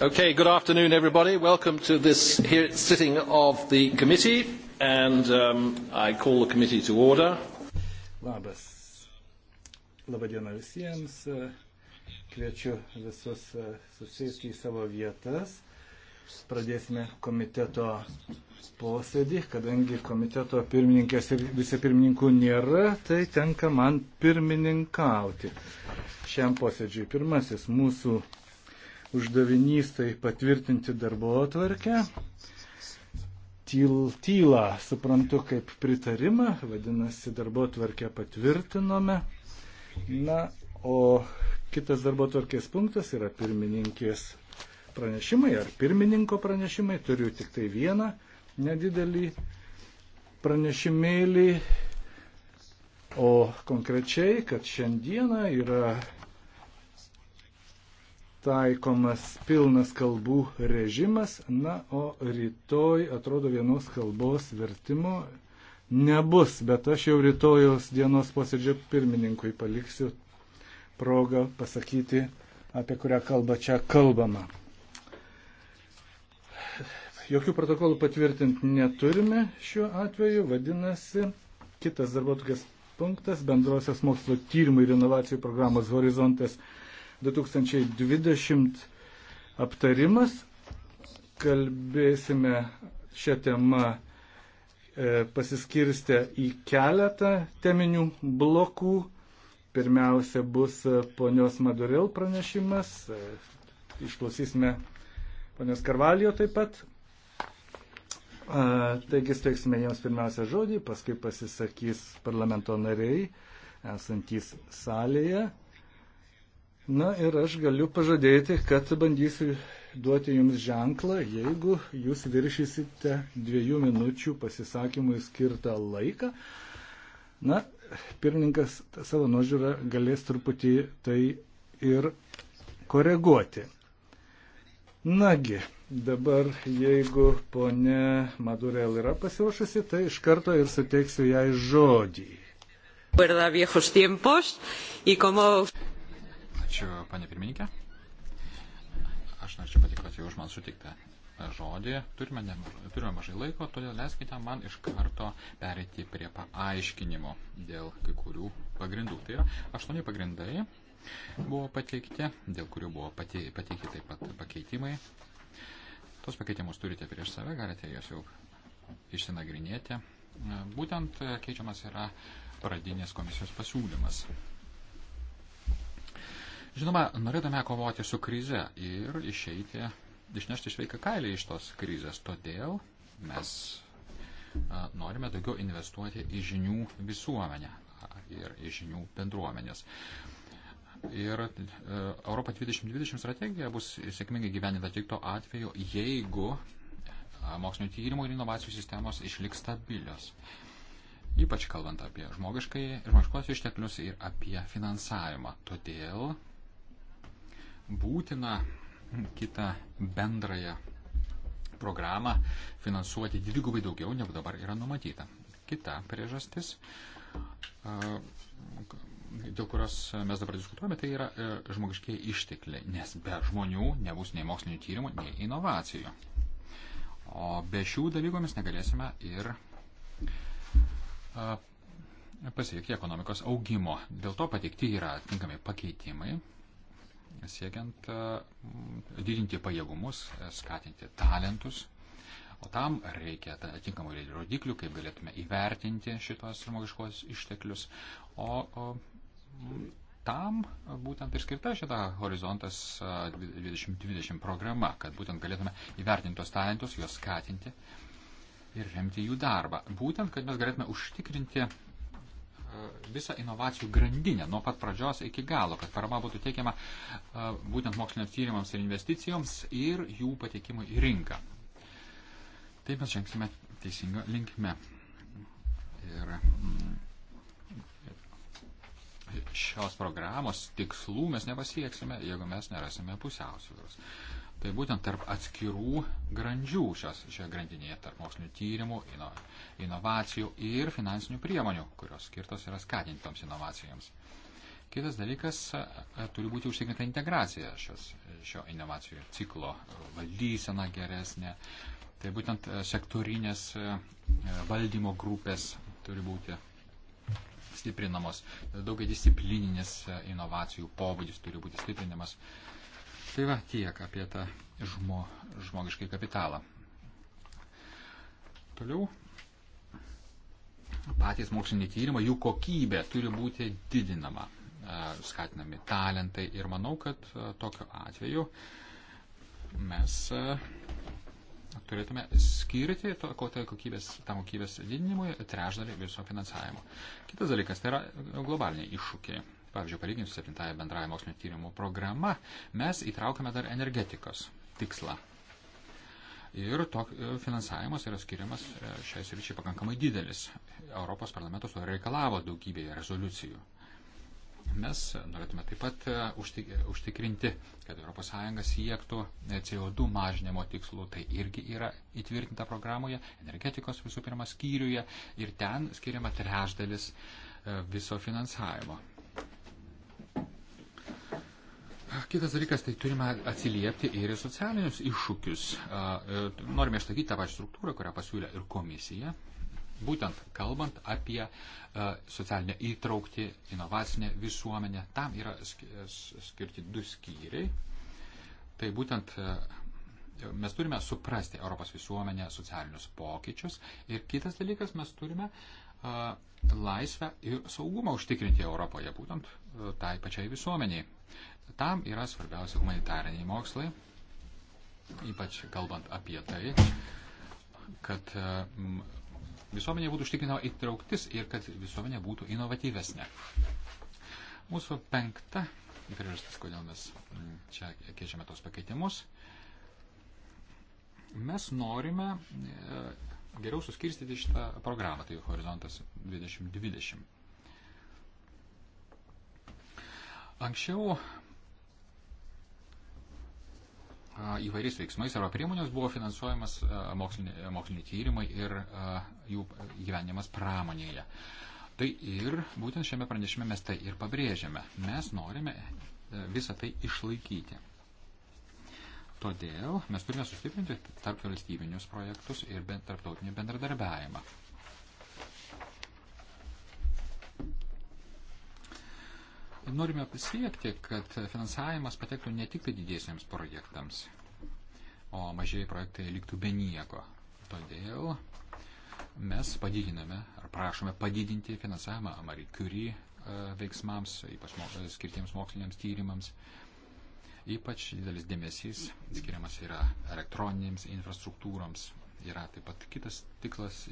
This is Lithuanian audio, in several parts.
Okay, good afternoon, everybody. Welcome to this here, sitting of the committee, and um, I call the committee to order. Labas. Labadiena visiems. Kviečiu visus e, susėsti į savo vietas. Pradėsime komiteto posėdį, kadangi komiteto pirmininkės ir vicepirmininkų nėra, tai tenka man pirmininkauti. Šiam posėdžiui pirmasis mūsų uždavinys tai patvirtinti darbo atvarkę. Tyl, tyla suprantu kaip pritarimą, vadinasi, darbo atvarkę patvirtinome. Na, o kitas darbo atvarkės punktas yra pirmininkės pranešimai ar pirmininko pranešimai. Turiu tik tai vieną nedidelį pranešimėlį. O konkrečiai, kad šiandieną yra taikomas pilnas kalbų režimas, na, o rytoj atrodo vienos kalbos vertimo nebus, bet aš jau rytojos dienos posėdžio pirmininkui paliksiu progą pasakyti, apie kurią kalbą čia kalbama. Jokių protokolų patvirtinti neturime šiuo atveju, vadinasi, kitas darbuotojas punktas bendrosios mokslo tyrimų ir inovacijų programos horizontas 2021-2027 2020 aptarimas. Kalbėsime šią temą e, pasiskirstę į keletą teminių blokų. Pirmiausia bus e, ponios Madurėl pranešimas. E, išklausysime ponios Karvalijo taip pat. Taigi steiksime jiems pirmiausia žodį, paskui pasisakys parlamento nariai esantys salėje. Na ir aš galiu pažadėti, kad bandysiu duoti jums ženklą, jeigu jūs viršysite dviejų minučių pasisakymui skirtą laiką. Na, pirmininkas savo nuožiūrą galės truputį tai ir koreguoti. Nagi, dabar jeigu ponė Madurel yra pasiruošusi, tai iš karto ir suteiksiu jai žodį. Recuerda viejos tiempos y como Ačiū, panė pirmininkė. Aš norėčiau patikoti už man sutiktą žodį. Turime, ne, turime mažai laiko, todėl leiskite man iš karto pereiti prie paaiškinimo dėl kai kurių pagrindų. Tai yra aštuoni pagrindai buvo pateikti, dėl kurių buvo pateikti taip pat pakeitimai. Tos pakeitimus turite prieš save, galite juos jau išsinagrinėti. Būtent keičiamas yra pradinės komisijos pasiūlymas. Žinoma, norėdame kovoti su krize ir išeiti, išnešti sveiką kailį iš tos krizės. Todėl mes norime daugiau investuoti į žinių visuomenę ir į žinių bendruomenės. Ir e, Europa 2020 strategija bus sėkmingai gyveninta tik to atveju, jeigu mokslinio tyrimų ir inovacijų sistemos išliks stabilios. Ypač kalbant apie žmogiškos išteklius ir apie finansavimą. Todėl būtina kitą bendrąją programą finansuoti dvigubai daugiau, negu dabar yra numatyta. Kita priežastis, dėl kurios mes dabar diskutuojame, tai yra e, žmogiškiai ištekliai, nes be žmonių nebus nei mokslinių tyrimų, nei inovacijų. O be šių dalykų mes negalėsime ir pasiekti ekonomikos augimo. Dėl to pateikti yra atitinkami pakeitimai siekiant e, didinti pajėgumus, e, skatinti talentus. O tam reikia atitinkamų rodiklių, kaip galėtume įvertinti šitos žmogiškos išteklius. O, o tam būtent ir skirta šita horizontas 2020 e, programa, kad būtent galėtume įvertinti tos talentus, juos skatinti ir remti jų darbą. Būtent, kad mes galėtume užtikrinti E, visą inovacijų grandinę nuo pat pradžios iki galo, kad parama būtų teikiama e, būtent moksliniams tyrimams ir investicijoms ir jų patekimui į rinką. Taip mes žengsime teisingo linkme. Ir mm, šios programos tikslų mes nepasieksime, jeigu mes nerasime pusiausvėros. Tai būtent tarp atskirų grandžių šios, šioje grandinėje, tarp mokslinių tyrimų, ino, inovacijų ir finansinių priemonių, kurios skirtos yra skatintoms inovacijoms. Kitas dalykas, e, e, turi būti užtikrinta integracija šios, šio inovacijų ciklo, valdysena geresnė. Tai būtent e, sektorinės valdymo grupės turi būti stiprinamos, daugia disciplininės inovacijų pobūdis turi būti stiprinamas. Tai va tiek apie tą žmo, žmogiškai kapitalą. Toliau. Patys moksliniai tyrimai, jų kokybė turi būti didinama, e, skatinami talentai ir manau, kad e, tokiu atveju mes e, turėtume skirti to, tai kokybės, tam kokybės didinimui trešdalį viso finansavimo. Kitas dalykas tai yra globaliniai iššūkiai pavyzdžiui, palyginus su 7 bendraja mokslinio tyrimų programa, mes įtraukėme dar energetikos tikslą. Ir to e, finansavimas yra skiriamas e, šiai sričiai pakankamai didelis. Europos parlamentas to reikalavo daugybėje rezoliucijų. Mes norėtume taip pat e, užtikrinti, kad ES siektų CO2 mažinimo tikslų. Tai irgi yra įtvirtinta programoje, energetikos visų pirma skyriuje ir ten skiriama trešdalis viso finansavimo. Kitas dalykas, tai turime atsiliepti ir į socialinius iššūkius. E, norime išlaikyti tą pačią struktūrą, kurią pasiūlė ir komisija. Būtent kalbant apie socialinę įtraukti, inovacinę visuomenę, tam yra skirti du skyriai. Tai būtent mes turime suprasti Europos visuomenę socialinius pokyčius ir kitas dalykas, mes turime laisvę ir saugumą užtikrinti Europoje, būtent tai pačiai visuomeniai. Tam yra svarbiausia humanitariniai mokslai, ypač kalbant apie tai, kad e, visuomenė būtų užtikrinama įtrauktis ir kad visuomenė būtų inovatyvesnė. Mūsų penkta priežastis, kodėl mes čia keičiame tos pakeitimus. Mes norime e, geriau suskirstyti šitą programą, tai Horizontas 2020. Anksčiau įvairiais veiksmais arba priemonės buvo finansuojamas moksliniai, moksliniai tyrimai ir jų gyvenimas pramonėje. Tai ir būtent šiame pranešime mes tai ir pabrėžiame. Mes norime e, visą tai išlaikyti. Todėl mes turime sustiprinti tarp valstybinius projektus ir tarptautinį bendradarbiavimą. norime pasiekti, kad finansavimas patektų ne tik tai didiesiems projektams, o mažieji projektai liktų be nieko. Todėl mes padidiname ar prašome padidinti finansavimą Marie Curie e, veiksmams, ypač e, skirtiems moksliniams tyrimams. Ypač didelis dėmesys skiriamas yra elektroninėms infrastruktūroms. Yra taip pat kitas tiklas,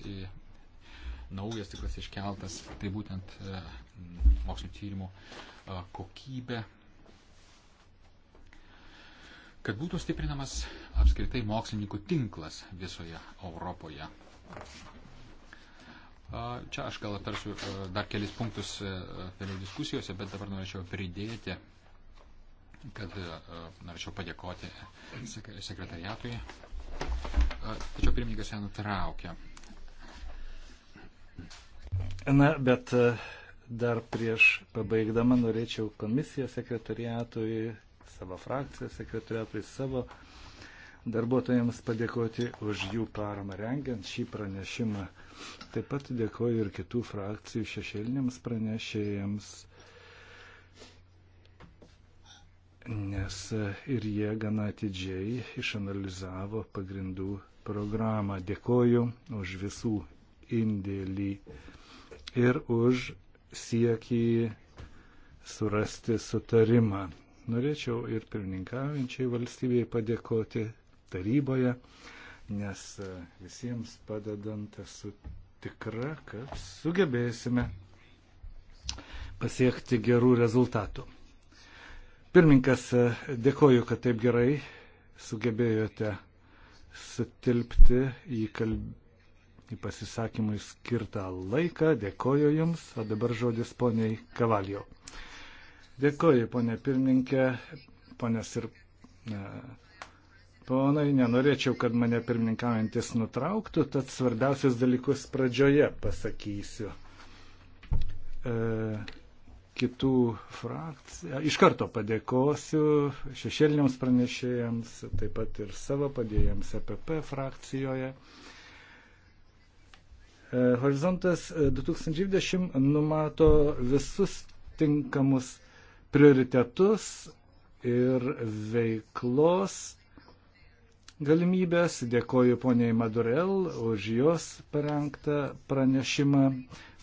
naujas tiklas iškeltas, tai būtent e, mokslinio tyrimų kokybę, kad būtų stiprinamas apskritai mokslininkų tinklas visoje Europoje. Čia aš gal aptarsiu dar kelis punktus vėliau diskusijose, bet dabar norėčiau pridėti, kad norėčiau padėkoti sekretariatui. Tačiau pirmininkas ją nutraukė. Na, bet Dar prieš pabaigdama norėčiau komisijos sekretariatui, savo frakcijos sekretariatui, savo darbuotojams padėkoti už jų paramą rengiant šį pranešimą. Taip pat dėkoju ir kitų frakcijų šešėliniams pranešėjams, nes ir jie gana atidžiai išanalizavo pagrindų programą. Dėkoju už visų indėlį ir už siekį surasti sutarimą. Norėčiau ir pirmininkaujančiai valstybei padėkoti taryboje, nes e, visiems padedant esu tikra, kad sugebėsime pasiekti gerų rezultatų. Pirmininkas, e, dėkoju, kad taip gerai sugebėjote sutilpti į kalbėjimą į pasisakymui skirtą laiką. Dėkoju Jums, o dabar žodis poniai Kavalio. Dėkoju, ponė pirmininkė, ponės ir e, ponai, nenorėčiau, kad mane pirmininkaujantis nutrauktų, tad svarbiausius dalykus pradžioje pasakysiu. E, kitų frakcijų. E, iš karto padėkosiu šešėliniams pranešėjams, taip pat ir savo padėjams EPP frakcijoje. E, E, horizontas 2020 e, numato visus tinkamus prioritetus ir veiklos galimybės. Dėkoju poniai Madurel už jos parengtą pranešimą.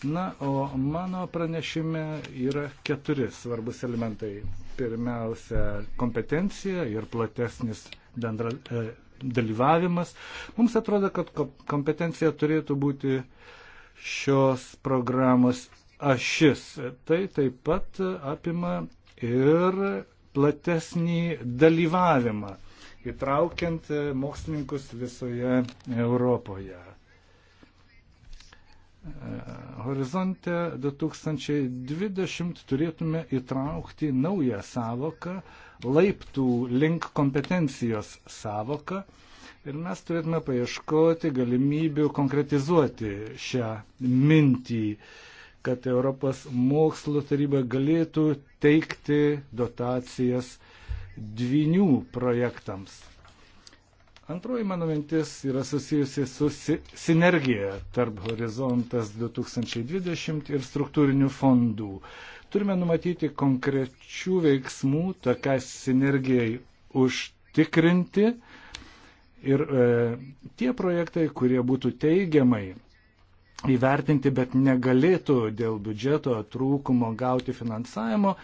Na, o mano pranešime yra keturi svarbus elementai. Pirmiausia, kompetencija ir platesnis bendra, e, dalyvavimas. Mums atrodo, kad kompetencija turėtų būti šios programos ašis. Tai taip pat apima ir platesnį dalyvavimą, įtraukiant mokslininkus visoje Europoje. Horizonte 2020 turėtume įtraukti naują savoką laiptų link kompetencijos savoką ir mes turėtume paieškoti galimybių konkretizuoti šią mintį, kad Europos mokslo taryba galėtų teikti dotacijas dvinių projektams. Antroji mano mintis yra susijusi su si sinergija tarp horizontas 2020 ir struktūrinių fondų. Turime numatyti konkrečių veiksmų, tokiai sinergijai užtikrinti ir e, tie projektai, kurie būtų teigiamai įvertinti, bet negalėtų dėl biudžeto trūkumo gauti finansavimo,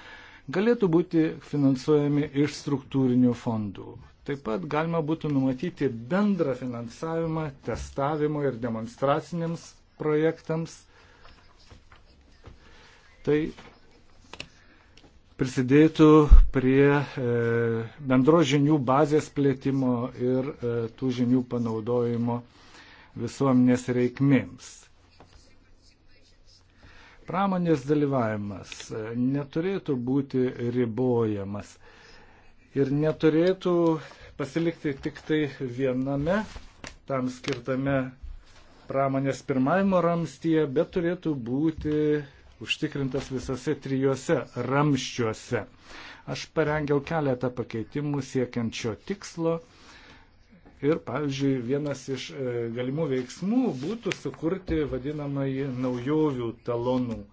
galėtų būti finansuojami iš struktūrinių fondų. Taip pat galima būtų numatyti bendrą finansavimą testavimo ir demonstraciniams projektams. Tai prisidėtų prie e, bendros žinių bazės plėtimo ir e, tų žinių panaudojimo visuomenės reikmėms. Pramonės dalyvavimas e, neturėtų būti ribojamas ir neturėtų pasilikti tik tai viename tam skirtame pramonės pirmajame ramstyje, bet turėtų būti užtikrintas visose trijose ramščiuose. Aš parengiau keletą pakeitimų siekiant šio tikslo. Ir, pavyzdžiui, vienas iš e, galimų veiksmų būtų sukurti vadinamąjį naujovių talonų e,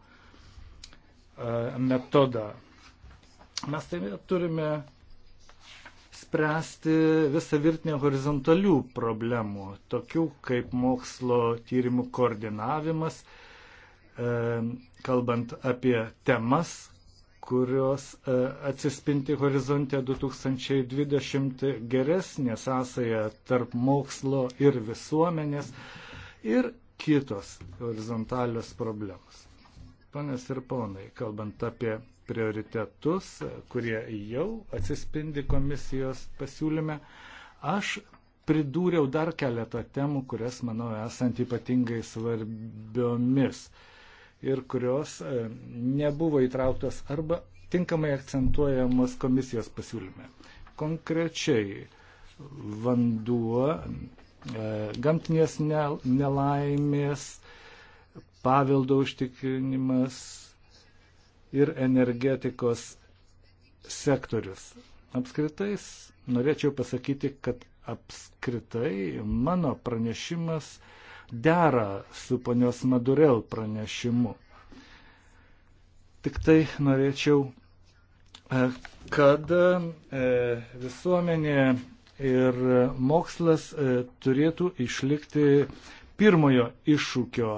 metodą. Mes tai turime spręsti visą virtinę horizontalių problemų, tokių kaip mokslo tyrimų koordinavimas, e, kalbant apie temas, kurios e, atsispinti horizonte 2020 geresnė sąsaja tarp mokslo ir visuomenės ir kitos horizontalios problemos. Panas ir ponai, kalbant apie prioritetus, kurie jau atsispindi komisijos pasiūlyme. Aš pridūriau dar keletą temų, kurias manau esant ypatingai svarbiomis ir kurios e, nebuvo įtrauktos arba tinkamai akcentuojamos komisijos pasiūlyme. Konkrečiai vanduo, e, gamtinės nelaimės, paveldo užtikrinimas, ir energetikos sektorius. Apskritais norėčiau pasakyti, kad apskritai mano pranešimas dera su ponios Madurel pranešimu. Tik tai norėčiau, e, kad e, visuomenė ir mokslas e, turėtų išlikti pirmojo iššūkio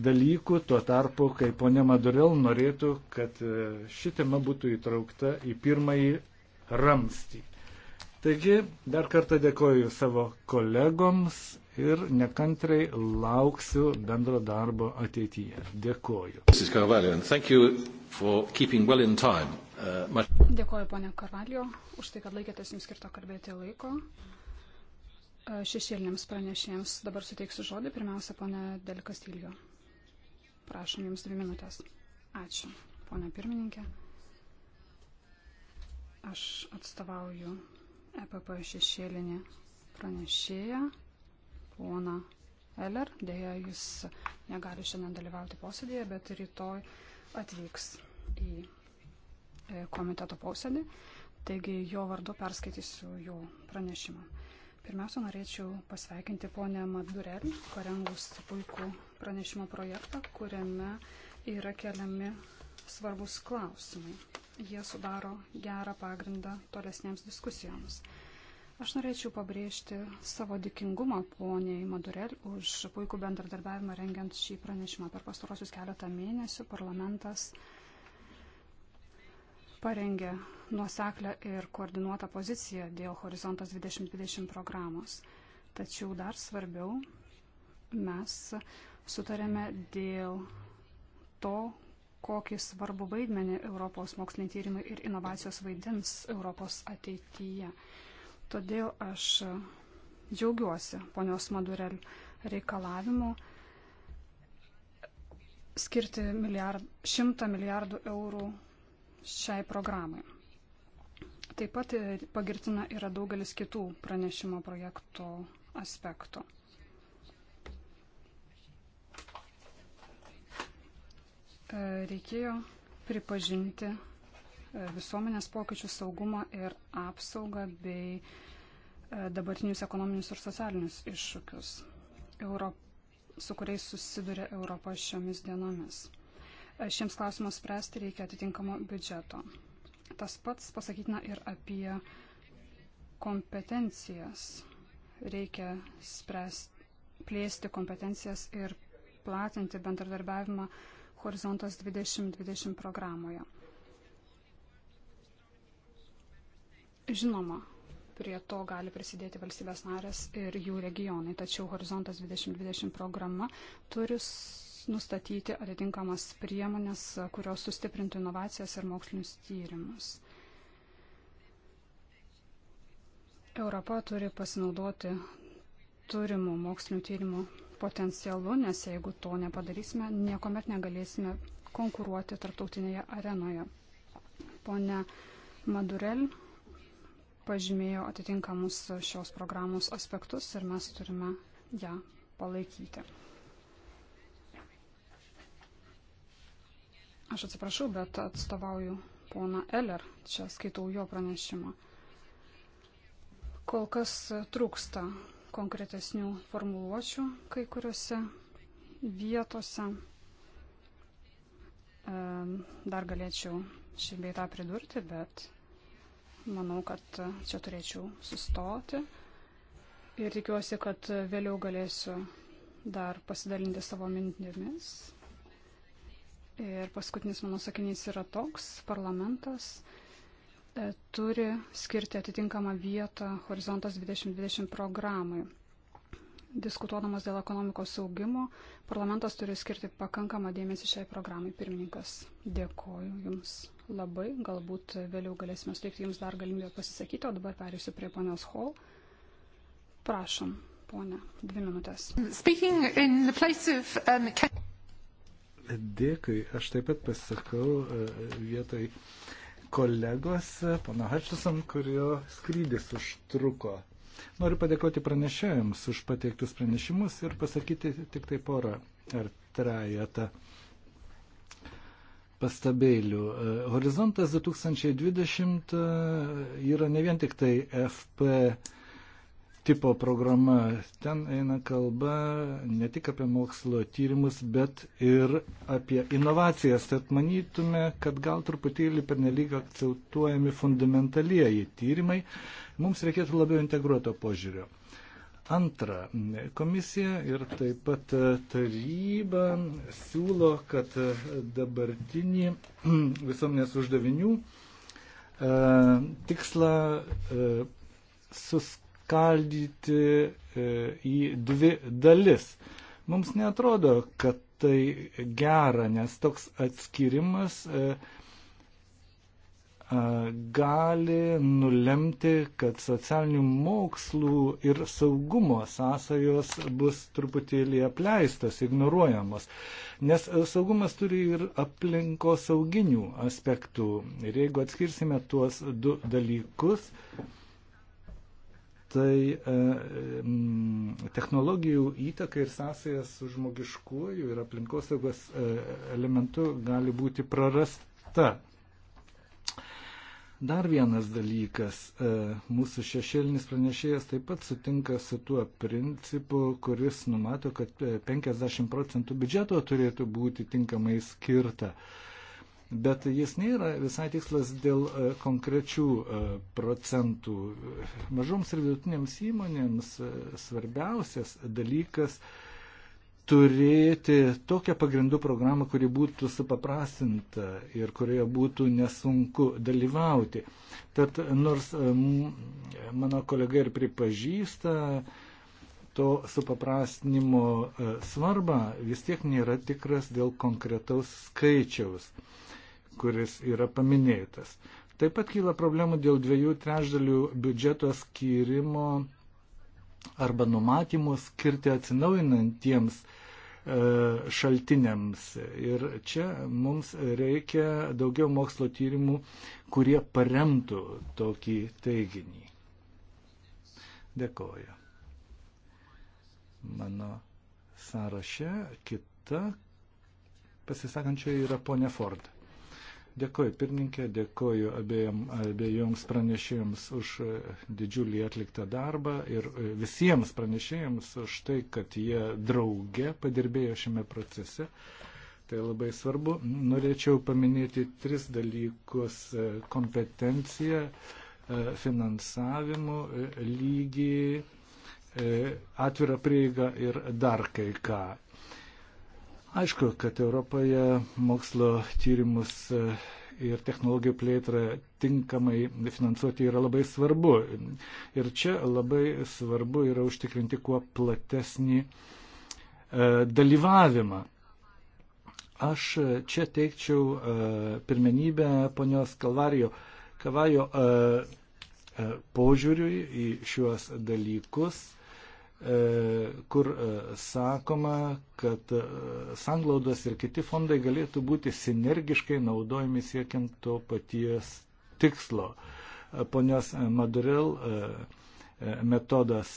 dalykų, tuo tarpu, kai ponė Madurel norėtų, kad e, ši tema būtų įtraukta į pirmąjį ramstį. Taigi, dar kartą dėkoju savo kolegoms ir nekantrai lauksiu bendro darbo ateityje. Dėkoju. Uh, dėkoju, ponė Karvalio, už tai, kad laikėtės jums skirto kalbėti laiko uh, šešėliniams pranešėjams. Dabar suteiksiu žodį pirmiausia, ponė Delikas Tilio. Prašom jums dvi minutės. Ačiū, ponia pirmininkė. Aš atstovauju EPP šešėlinį pranešėją, poną Eller. Deja, jis negali šiandien dalyvauti posėdėje, bet rytoj atvyks į e, komiteto posėdį. Taigi jo vardu perskaitysiu jo pranešimą. Pirmiausia, norėčiau pasveikinti ponę Madurel, parengus puikų pranešimo projektą, kuriame yra keliami svarbus klausimai. Jie sudaro gerą pagrindą tolesnėms diskusijoms. Aš norėčiau pabrėžti savo dėkingumą poniai Madurel už puikų bendradarbiavimą rengiant šį pranešimą. Per pastarosius keletą mėnesių parlamentas uh, parengė nuoseklę ir koordinuotą poziciją dėl Horizontas 2020 programos. Tačiau dar svarbiau, mes sutarėme dėl to, kokį svarbų vaidmenį Europos moksliniai tyrimai ir inovacijos vaidins Europos ateityje. Todėl aš džiaugiuosi ponios Madurel reikalavimu skirti milijard, 100 milijardų eurų šiai programai. Taip pat pagirtina yra daugelis kitų pranešimo projekto aspektų. E, reikėjo pripažinti e, visuomenės pokyčių saugumą ir apsaugą bei e, dabartinius ekonominius ir socialinius iššūkius, Euro, su kuriais susiduria Europa šiomis dienomis šiems klausimams spręsti reikia atitinkamo biudžeto. Tas pats pasakytina ir apie kompetencijas. Reikia spręsti, plėsti kompetencijas ir platinti bendradarbiavimą Horizontas 2020 programoje. Žinoma, prie to gali prisidėti valstybės narės ir jų regionai, tačiau Horizontas 2020 programa turi nustatyti atitinkamas priemonės, kurios sustiprintų inovacijas ir mokslinius tyrimus. Europa turi pasinaudoti turimų mokslinių tyrimų potencialu, nes jeigu to nepadarysime, niekuomet negalėsime konkuruoti tarptautinėje arenoje. Pone Madurel pažymėjo atitinkamus šios programos aspektus ir mes turime ją palaikyti. Aš atsiprašau, bet atstovauju pona Eller, čia skaitau jo pranešimą. Kol kas trūksta konkretesnių formuluočių kai kuriuose vietose. E, dar galėčiau šį beitą pridurti, bet manau, kad čia turėčiau sustoti. Ir tikiuosi, kad vėliau galėsiu dar pasidalinti savo mintimis Ir paskutinis mano sakinys yra toks, parlamentas e, turi skirti atitinkamą vietą Horizontas 2020 programai. Diskutuodamas dėl ekonomikos saugimo, parlamentas turi skirti pakankamą dėmesį šiai programai. Pirmininkas, dėkoju Jums labai. Galbūt vėliau galėsime suteikti Jums dar galimybę pasisakyti, o dabar perėsiu prie ponios Hall. Prašom, ponė, dvi minutės. Dėkui. Aš taip pat pasisakau e, vietoj kolegos, e, pana Hačison, kurio skrydis užtruko. Noriu padėkoti pranešėjams už pateiktus pranešimus ir pasakyti tik tai porą ar trajatą pastabėlių. E, horizontas 2020 yra ne vien tik tai FP tipo programa. Ten eina kalba ne tik apie mokslo tyrimus, bet ir apie inovacijas. Tad manytume, kad gal truputėlį pernelyg akcentuojami fundamentalieji tyrimai. Mums reikėtų labiau integruoto požiūrio. Antra, komisija ir taip pat taryba siūlo, kad dabartinį visuomenės uždavinių e, tikslą e, sus suskaldyti e, į dvi dalis. Mums netrodo, kad tai gera, nes toks atskirimas e, gali nulemti, kad socialinių mokslų ir saugumo sąsajos bus truputėlį apleistos, ignoruojamos. Nes saugumas turi ir aplinkos sauginių aspektų. Ir jeigu atskirsime tuos du dalykus, tai e, technologijų įtaka ir sąsaja su žmogiškuoju ir aplinkosaugos e, elementu gali būti prarasta. Dar vienas dalykas, e, mūsų šešėlinis pranešėjas taip pat sutinka su tuo principu, kuris numato, kad 50 procentų biudžeto turėtų būti tinkamai skirta uh, bet jis nėra visai tikslas dėl e, konkrečių e, procentų. Mažoms ir vidutinėms įmonėms e, svarbiausias dalykas turėti tokią pagrindų programą, kuri būtų supaprastinta ir kurioje būtų nesunku dalyvauti. Tad nors mano kolega ir pripažįsta to supaprastinimo svarbą, vis tiek nėra tikras dėl konkretaus skaičiaus kuris yra paminėtas. Taip pat kyla problemų dėl dviejų trešdalių biudžeto skirimo arba numatymų skirti atsinaujinantiems e, šaltiniams. Ir čia mums reikia daugiau mokslo tyrimų, kurie paremtų tokį teiginį. Dėkoju. Mano sąraše kita pasisakančioji yra ponia Ford. Dėkoju pirmininkė, dėkoju abiejom, abiejoms pranešėjams už eh, didžiulį atliktą darbą ir eh, visiems pranešėjams už tai, kad jie drauge padirbėjo šiame procese. Tai labai svarbu. Norėčiau paminėti tris dalykus eh, - kompetenciją, finansavimo lygį atvirą prieigą ir dar kai ką. Aišku, kad Europoje mokslo tyrimus e, ir technologijų plėtrą tinkamai finansuoti yra labai svarbu. Ir čia labai svarbu yra užtikrinti kuo platesnį e, dalyvavimą. Aš čia teikčiau e, pirmenybę ponios Kalvarijo Kavajo požiūriui į šiuos dalykus E, kur e, sakoma, kad e, sanglaudos ir kiti fondai galėtų būti sinergiškai naudojami siekiant to paties tikslo. Ponios Madurel metodas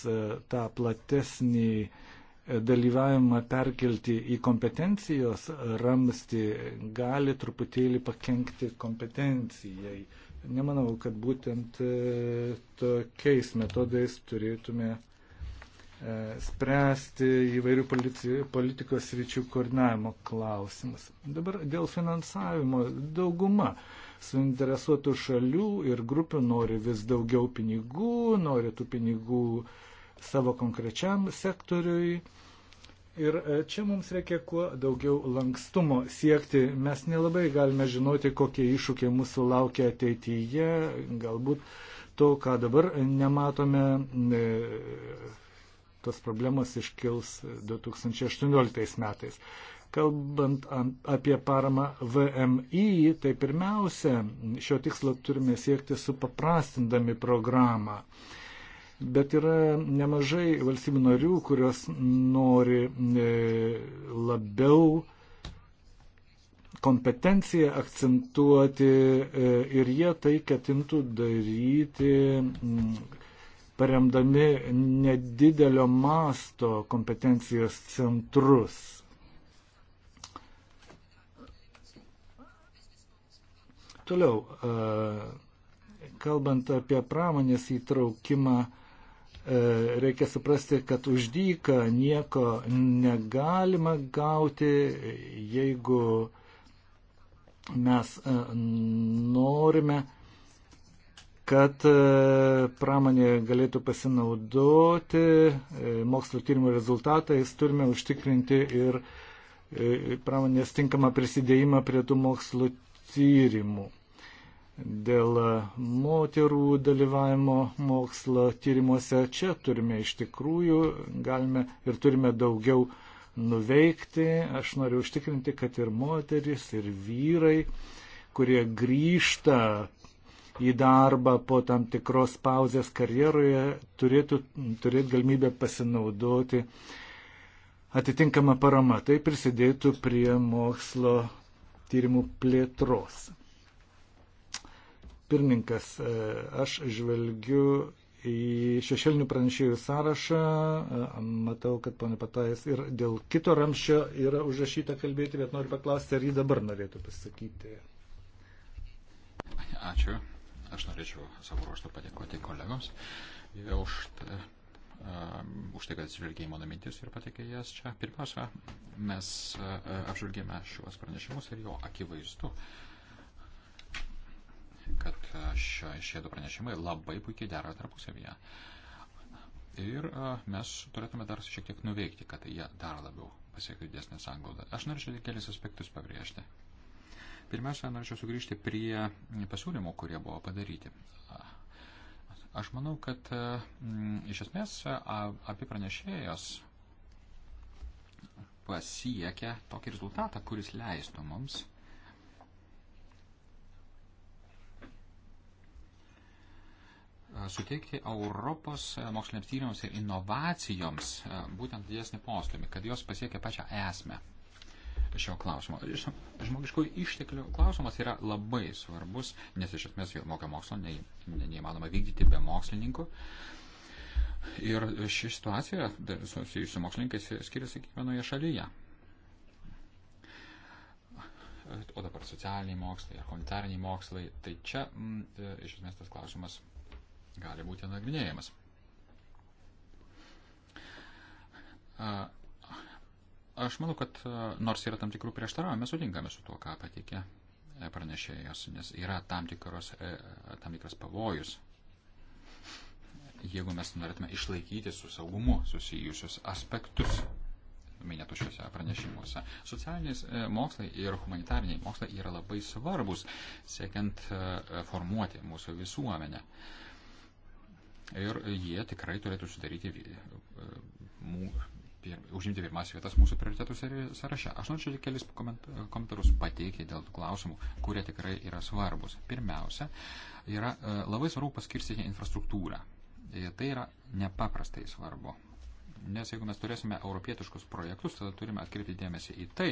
tą platesnį dalyvavimą perkelti į kompetencijos ramsti gali truputėlį pakengti kompetencijai. Nemanau, kad būtent tokiais metodais turėtume E, spręsti įvairių politikos ryčių koordinavimo klausimus. Dabar dėl finansavimo dauguma suinteresuotų šalių ir grupių nori vis daugiau pinigų, nori tų pinigų savo konkrečiam sektoriui. Ir e, čia mums reikia kuo daugiau lankstumo siekti. Mes nelabai galime žinoti, kokie iššūkiai mūsų laukia ateityje. Galbūt to, ką dabar nematome, e, tos problemos iškils 2018 metais. Kalbant apie paramą VMI, tai pirmiausia, šio tikslo turime siekti supaprastindami programą. Bet yra nemažai valstybių narių, kurios nori e, labiau kompetenciją akcentuoti e, ir jie tai ketintų daryti paremdami nedidelio masto kompetencijos centrus. Toliau, e, kalbant apie pramonės įtraukimą, e, reikia suprasti, kad už dyką nieko negalima gauti, jeigu mes e, norime kad e, pramonė galėtų pasinaudoti e, mokslo tyrimo rezultatais, turime užtikrinti ir e, pramonės tinkamą prisidėjimą prie tų mokslo tyrimų. Dėl moterų dalyvavimo mokslo tyrimuose čia turime iš tikrųjų, galime ir turime daugiau nuveikti. Aš noriu užtikrinti, kad ir moteris, ir vyrai, kurie grįžta į darbą po tam tikros pauzės karjeroje turėtų turėti galimybę pasinaudoti atitinkamą paramą. Tai prisidėtų prie mokslo tyrimų plėtros. Pirmininkas, e, aš žvelgiu į šešėlinių pranešėjų sąrašą. E, matau, kad ponė Patajas ir dėl kito ramščio yra užrašyta kalbėti, bet noriu paklausti, ar jį dabar norėtų pasakyti. Ačiū. Aš norėčiau savo ruoštų padėkoti kolegoms už, ta, už tai, kad atsižvelgė į mano mintis ir pateikė jas čia. Pirmiausia, mes apžvelgėme šiuos pranešimus ir jo akivaizdu, kad šie du pranešimai labai puikiai dera tarpusavyje. Ir mes turėtume dar šiek tiek nuveikti, kad jie dar labiau pasiektų didesnę sanglaudą. Aš norėčiau kelis aspektus pabrėžti. Pirmiausia, norėčiau sugrįžti prie pasiūlymų, kurie buvo padaryti. Aš manau, kad mm, iš esmės abi pranešėjos pasiekia tokį rezultatą, kuris leistų mums suteikti Europos moksliniams tyrimams ir inovacijoms būtent didesnį postumį, kad jos pasiekia pačią esmę šio klausimo. Žmogiškųjų išteklių klausimas yra labai svarbus, nes iš esmės jokio mokslo nei, neįmanoma vykdyti be mokslininkų. Ir ši situacija susijusi su mokslininkais skiriasi kiekvienoje šalyje. O dabar socialiniai mokslai ar humanitariniai mokslai, tai čia m, mm, e, iš esmės tas klausimas gali būti nagrinėjamas. Aš manau, kad e, nors yra tam tikrų prieštaravimų, mes sutinkame su tuo, ką pateikė e, pranešėjos, nes yra tam, tikros, e, tam tikras pavojus, jeigu mes norėtume išlaikyti su saugumu susijusius aspektus minėtų šiuose pranešimuose. Socialiniais mokslai ir humanitariniai mokslai yra labai svarbus, siekiant formuoti mūsų visuomenę. Ir jie tikrai turėtų sudaryti pir, užimti pirmas vietas mūsų prioritetų sąraše. Aš norėčiau tik kelis komentarus pateikti dėl tų klausimų, kurie tikrai yra svarbus. Pirmiausia, yra e, labai svarbu paskirstyti infrastruktūrą. E, tai yra nepaprastai svarbu. Nes jeigu mes turėsime europietiškus projektus, tada turime atkreipti dėmesį į tai,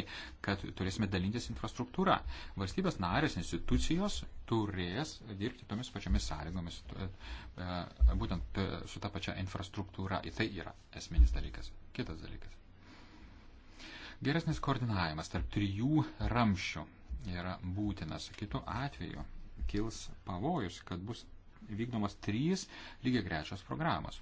kad turėsime dalintis infrastruktūrą. Valstybės narės institucijos turės dirbti tomis pačiomis sąlygomis, e, e, būtent e, su ta pačia infrastruktūra. Ir tai yra esminis dalykas. Kitas dalykas. Geresnis koordinavimas tarp trijų ramščių yra būtinas. Kitu atveju kils pavojus, kad bus vykdomos trys lygiai grečios programos.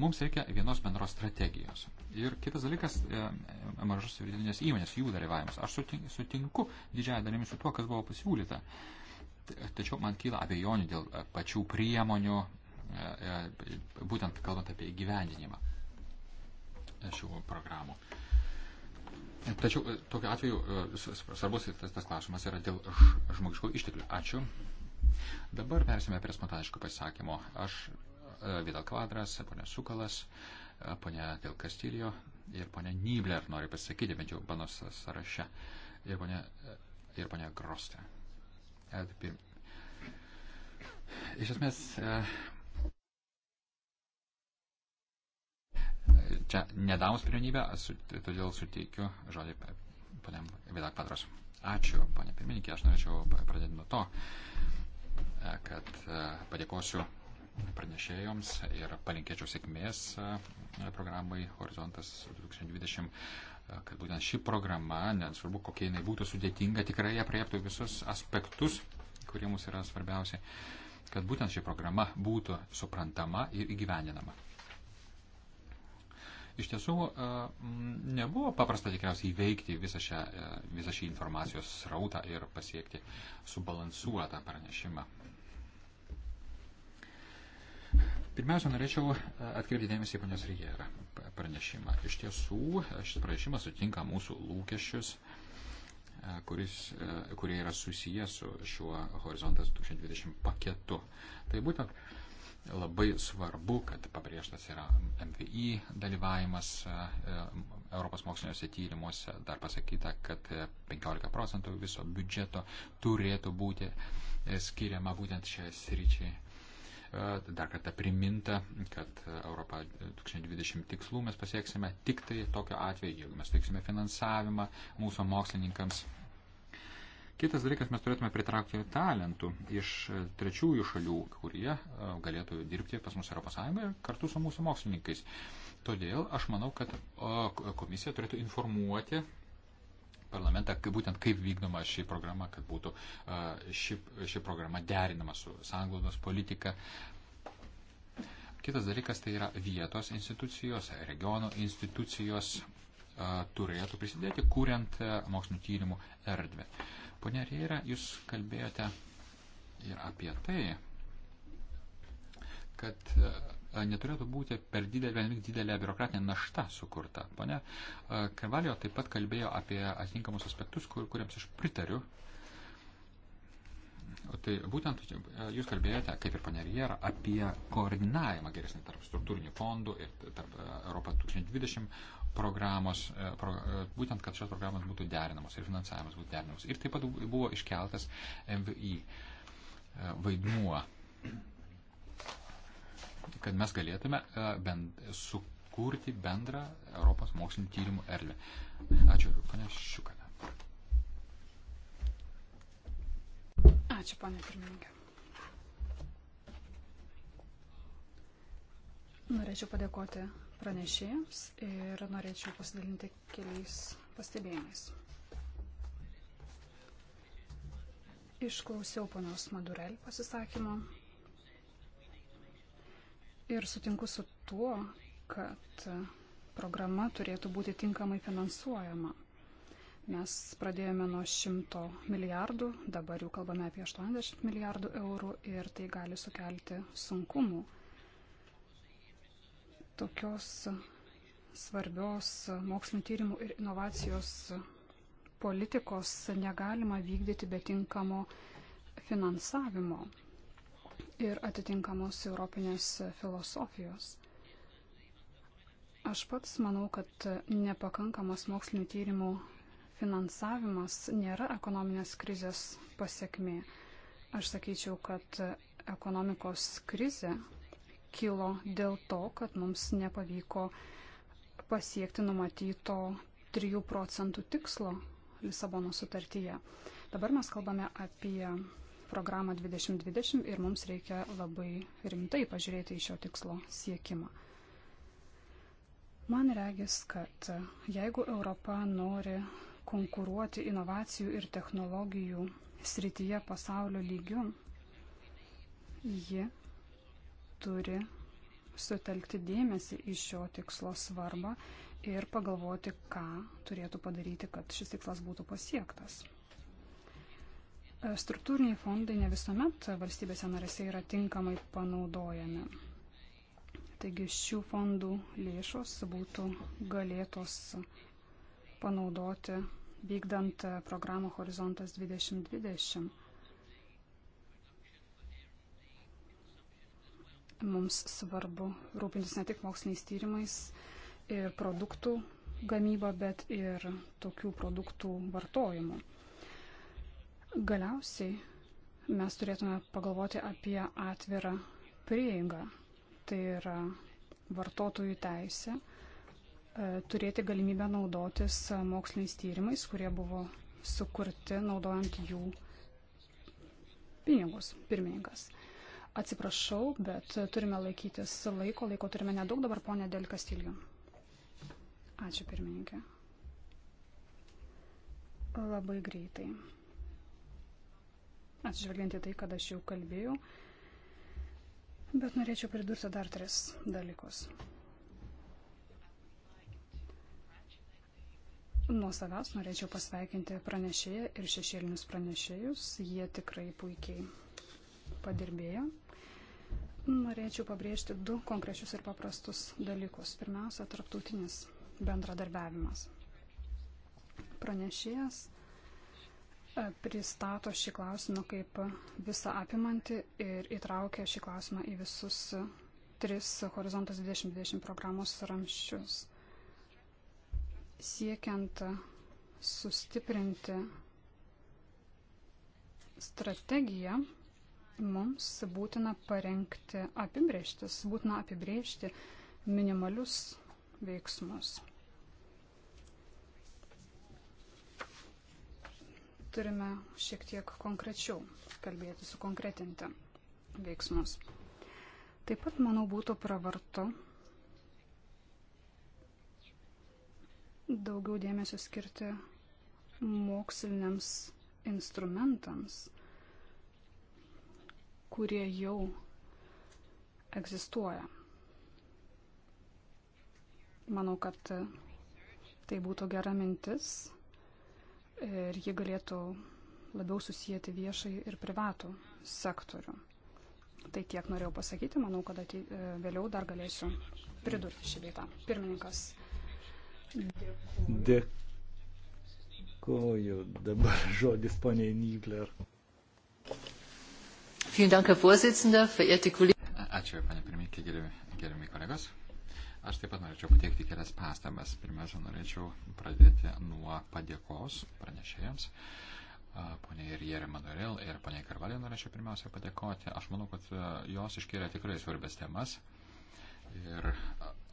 Mums reikia vienos bendros strategijos. Ir kitas dalykas e, - e, mažos ir vidutinės įmonės, jų dalyvavimas. Aš sutinku didžiąją dalimi su tuo, kas buvo pasiūlyta. Tačiau man kyla abejonių dėl e, pačių priemonių, būtent kalbant apie įgyvendinimą šių programų. Tačiau tokiu atveju svarbus tas, tas klausimas yra dėl žmogiškų išteklių. Ačiū. Dabar persime prie spontaniškų pasisakymų. Aš E, Vidal Kvadras, ponia Sukalas, e, ponia Del Castillo ir ponia Nibler nori pasakyti, bent jau mano sąraše, ir ponia, e, ir ponia Groste. Tai Iš esmės, čia nedavus pirmenybę, todėl suteikiu žodį poniam Vidak Patras. Ačiū, ponė pirmininkė, aš norėčiau pradėti nuo to, kad padėkosiu pranešėjoms ir palinkėčiau sėkmės e, programai Horizontas 2020, e, kad būtent ši programa, nesvarbu kokia jinai būtų sudėtinga, tikrai apriektų visus aspektus, kurie mums yra svarbiausia, kad būtent ši programa būtų suprantama ir įgyvendinama. Iš tiesų, e, nebuvo paprasta tikriausiai įveikti visą, šią, visą šį informacijos srautą ir pasiekti subalansuotą pranešimą. Pirmiausia, norėčiau e, atkreipti dėmesį į ponios Rijerą pranešimą. Iš tiesų, šis pranešimas sutinka mūsų lūkesčius, e, kuris, e, kurie yra susijęs su šiuo Horizontas 2020 paketu. Tai būtent labai svarbu, kad pabrėžtas yra MVI dalyvavimas Europos moksliniuose tyrimuose. Dar pasakyta, kad 15 procentų viso biudžeto turėtų būti skiriama būtent šiai sričiai Dar kartą priminta, kad Europą 2020 tikslų mes pasieksime tik tai tokio atveju, jeigu mes teiksime finansavimą mūsų mokslininkams. Kitas dalykas, mes turėtume pritraukti talentų iš trečiųjų šalių, kurie e, galėtų dirbti pas mus Europos Sąjungoje kartu su mūsų mokslininkais. Todėl aš manau, kad e, komisija turėtų informuoti parlamentą, kaip, būtent kaip vykdoma ši programa, kad būtų ši, ši programa derinama su sanglaudos politika. Kitas dalykas tai yra vietos institucijos, regiono institucijos turėtų prisidėti, kuriant mokslinio tyrimų erdvę. Pone Reira, jūs kalbėjote ir apie tai, kad E, neturėtų būti per didelė, vienik didelė biurokratinė našta sukurta. Pane e, Karvalio taip pat kalbėjo apie atitinkamus aspektus, kur, kuriems aš pritariu. Tai būtent e, jūs kalbėjote, kaip ir pane Riera, apie koordinavimą geresnį tarp struktūrinių fondų ir tarp Europą 2020 programos, pro, būtent kad šios programos būtų derinamos ir finansavimas būtų derinamas. Ir taip pat buvo iškeltas MVI vaidmuo kad mes galėtume e, bend, sukurti bendrą Europos mokslinio tyrimų erdvę. Ačiū, ponia Šiukana. Ačiū, ponia pirmininkė. Norėčiau padėkoti pranešėjams ir norėčiau pasidalinti keliais pastebėjimais. Išklausiau ponios Madurel pasisakymą ir sutinku su tuo, kad programa turėtų būti tinkamai finansuojama. Mes pradėjome nuo 100 milijardų, dabar jau kalbame apie 80 milijardų eurų ir tai gali sukelti sunkumų. Tokios svarbios mokslinio tyrimų ir inovacijos politikos negalima vykdyti be tinkamo finansavimo ir atitinkamos europinės filosofijos. Aš pats manau, kad nepakankamas mokslinio tyrimų finansavimas nėra ekonominės krizės pasiekmė. Aš sakyčiau, kad ekonomikos krizė kilo dėl to, kad mums nepavyko pasiekti numatyto 3 procentų tikslo Lisabono sutartyje. Dabar mes kalbame apie programą 2020 ir mums reikia labai rimtai pažiūrėti į šio tikslo siekimą. Man regis, kad jeigu Europa nori konkuruoti inovacijų ir technologijų srityje pasaulio lygiu, ji turi sutelkti dėmesį į šio tikslo svarbą ir pagalvoti, ką turėtų padaryti, kad šis tikslas būtų pasiektas. Struktūriniai fondai ne visuomet valstybėse narėse yra tinkamai panaudojami. Taigi šių fondų lėšos būtų galėtos panaudoti vykdant programą Horizontas 2020. Mums svarbu rūpintis ne tik moksliniais tyrimais ir produktų gamyba, bet ir tokių produktų vartojimu. Galiausiai mes turėtume pagalvoti apie atvirą prieigą. Tai yra vartotojų teisė e, turėti galimybę naudotis moksliniais tyrimais, kurie buvo sukurti naudojant jų pinigus, pirmininkas. Atsiprašau, bet turime laikytis laiko, laiko turime nedaug dabar, ponė Del Kastilijų. Ačiū pirmininkė. Labai greitai atsižvelginti tai, kad aš jau kalbėjau, bet norėčiau pridurti dar tris dalykus. Nuo savęs norėčiau pasveikinti pranešėją ir šešėlinius pranešėjus. Jie tikrai puikiai padirbėjo. Norėčiau pabrėžti du konkrečius ir paprastus dalykus. Pirmiausia, tarptautinis bendradarbiavimas. Pranešėjas pristato šį klausimą kaip visą apimantį ir įtraukia šį klausimą į visus tris Horizontas 2020 programos ramščius. Siekiant sustiprinti strategiją, mums būtina parengti apibrieštis, būtina apibriežti minimalius veiksmus. turime šiek tiek konkrečiau kalbėti, sukonkretinti veiksmus. Taip pat, manau, būtų pravartu daugiau dėmesio skirti moksliniams instrumentams, kurie jau egzistuoja. Manau, kad tai būtų gera mintis ir ji galėtų labiau susijęti viešai ir privatų sektorių. Tai tiek norėjau pasakyti, manau, kad atei, e, vėliau dar galėsiu pridurti šį vietą. Pirmininkas. Dėkuoju. Dabar žodis poniai Nybler. Ačiū, panė pirmininkė, gerbiami kolegos. Aš taip pat norėčiau pateikti kelias pastabas. Pirmiausia, norėčiau pradėti nuo padėkos pranešėjams. Pone ir Jerė Manuel ir ponė Karvalė norėčiau pirmiausia padėkoti. Aš manau, kad e, jos iškėlė tikrai svarbės temas ir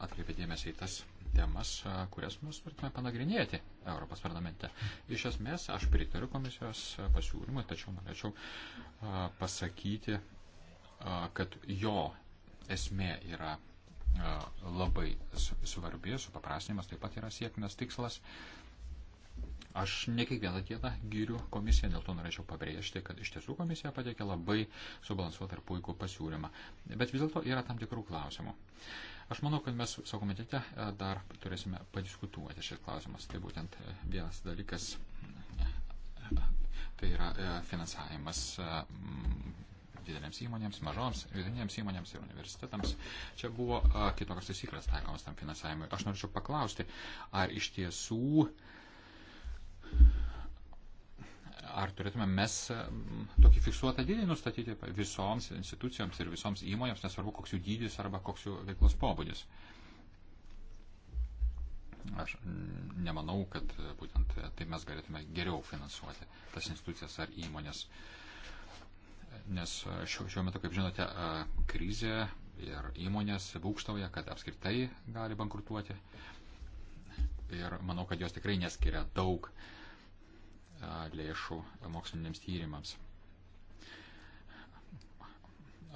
atkreipė dėmesį į tas temas, kurias mes turėtume panagrinėti Europos parlamente. Iš esmės, aš pritariu komisijos pasiūlymui, tačiau norėčiau pasakyti, kad jo esmė yra labai svarbi, supaprastinimas taip pat yra siekinas tikslas. Aš ne kiekvieną dieną gyriu komisiją, dėl to norėčiau pabrėžti, kad iš tiesų komisija pateikė labai subalansuotą ir puikų pasiūlymą. Bet vis dėlto yra tam tikrų klausimų. Aš manau, kad mes savo komitete dar turėsime padiskutuoti šis klausimas. Tai būtent vienas dalykas, tai yra finansavimas didelėms įmonėms, mažoms, vidutinėms įmonėms ir universitetams. Čia buvo a, kitokios taisyklės taikomas tam finansavimui. Aš norėčiau paklausti, ar iš tiesų, ar turėtume mes tokį fiksuotą dydį nustatyti visoms institucijoms ir visoms įmonėms, nesvarbu koks jų dydis arba koks jų veiklos pobūdis. Aš nemanau, kad būtent tai mes galėtume geriau finansuoti tas institucijas ar įmonės. Uh, nes šiuo, šiuo metu, kaip žinote, krizė ir įmonės būkštauja, kad apskritai gali bankrutuoti. Ir manau, kad jos tikrai neskiria daug lėšų moksliniams tyrimams.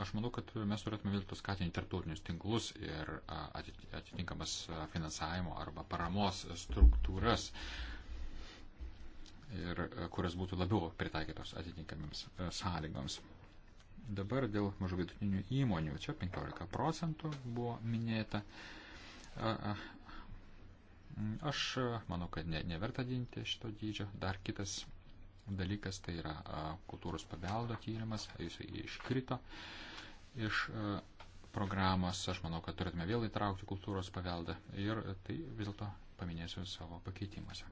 Aš manau, kad mes turėtume vėl skatinti tarptautinius tinklus ir atitinkamas finansavimo arba paramos struktūras, ir e, kurios būtų labiau pritaikytos atitinkamiems e, sąlygoms. Dabar dėl mažų vidutinių įmonių, čia 15 procentų buvo minėta. Aš manau, kad ne, neverta dinti šito dydžio. Dar kitas dalykas tai yra kultūros paveldo tyrimas, jis iškrito iš e, programos. Aš manau, kad turėtume vėl įtraukti kultūros paveldą ir tai vis dėlto paminėsiu savo pakeitimuose.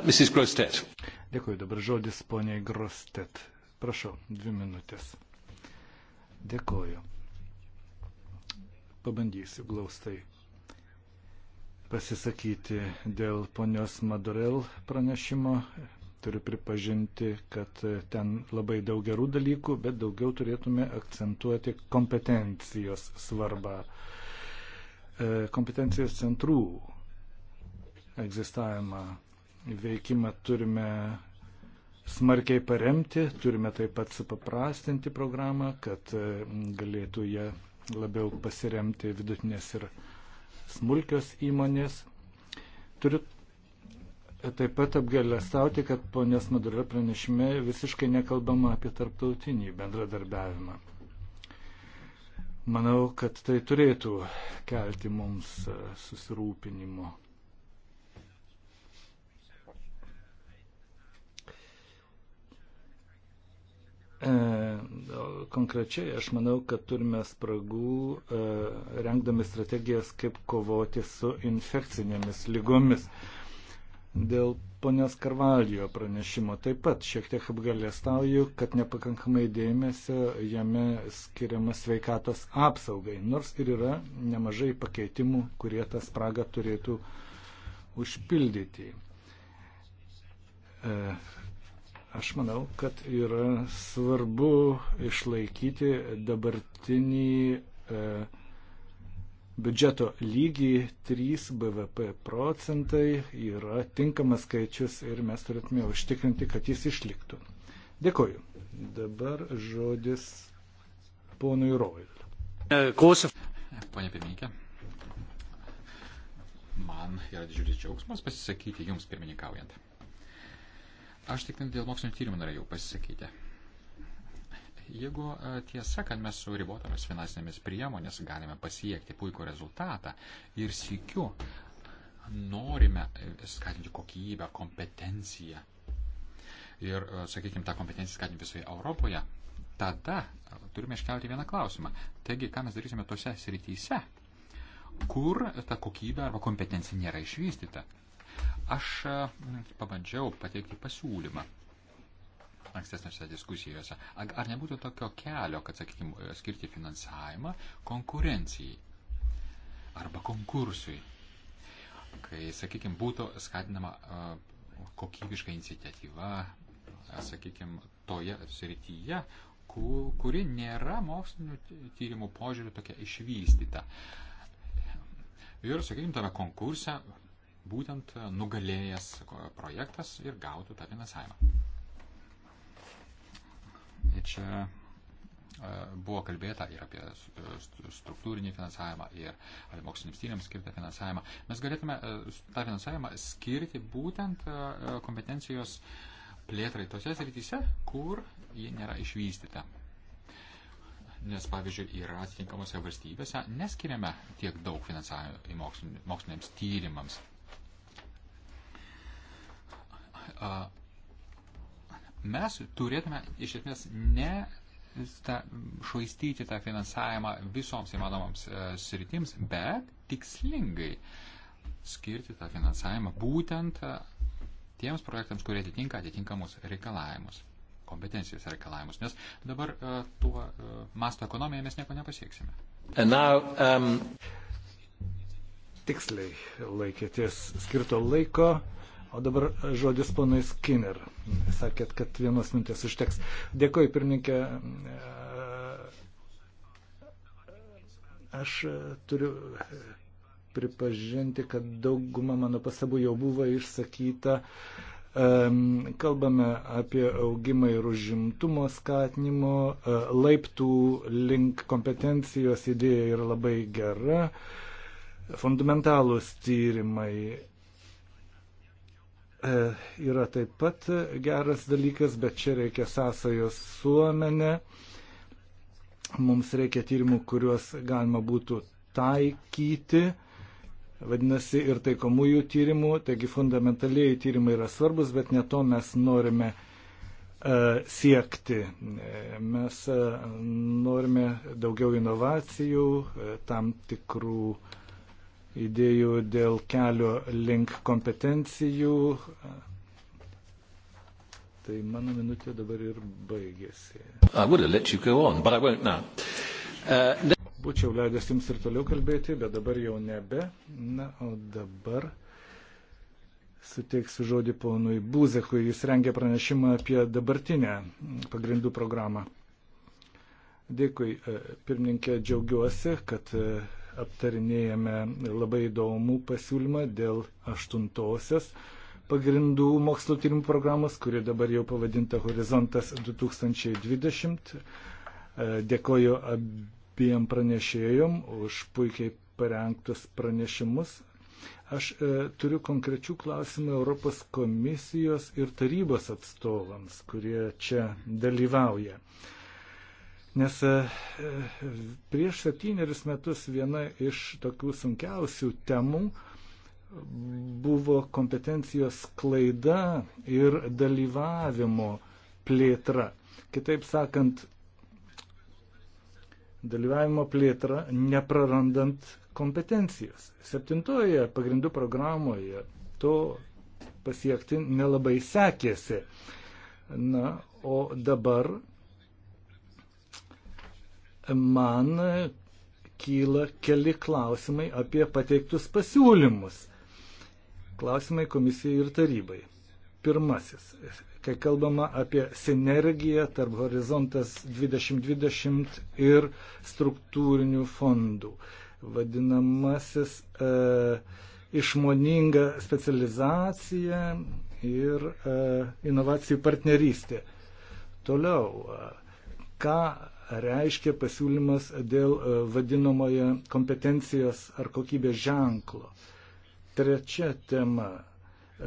Mrs. Grostet. Dėkui, dabar žodis poniai Grostet. Prašau, dvi minutės. Dėkoju. Pabandysiu glaustai pasisakyti dėl ponios Madurel pranešimo. Turiu pripažinti, kad ten labai daug gerų dalykų, bet daugiau turėtume akcentuoti kompetencijos svarbą. E, kompetencijos centrų egzistavimą veikimą turime smarkiai paremti, turime taip pat supaprastinti programą, kad e, galėtų ją labiau pasiremti vidutinės ir smulkios įmonės. Turiu taip pat apgailestauti, kad ponės Maduro pranešime visiškai nekalbama apie tarptautinį bendradarbiavimą. Manau, kad tai turėtų kelti mums e, susirūpinimo. E, konkrečiai aš manau, kad turime spragų e, rengdami strategijas, kaip kovoti su infekcinėmis lygomis. Dėl ponios Karvalijo pranešimo taip pat šiek tiek apgalėstauju, kad nepakankamai dėmesio jame skiriama sveikatos apsaugai, nors ir yra nemažai pakeitimų, kurie tą spragą turėtų užpildyti. E, Aš manau, kad yra svarbu išlaikyti dabartinį e, biudžeto lygį 3 BVP procentai yra tinkamas skaičius ir mes turėtume užtikrinti, kad jis išliktų. Dėkoju. Dabar žodis ponui Roil. E, Klausim. Pone pirmininkė, man yra didžiulis džiaugsmas pasisakyti jums pirmininkaujant. Aš tik dėl mokslinio tyrimų norėjau pasisakyti. Jeigu e, tiesa, kad mes su ribotomis finansinėmis priemonės galime pasiekti puikų rezultatą ir sėkiu norime skatinti kokybę, kompetenciją ir, e, sakykime, tą kompetenciją skatinti visoje Europoje, tada e, turime iškelti vieną klausimą. Taigi, ką mes darysime tose srityse, kur ta kokybė arba kompetencija nėra išvystyta? Aš mm, pabandžiau pateikti pasiūlymą ankstesnėse diskusijose. Ar nebūtų tokio kelio, kad, sakykime, skirti finansavimą konkurencijai arba konkursui, kai, sakykime, būtų skatinama kokybiška iniciatyva, sakykime, toje srityje, kuri nėra mokslinių tyrimų požiūrių tokia išvystyta. Ir, sakykime, tame konkurse būtent nugalėjęs projektas ir gautų tą finansavimą. Ir čia e, buvo kalbėta ir apie e, struktūrinį finansavimą, ir apie moksliniams tyrimams skirtą finansavimą. Mes galėtume e, tą finansavimą skirti būtent kompetencijos plėtrai tose srityse, kur ji nėra išvystyta. Nes, pavyzdžiui, yra atitinkamose valstybėse neskiriame tiek daug finansavimo moksliniams tyrimams mes turėtume iš esmės ne ta, švaistyti tą finansavimą visoms įmanomoms e, sritims, bet tikslingai skirti tą finansavimą būtent e, tiems projektams, kurie atitinka atitinkamus reikalavimus, kompetencijos reikalavimus, nes dabar e, tuo masto ekonomiją mes nieko nepasieksime. And now, um... Tiksliai laikėtės skirto laiko. O dabar žodis ponui Skinner. Sakėt, kad vienos mintės užteks. Dėkuoju, pirmininkė. Aš turiu pripažinti, kad dauguma mano pastabų jau buvo išsakyta. Kalbame apie augimą ir užimtumo skatinimo. E, laiptų link kompetencijos idėja yra labai gera fundamentalūs tyrimai E, yra taip pat geras dalykas, bet čia reikia sąsajos suomenė. Mums reikia tyrimų, kuriuos galima būtų taikyti. Vadinasi, ir taikomųjų tyrimų, taigi fundamentaliai tyrimai yra svarbus, bet ne to mes norime e, siekti. E, mes norime daugiau inovacijų, tam tikrų uh, idėjų dėl kelio link kompetencijų. Tai mano minutė dabar ir baigėsi. On, uh, Būčiau leidęs jums ir toliau kalbėti, bet dabar jau nebe. Na, o dabar suteiksiu žodį ponui Būzekui. Jis rengia pranešimą apie dabartinę pagrindų programą. Dėkui, e, pirmininkė, džiaugiuosi, kad e, aptarinėjame labai įdomų pasiūlymą dėl aštuntosios pagrindų mokslo tyrimų programos, kuri dabar jau pavadinta Horizontas 2020. E, dėkoju abiem pranešėjom už puikiai parengtus pranešimus. Aš e, turiu konkrečių klausimų Europos komisijos ir tarybos atstovams, kurie čia dalyvauja. E, Nes e, prieš septynerius metus viena iš tokių sunkiausių temų buvo kompetencijos klaida ir dalyvavimo plėtra. Kitaip sakant, dalyvavimo plėtra neprarandant kompetencijas. Septintoje pagrindų programoje to pasiekti nelabai sekėsi. Na, o dabar man kyla keli klausimai apie pateiktus pasiūlymus. Klausimai komisijai ir tarybai. Pirmasis, kai kalbama apie sinergiją tarp horizontas 2020 ir struktūrinių fondų. Vadinamasis e, išmoninga specializacija ir e, inovacijų partnerystė. Toliau, e, ką reiškia pasiūlymas dėl e, vadinamojo kompetencijos ar kokybės ženklo. Trečia tema e,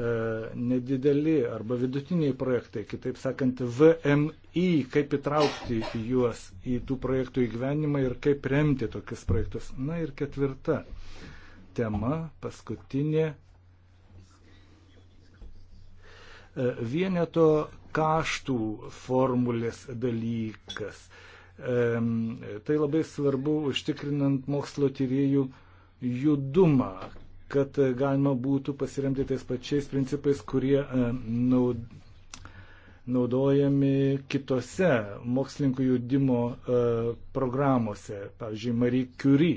- nedideli arba vidutiniai projektai, kitaip sakant, VMI, kaip įtraukti juos į tų projektų įgyvenimą ir kaip remti tokius projektus. Na ir ketvirta tema, paskutinė e, vieneto kaštų formulės dalykas. Tai labai svarbu užtikrinant mokslo tyriejų judumą, kad galima būtų pasiremti tais pačiais principais, kurie e, naudojami kitose mokslininkų judimo e, programuose, pavyzdžiui, Marie Curie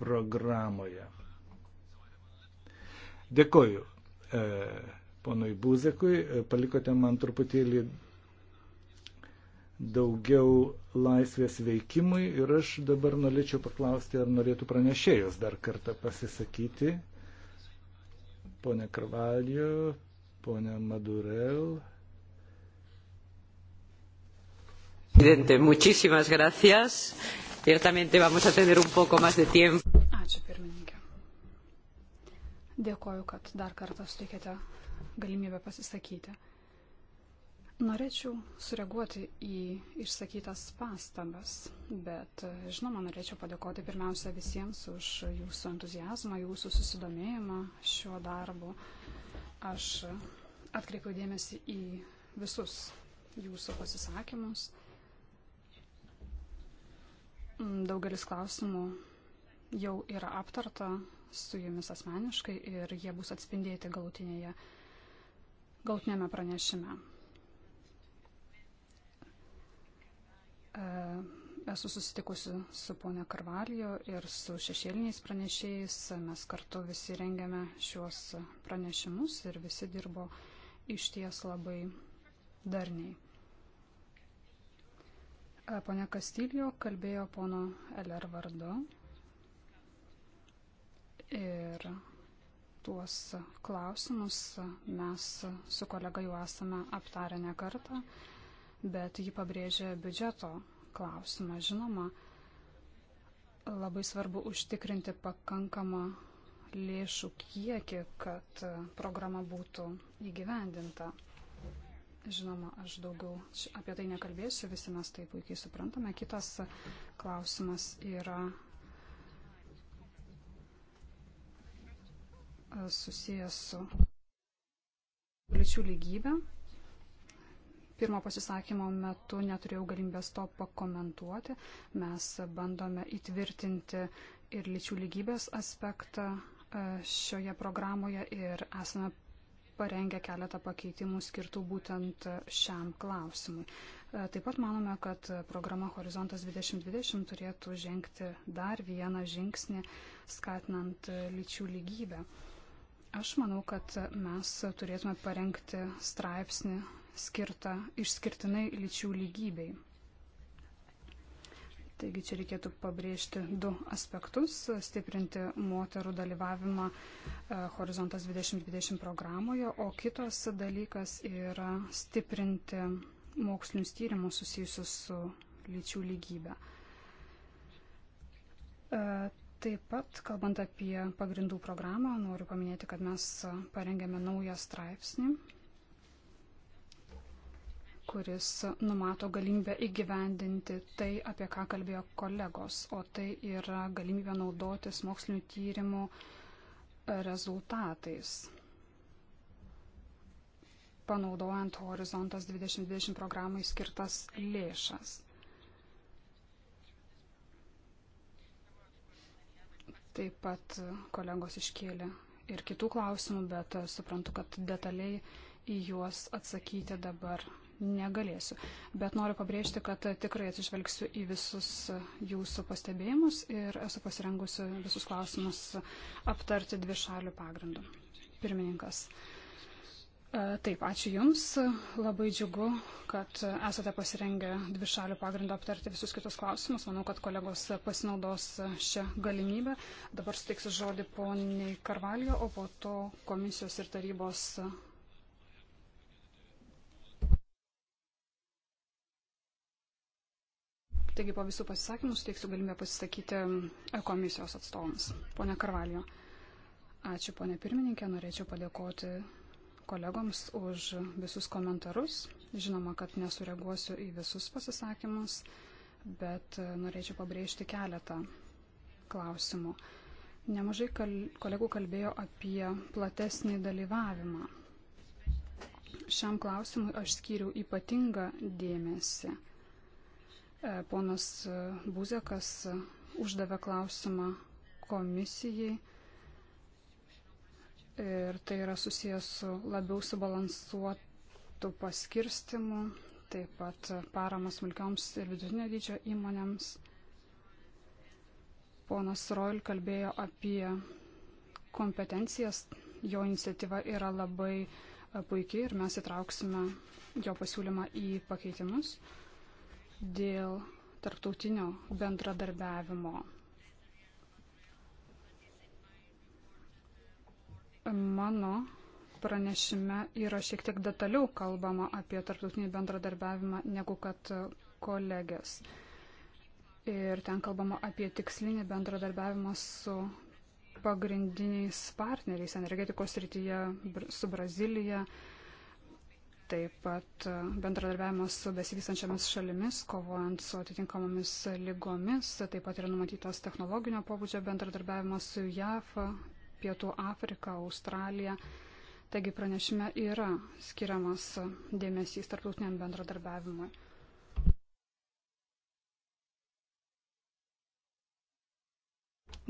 programoje. Dėkoju e, ponui Buzekui, palikote man truputėlį daugiau laisvės veikimui ir aš dabar norėčiau paklausti, ar norėtų pranešėjos dar kartą pasisakyti. Pone Karvalio, pone Madurel. Presidente, muchísimas gracias. Ciertamente vamos a tener un poco más de tiempo. Ačiū pirmininkė. Dėkoju, kad dar kartą suteikėte galimybę pasisakyti. Norėčiau sureaguoti į išsakytas pastabas, bet žinoma, norėčiau padėkoti pirmiausia visiems už jūsų entuzijazmą, jūsų susidomėjimą šiuo darbu. Aš atkreipiau dėmesį į visus jūsų pasisakymus. Daugelis klausimų jau yra aptarta su jumis asmeniškai ir jie bus atspindėti galutinėje, galutinėme pranešime. E, esu susitikusi su ponia Karvalijo ir su šešėliniais pranešėjais. Mes kartu visi rengiame šiuos pranešimus ir visi dirbo iš ties labai darniai. E, Pone Kastilijo kalbėjo pono Eller vardu ir tuos klausimus mes su kolega jau esame aptarę ne kartą bet ji pabrėžė biudžeto klausimą. Žinoma, labai svarbu užtikrinti pakankamą lėšų kiekį, kad programa būtų įgyvendinta. Žinoma, aš daugiau apie tai nekalbėsiu, visi mes tai puikiai suprantame. Kitas klausimas yra susijęs su lyčių lygybė pirmo pasisakymo metu neturėjau galimybės to pakomentuoti. Mes bandome įtvirtinti ir lyčių lygybės aspektą e, šioje programoje ir esame parengę keletą pakeitimų skirtų būtent šiam klausimui. E, taip pat manome, kad programa Horizontas 2020 turėtų žengti dar vieną žingsnį, skatinant lyčių lygybę. Aš manau, kad mes turėtume parengti straipsnį skirta išskirtinai lyčių lygybei. Taigi čia reikėtų pabrėžti du aspektus - stiprinti moterų dalyvavimą e, Horizontas 2020 programoje, o kitas dalykas yra stiprinti mokslinius tyrimus susijusius su lyčių lygybė. E, taip pat, kalbant apie pagrindų programą, noriu paminėti, kad mes parengėme naują straipsnį kuris numato galimybę įgyvendinti tai, apie ką kalbėjo kolegos, o tai yra galimybė naudotis mokslinių tyrimų rezultatais, panaudojant Horizontas 2020 programai skirtas lėšas. Taip pat kolegos iškėlė ir kitų klausimų, bet suprantu, kad detaliai į juos atsakyti dabar negalėsiu. Bet noriu pabrėžti, kad tikrai atsižvelgsiu į visus jūsų pastebėjimus ir esu pasirengusi visus klausimus aptarti dvi šalių pagrindų. Pirmininkas. E, taip, ačiū Jums. Labai džiugu, kad esate pasirengę dvi šalių pagrindą aptarti visus kitus klausimus. Manau, kad kolegos pasinaudos šią galimybę. Dabar suteiksiu žodį poniai Karvalio, o po to komisijos ir tarybos Taigi po visų pasisakymų suteiksiu galimybę pasisakyti e, komisijos atstovams. Pone Karvalijo, ačiū ponė pirmininkė, norėčiau padėkoti kolegoms už visus komentarus. Žinoma, kad nesureaguosiu į visus pasisakymus, bet e, norėčiau pabrėžti keletą klausimų. Nemažai kal kolegų kalbėjo apie platesnį dalyvavimą. Šiam klausimui aš skyriau ypatingą dėmesį E, ponas Buzekas uždavė klausimą komisijai ir tai yra susijęs su labiau subalansuotu paskirstimu, taip pat parama smulkioms ir vidutinio dydžio įmonėms. Ponas Roil kalbėjo apie kompetencijas, jo iniciatyva yra labai puikiai ir mes įtrauksime jo pasiūlymą į pakeitimus dėl tarptautinio bendradarbiavimo. Mano pranešime yra šiek tiek detaliau kalbama apie tarptautinį bendradarbiavimą negu kad kolegės. Ir ten kalbama apie tikslinį bendradarbiavimą su pagrindiniais partneriais energetikos rytyje, su Brazilija, taip pat e, bendradarbiavimas su besivystančiamis šalimis, kovojant su atitinkamomis lygomis, taip pat yra numatytas technologinio pobūdžio bendradarbiavimas su JAF, Pietų Afrika, Australija. Taigi pranešime yra skiriamas dėmesys tarptautiniam bendradarbiavimui.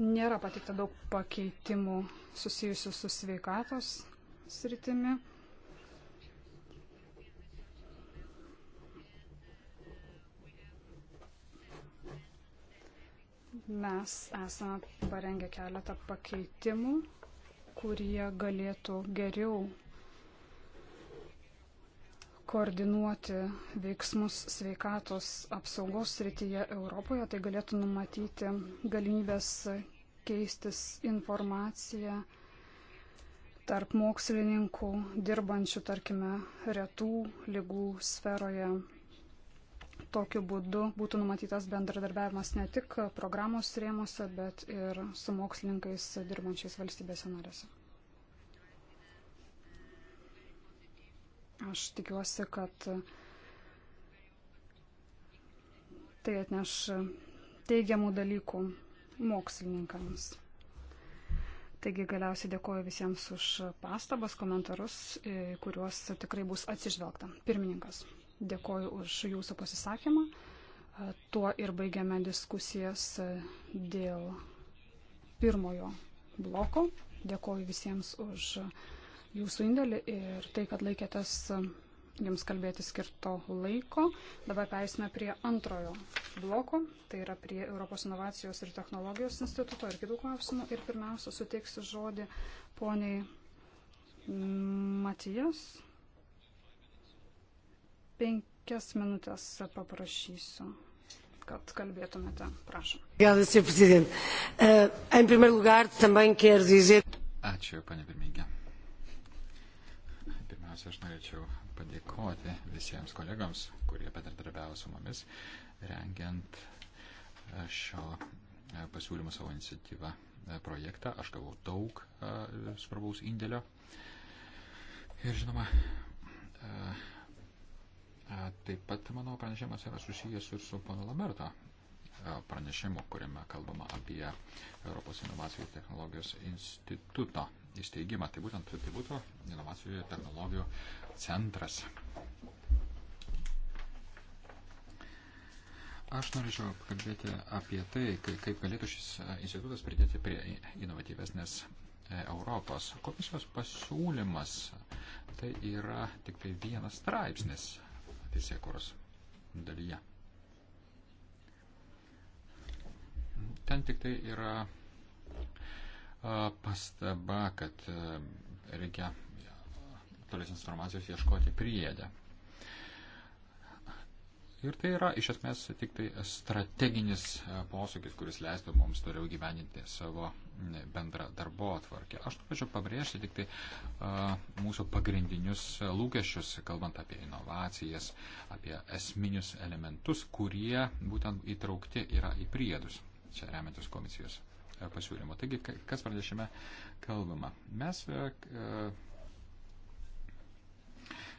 Nėra patikta daug pakeitimų susijusių su sveikatos sritimi. Mes esame parengę keletą pakeitimų, kurie galėtų geriau koordinuoti veiksmus sveikatos apsaugos srityje Europoje. Tai galėtų numatyti galimybės keistis informaciją tarp mokslininkų dirbančių, tarkime, retų lygų sferoje tokiu būdu būtų numatytas bendradarbiavimas ne tik programos rėmose, bet ir su mokslininkais dirbančiais valstybėse narėse. Aš tikiuosi, kad tai atneš teigiamų dalykų mokslininkams. Taigi galiausiai dėkoju visiems už pastabas, komentarus, kuriuos tikrai bus atsižvelgta. Pirmininkas. Dėkoju už jūsų pasisakymą. Tuo ir baigiame diskusijas dėl pirmojo bloko. Dėkoju visiems už jūsų indėlį ir tai, kad laikėtės jums kalbėti skirto laiko. Dabar peisime prie antrojo bloko, tai yra prie Europos inovacijos ir technologijos instituto ir kitų klausimų. Ir pirmiausia, suteiksiu žodį poniai Matijas. Penkias minutės paprašysiu, kad kalbėtumėte. Prašom. Eh, Ačiū, panė pirmininkė. Pirmiausia, aš norėčiau padėkoti visiems kolegams, kurie bendradarbiavo su mumis, rengiant eh, šio eh, pasiūlymo savo iniciatyvą projektą. Aš gavau daug svarbaus indėlio. Ir žinoma, a, Taip pat, manau, pranešimas yra susijęs ir su pono Lamerto pranešimu, kuriame kalbama apie Europos inovacijų ir technologijos instituto įsteigimą. Tai būtent tai būtų inovacijų ir technologijų centras. Aš norėčiau kalbėti apie tai, kaip galėtų šis institutas pridėti prie inovatyvesnės e, Europos. Komisijos pasiūlymas tai yra tik tai vienas straipsnis teisėkuros dalyje. Ten tik tai yra pastaba, kad reikia tolesnės informacijos ieškoti priedę. Ir tai yra iš esmės tik tai strateginis posūkis, kuris leistų mums toliau gyveninti savo bendrą darbo atvarkę. Aš norėčiau pabrėžti tik tai a, mūsų pagrindinius lūkesčius, kalbant apie inovacijas, apie esminius elementus, kurie būtent įtraukti yra į priedus, čia remiantis komisijos pasiūlymo. Taigi, kas pradėšime kalbama? Mes a, a,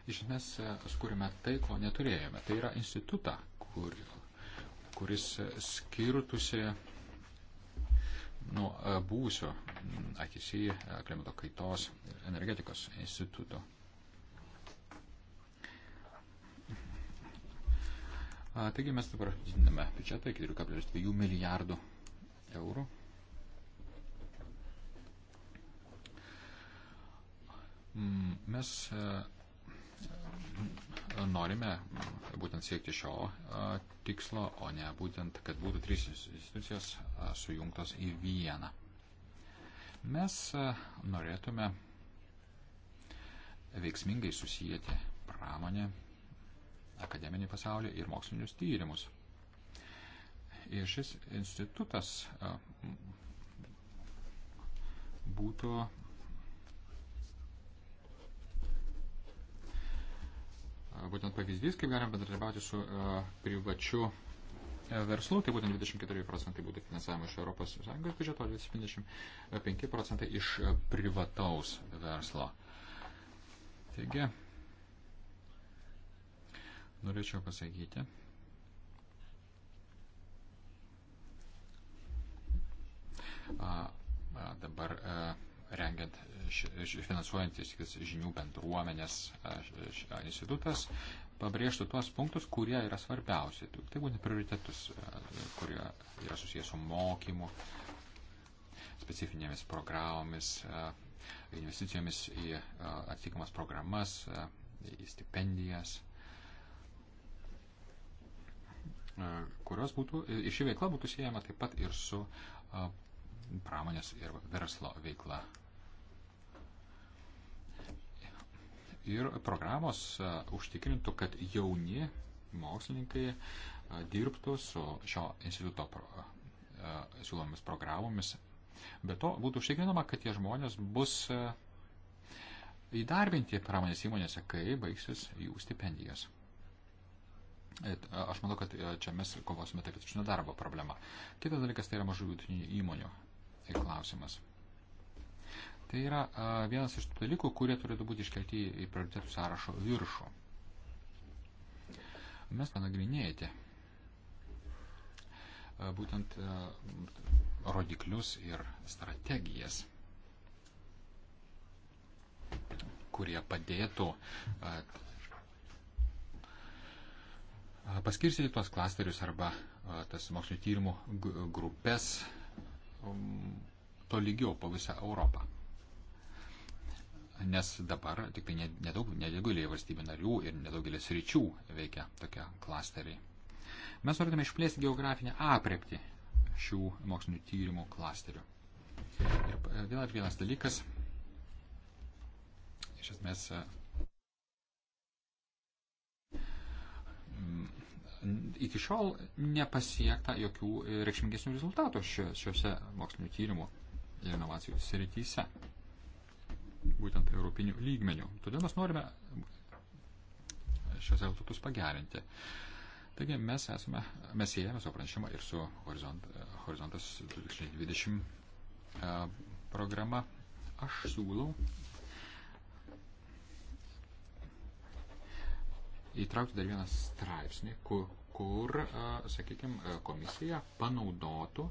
iš esmės skūrime tai, ko neturėjome. Tai yra institutą, kur, kuris skirtusi nuo e, būsio ITC, e, klimato kaitos ir energetikos instituto. Taigi mes dabar didiname biudžetą iki 4,2 milijardų eurų. Mm, mes e, norime būtent siekti šio tikslo, o ne būtent, kad būtų trys institucijos sujungtos į vieną. Mes norėtume veiksmingai susijęti pramonę, akademinį pasaulį ir mokslinius tyrimus. Ir šis institutas būtų būtent pavyzdys, kaip galima bendradarbiauti su privačiu verslu, tai būtent 24 procentai būtų finansavimo iš ES biudžeto, o 25 procentai iš privataus verslo. Taigi, norėčiau pasakyti, a, a, dabar a, rengiant, finansuojant žinių bendruomenės institutas, pabrėžtų tuos punktus, kurie yra svarbiausi. Tai, tai būtent prioritetus, kurie yra susijęs su mokymu, specifinėmis programomis, investicijomis į atitikamas programas, į stipendijas kurios būtų, ir ši veikla būtų siejama taip pat ir su pramonės ir verslo veikla. Ir programos užtikrintų, kad jauni mokslininkai dirbtų su šio instituto pro, siūlomis programomis. Be to būtų užtikrinama, kad tie žmonės bus įdarbinti pramonės įmonėse, kai baigsis jų stipendijos. Aš manau, kad čia mes kovosime taip pat su nedarbo problema. Kitas dalykas tai yra mažų vidutinių įmonių Tai klausimas. Tai yra vienas iš tų dalykų, kurie turėtų būti iškelti į prioritetų sąrašo viršų. Mes panagrinėjate būtent rodiklius ir strategijas, kurie padėtų paskirstyti tuos klasterius arba tas mokslinio tyrimų grupės Um, tolygiau po visą Europą. Nes dabar tik tai nedaug, nedaugelėje valstybių narių ir nedaugelėje sričių veikia tokie klasteriai. Mes norėtume išplėsti geografinę aprepti šių mokslinių tyrimų klasterių. Ir e, vėl vienas dalykas, iš esmės, e, iki šiol nepasiekta jokių reikšmingesnių rezultatų šiuose mokslinio tyrimų ir inovacijų srityse, būtent europinių lygmenių. Todėl mes norime šios rezultatus pagerinti. Taigi mes esame, mes siejame savo pranešimą ir su horizont, Horizontas 2020 e, programa. Aš siūlau įtraukti dar vieną straipsnį, kur, kur sakykime, komisija panaudotų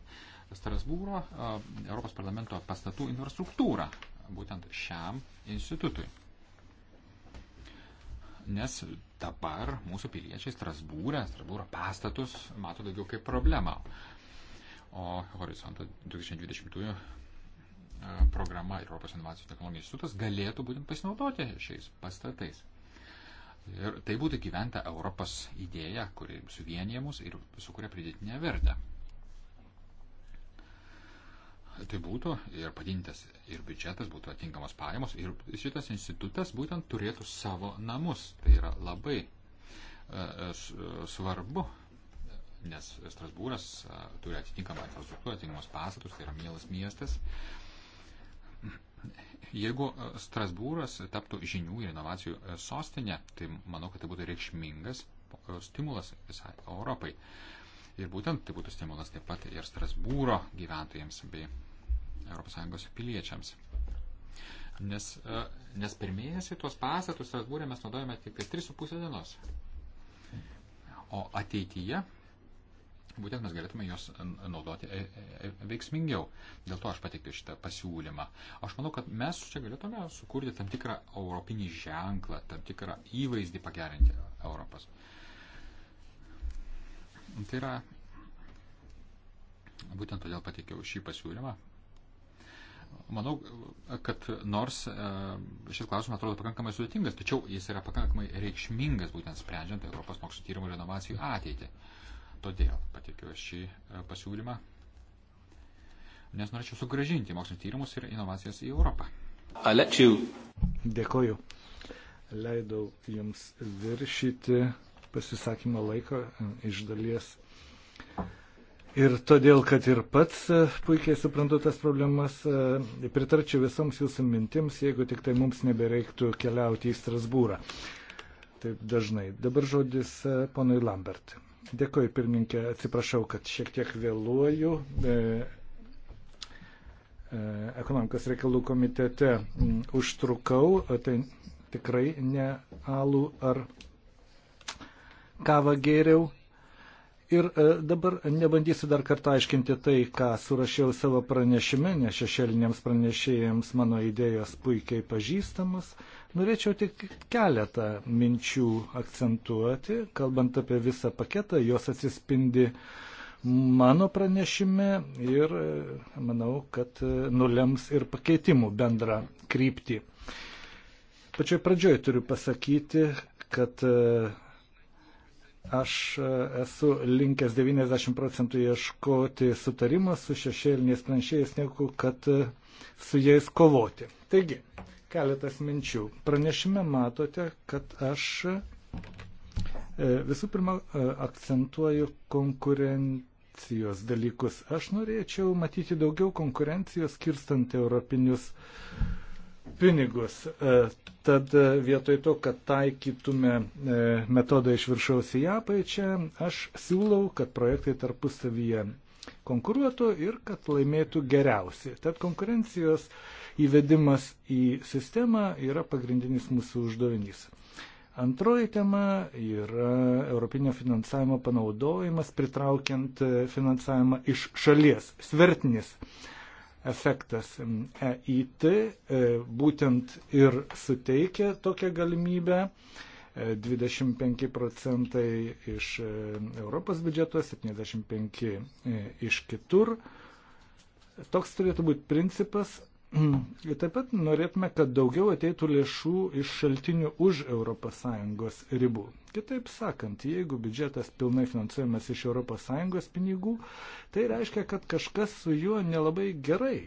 Strasbūro Europos parlamento pastatų infrastruktūrą būtent šiam institutui. Nes dabar mūsų piliečiai Strasbūrę, Strasbūro pastatus mato daugiau kaip problemą. O Horizontas 2020 programa Europos inovacijų technologijų institutas galėtų būtent pasinaudoti šiais pastatais. Ir tai būtų gyventa Europos idėja, kuri suvienyje mus ir sukuria pridėtinę vertę. Tai būtų ir padintas ir biudžetas, būtų atinkamos pajamos ir šitas institutas būtent turėtų savo namus. Tai yra labai e, svarbu, nes Strasbūras e, turi atitinkamą infrastruktūrą, atitinkamus pastatus, tai yra mielas miestas. miestas Jeigu e, Strasbūras taptų žinių ir inovacijų e, sostinė, tai manau, kad tai būtų reikšmingas e, stimulas visai Europai. Ir būtent tai būtų stimulas taip pat ir Strasbūro gyventojams bei ES piliečiams. Nes, nes per mėnesį tuos pastatus Strasbūrė mes naudojame tik 3,5 tai dienos. O ateityje būtent mes galėtume juos naudoti e, e, e, veiksmingiau. Dėl to aš pateikiu šitą pasiūlymą. Aš manau, kad mes čia galėtume sukurti tam tikrą europinį ženklą, tam tikrą įvaizdį pagerinti Europos. Tai yra, būtent todėl pateikiau šį pasiūlymą. Manau, kad nors šis klausimas atrodo pakankamai sudėtingas, tačiau jis yra pakankamai reikšmingas būtent sprendžiant Europos mokslo tyrimų ir inovacijų ateitį. Uh, todėl pateikiau šį e, pasiūlymą, nes norėčiau sugražinti mokslinius tyrimus ir inovacijas į Europą. Alečiu. Dėkoju. Leidau Jums viršyti pasisakymo laiko e, iš dalies. Ir todėl, kad ir pats e, puikiai suprantu tas problemas, pritarčiau visoms jūsų mintims, jeigu tik tai mums nebereiktų keliauti į Strasbūrą. Taip dažnai. Dabar žodis ponui Lambert. Dėkoju, pirmininkė, atsiprašau, kad šiek tiek vėluoju. E, e, ekonomikos reikalų komitete m, užtrukau, tai tikrai ne alų ar kavą gėriau. Ir e, dabar nebandysiu dar kartą aiškinti tai, ką surašiau savo pranešime, nes šešėliniams pranešėjams mano idėjos puikiai pažįstamos. E, Norėčiau tik keletą minčių akcentuoti, kalbant apie visą paketą, jos atsispindi mano pranešime ir e, manau, kad e, nulems ir pakeitimų bendrą kryptį. Pačioj pradžioj turiu pasakyti, kad e, aš esu linkęs 90 procentų ieškoti sutarimą su šešėliniais pranešėjais, negu kad su jais kovoti. Taigi, keletas minčių. Pranešime matote, kad aš e, visų pirma e, akcentuoju konkurencijos dalykus. Aš norėčiau matyti daugiau konkurencijos skirstant europinius pinigus. E, tad vietoj to, kad taikytume metodą iš viršaus į apačią, aš siūlau, kad projektai tarpusavyje konkuruotų ir kad laimėtų geriausi. Tad konkurencijos uh, įvedimas į sistemą yra pagrindinis mūsų uždavinys. Antroji tema yra europinio finansavimo panaudojimas, pritraukiant e, finansavimą iš šalies. Svertinis efektas EIT e, būtent ir suteikia tokią galimybę. 25 e, procentai iš Europos biudžeto, 75 iš kitur. Toks turėtų būti principas, Mm. Taip pat norėtume, kad daugiau ateitų lėšų iš šaltinių už ES ribų. Kitaip sakant, jeigu biudžetas pilnai finansuojamas iš ES pinigų, tai reiškia, kad kažkas su juo nelabai gerai.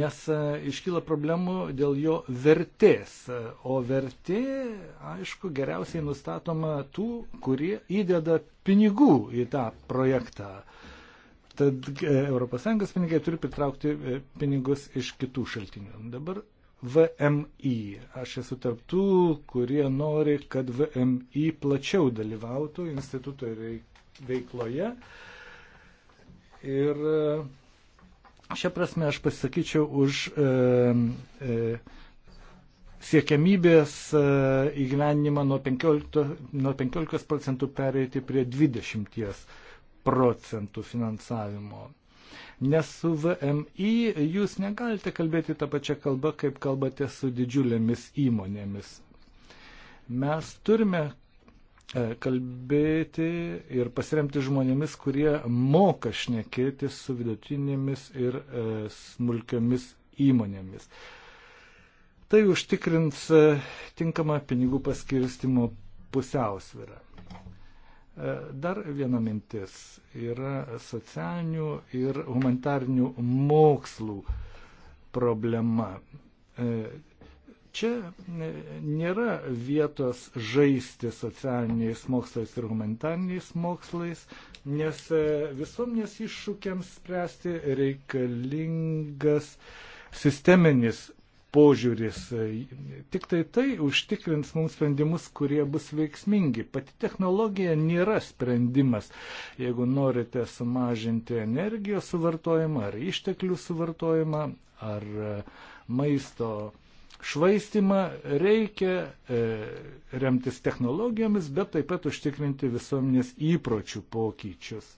Nes e, iškyla problemų dėl jo vertės. O vertė, aišku, geriausiai nustatoma tų, kurie įdeda pinigų į tą projektą. Uh, Tad ES pinigai turi pritraukti e, pinigus iš kitų šaltinių. Dabar VMI. Aš esu tarptų, kurie nori, kad VMI plačiau dalyvautų instituto veikloje. Ir e, šią prasme aš pasisakyčiau už e, e, siekiamybės e, įgyvenimą nuo 15, nuo 15 procentų pereiti prie 20 procentų finansavimo. Nes su VMI jūs negalite kalbėti tą pačią kalbą, kaip kalbate su didžiulėmis įmonėmis. Mes turime e, kalbėti ir pasiremti žmonėmis, kurie moka šnekėti su vidutinėmis ir e, smulkiomis įmonėmis. Tai užtikrins e, tinkamą pinigų paskirstimo pusiausvyrą. E, dar viena mintis yra socialinių ir humanitarinių mokslų problema. E, čia nėra vietos žaisti socialiniais mokslais ir humanitariniais mokslais, nes e, visuomenės iššūkiams spręsti reikalingas sisteminis požiūris. Tik tai tai užtikrins mums sprendimus, kurie bus veiksmingi. Pati technologija nėra sprendimas. Jeigu norite sumažinti energijos suvartojimą ar išteklių suvartojimą ar e, maisto švaistimą, reikia e, remtis technologijomis, bet taip pat užtikrinti visuomenės įpročių pokyčius.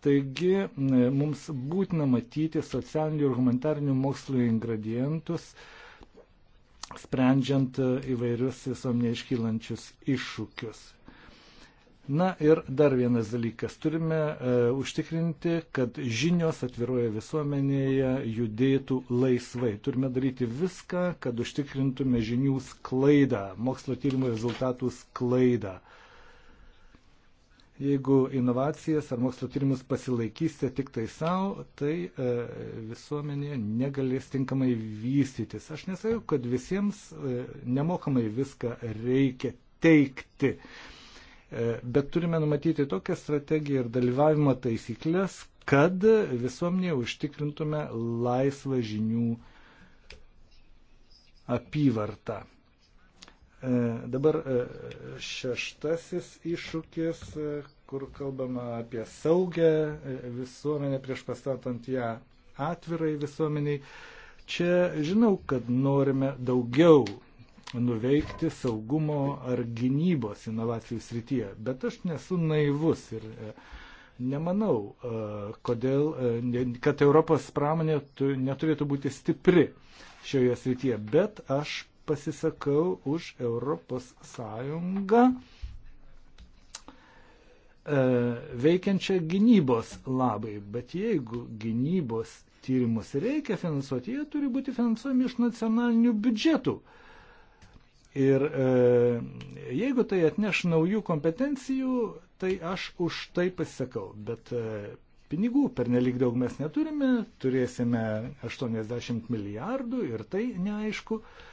Taigi e, mums būtina matyti socialinių ir humanitarinių mokslų ingredientus, sprendžiant e, įvairius visuomenė iškylančius iššūkius. Na ir dar vienas dalykas. Turime e, užtikrinti, kad žinios atviroje visuomenėje judėtų laisvai. Turime daryti viską, kad užtikrintume žinių sklaidą, mokslo tyrimų rezultatų sklaidą. E, Jeigu inovacijas ar mokslo tyrimus pasilaikysite tik tai savo, tai e, visuomenė negalės tinkamai vystytis. Aš nesakau, kad visiems e, nemokamai viską reikia teikti. E, bet turime numatyti tokią strategiją ir dalyvavimo taisyklės, kad visuomenėje užtikrintume laisvą žinių apyvartą. E, dabar e, šeštasis iššūkis, e, kur kalbama apie saugę visuomenę prieš pastatant ją atvirai visuomeniai. Čia žinau, kad norime daugiau nuveikti saugumo ar gynybos inovacijų srityje, bet aš nesu naivus ir nemanau, kodėl, kad Europos pramonė neturėtų būti stipri šioje srityje, bet aš pasisakau už Europos Sąjungą e, veikiančią gynybos labai, bet jeigu gynybos tyrimus reikia finansuoti, jie turi būti finansuojami iš nacionalinių biudžetų. Ir e, jeigu tai atneš naujų kompetencijų, tai aš už tai pasisakau. Bet e, pinigų per nelik daug mes neturime, turėsime 80 milijardų ir tai neaišku. E,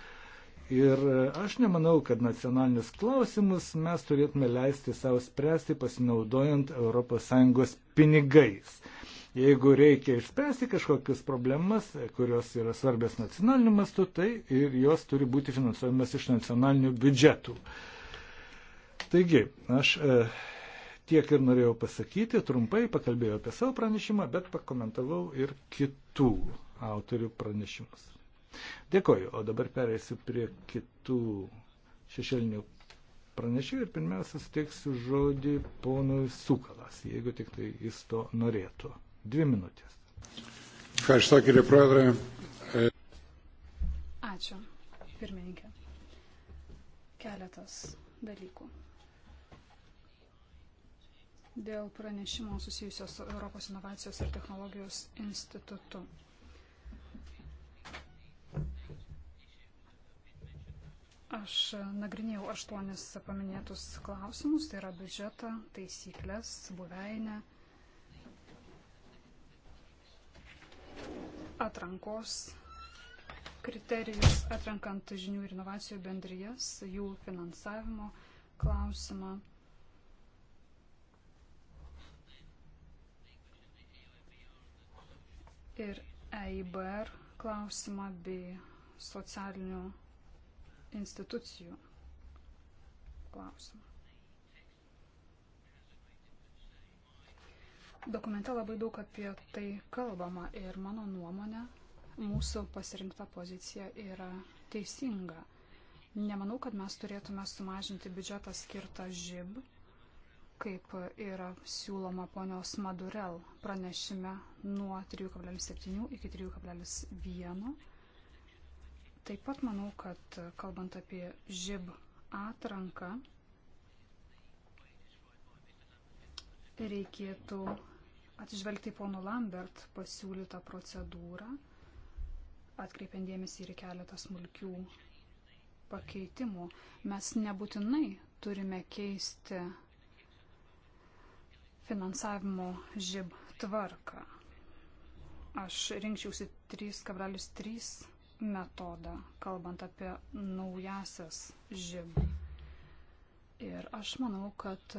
Ir e, aš nemanau, kad nacionalinius klausimus mes turėtume leisti savo spręsti pasinaudojant ES pinigais. Jeigu reikia išspręsti kažkokias problemas, e, kurios yra svarbios nacionaliniu mastu, tai ir jos turi būti finansuojamas iš nacionalinių biudžetų. Taigi, aš e, tiek ir norėjau pasakyti, trumpai pakalbėjau apie savo pranešimą, bet pakomentavau ir kitų autorių pranešimus. Dėkoju, o dabar pereisiu prie kitų šešėlinių pranešėjų ir pirmiausia suteiksiu žodį ponui Sukalas, jeigu tik tai jis to norėtų. Dvi minutės. Ačiū, pirmininkė. Keletas dalykų dėl pranešimo susijusios Europos inovacijos ir technologijos institutu. Aš nagrinėjau aštuonis paminėtus klausimus, tai yra biudžetą, taisyklės, buveinę, atrankos kriterijus, atrenkant žinių ir inovacijų bendrijas, jų finansavimo klausimą. Ir EIBR e klausimą bei socialinių institucijų klausimą. Dokumente labai daug apie tai kalbama ir mano nuomonė, mūsų pasirinkta pozicija yra teisinga. Nemanau, kad mes turėtume sumažinti biudžetą skirtą žib, kaip yra siūloma ponios Madurel pranešime nuo 3,7 iki 3,1 Taip pat manau, kad kalbant apie žib atranką, reikėtų atsižvelgti į pono Lambert pasiūlytą procedūrą, atkreipiant dėmesį ir keletą smulkių pakeitimų. Mes nebūtinai turime keisti finansavimo žib tvarką. Aš rinkčiausi 3,3 metodą, kalbant apie naujasias živ. Ir aš manau, kad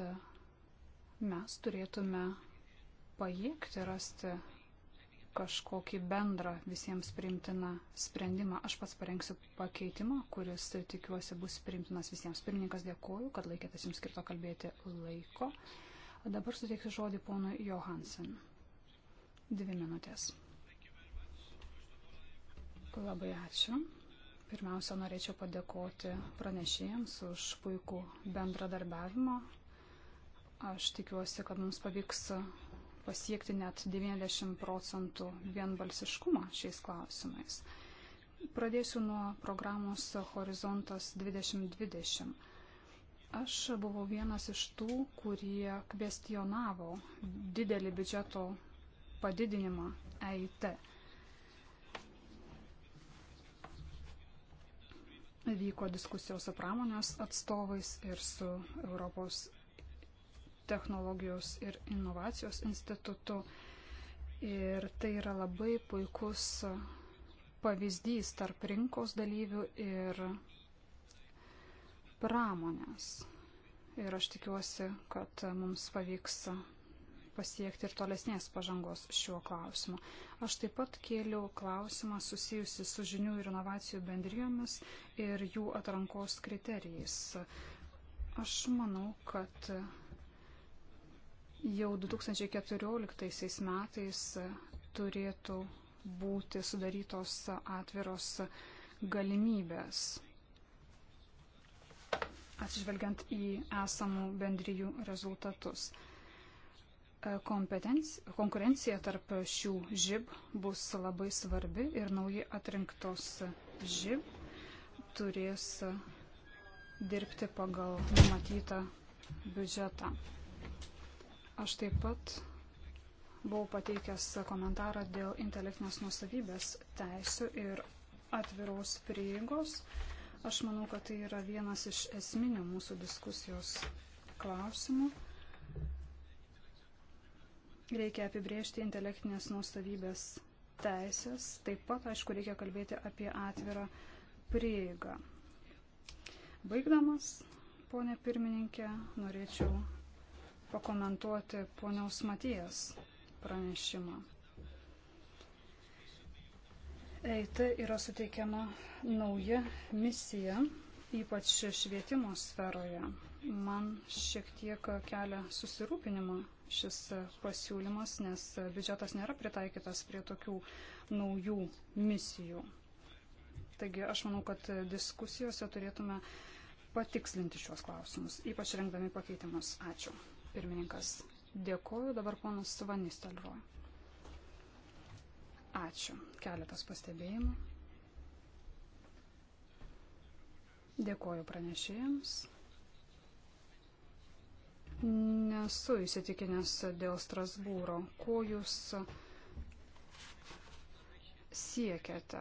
mes turėtume pajėgti rasti kažkokį bendrą visiems priimtiną sprendimą. Aš pats parengsiu pakeitimą, kuris tikiuosi bus priimtinas visiems. Pirmininkas dėkoju, kad laikėtės jums skirto kalbėti laiko. Dabar suteiksiu žodį ponui Johansen. Dvi minutės. Labai ačiū. Pirmiausia, norėčiau padėkoti pranešėjams už puikų bendradarbiavimą. Aš tikiuosi, kad mums pavyks pasiekti net 90 procentų vienbalsiškumą šiais klausimais. Pradėsiu nuo programos Horizontas 2020. Aš buvau vienas iš tų, kurie kvestionavo didelį biudžeto padidinimą EIT. Vyko diskusijos su pramonės atstovais ir su Europos technologijos ir inovacijos institutu. Ir tai yra labai puikus pavyzdys tarp rinkos dalyvių ir pramonės. Ir aš tikiuosi, kad mums pavyks pasiekti ir tolesnės pažangos šiuo klausimu. Aš taip pat kėliau klausimą susijusi su žinių ir inovacijų bendrijomis ir jų atrankos kriterijais. Aš manau, kad jau 2014 metais turėtų būti sudarytos atviros galimybės atsižvelgiant į esamų bendryjų rezultatus konkurencija tarp šių žib bus labai svarbi ir nauji atrinktos žib turės dirbti pagal numatytą biudžetą. Aš taip pat buvau pateikęs komentarą dėl intelektinės nusavybės teisų ir atviraus prieigos. Aš manau, kad tai yra vienas iš esminių mūsų diskusijos klausimų. Reikia apibriežti intelektinės nuosavybės teisės. Taip pat, aišku, reikia kalbėti apie atvirą prieigą. Baigdamas, ponė pirmininkė, norėčiau pakomentuoti poniaus Matijas pranešimą. EIT yra suteikiama nauja misija ypač švietimo sferoje. Man šiek tiek kelia susirūpinimą šis pasiūlymas, nes biudžetas nėra pritaikytas prie tokių naujų misijų. Taigi aš manau, kad diskusijose turėtume patikslinti šios klausimus, ypač rengdami pakeitimus. Ačiū. Pirmininkas, dėkoju. Dabar ponas Vanistelroj. Ačiū. Keletas pastebėjimų. Dėkoju pranešėjams. Nesu įsitikinęs dėl Strasbūro. Ko jūs siekiate?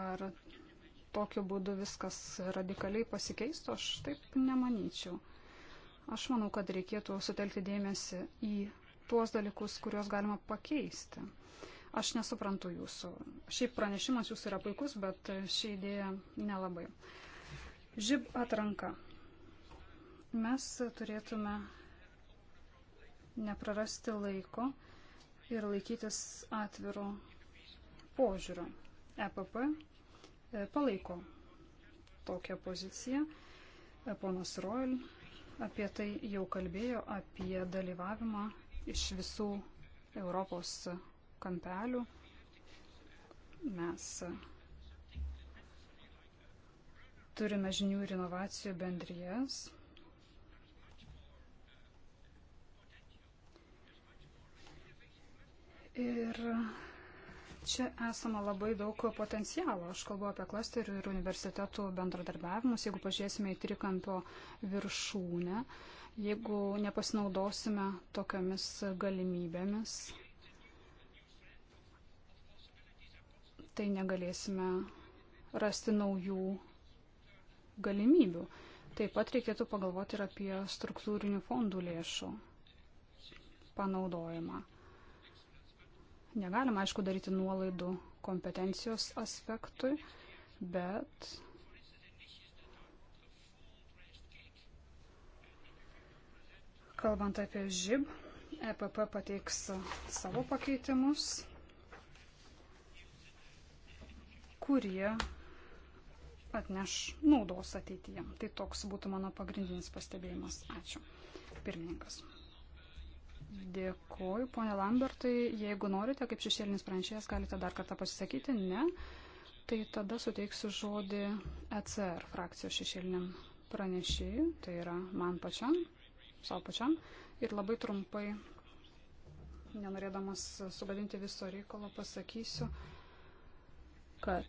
Ar tokiu būdu viskas radikaliai pasikeistų? Aš taip nemanyčiau. Aš manau, kad reikėtų sutelkti dėmesį į tuos dalykus, kuriuos galima pakeisti. Uh, Aš nesuprantu jūsų. Šiaip pranešimas jūsų yra puikus, bet ši idėja nelabai. Žib atranka. Mes turėtume neprarasti laiko ir laikytis atviro požiūrio. EPP e, palaiko tokią poziciją. E, ponas Royal apie tai jau kalbėjo, apie dalyvavimą iš visų Europos kampelių. Mes turime žinių ir inovacijų bendrijas. Ir čia esama labai daug potencialo. Aš kalbu apie klasterių ir universitetų bendradarbiavimus. Jeigu pažiūrėsime į trikampio viršūnę, jeigu nepasinaudosime tokiamis galimybėmis, tai negalėsime rasti naujų galimybių. Taip pat reikėtų pagalvoti ir apie struktūrinių fondų lėšų panaudojimą. Negalima, aišku, daryti nuolaidų kompetencijos aspektui, bet kalbant apie žib, EPP pateiks savo pakeitimus. kurie atneš naudos ateityje. Tai toks būtų mano pagrindinis pastebėjimas. Ačiū. Pirmininkas. Dėkuoju, ponė Lambertai. Jeigu norite, kaip šešėlinis pranešėjas, galite dar kartą pasisakyti. Ne. Tai tada suteiksiu žodį ECR frakcijos šešėliniam pranešėjui. Tai yra man pačiam, savo pačiam. Ir labai trumpai, nenorėdamas sugadinti viso reikalo, pasakysiu, kad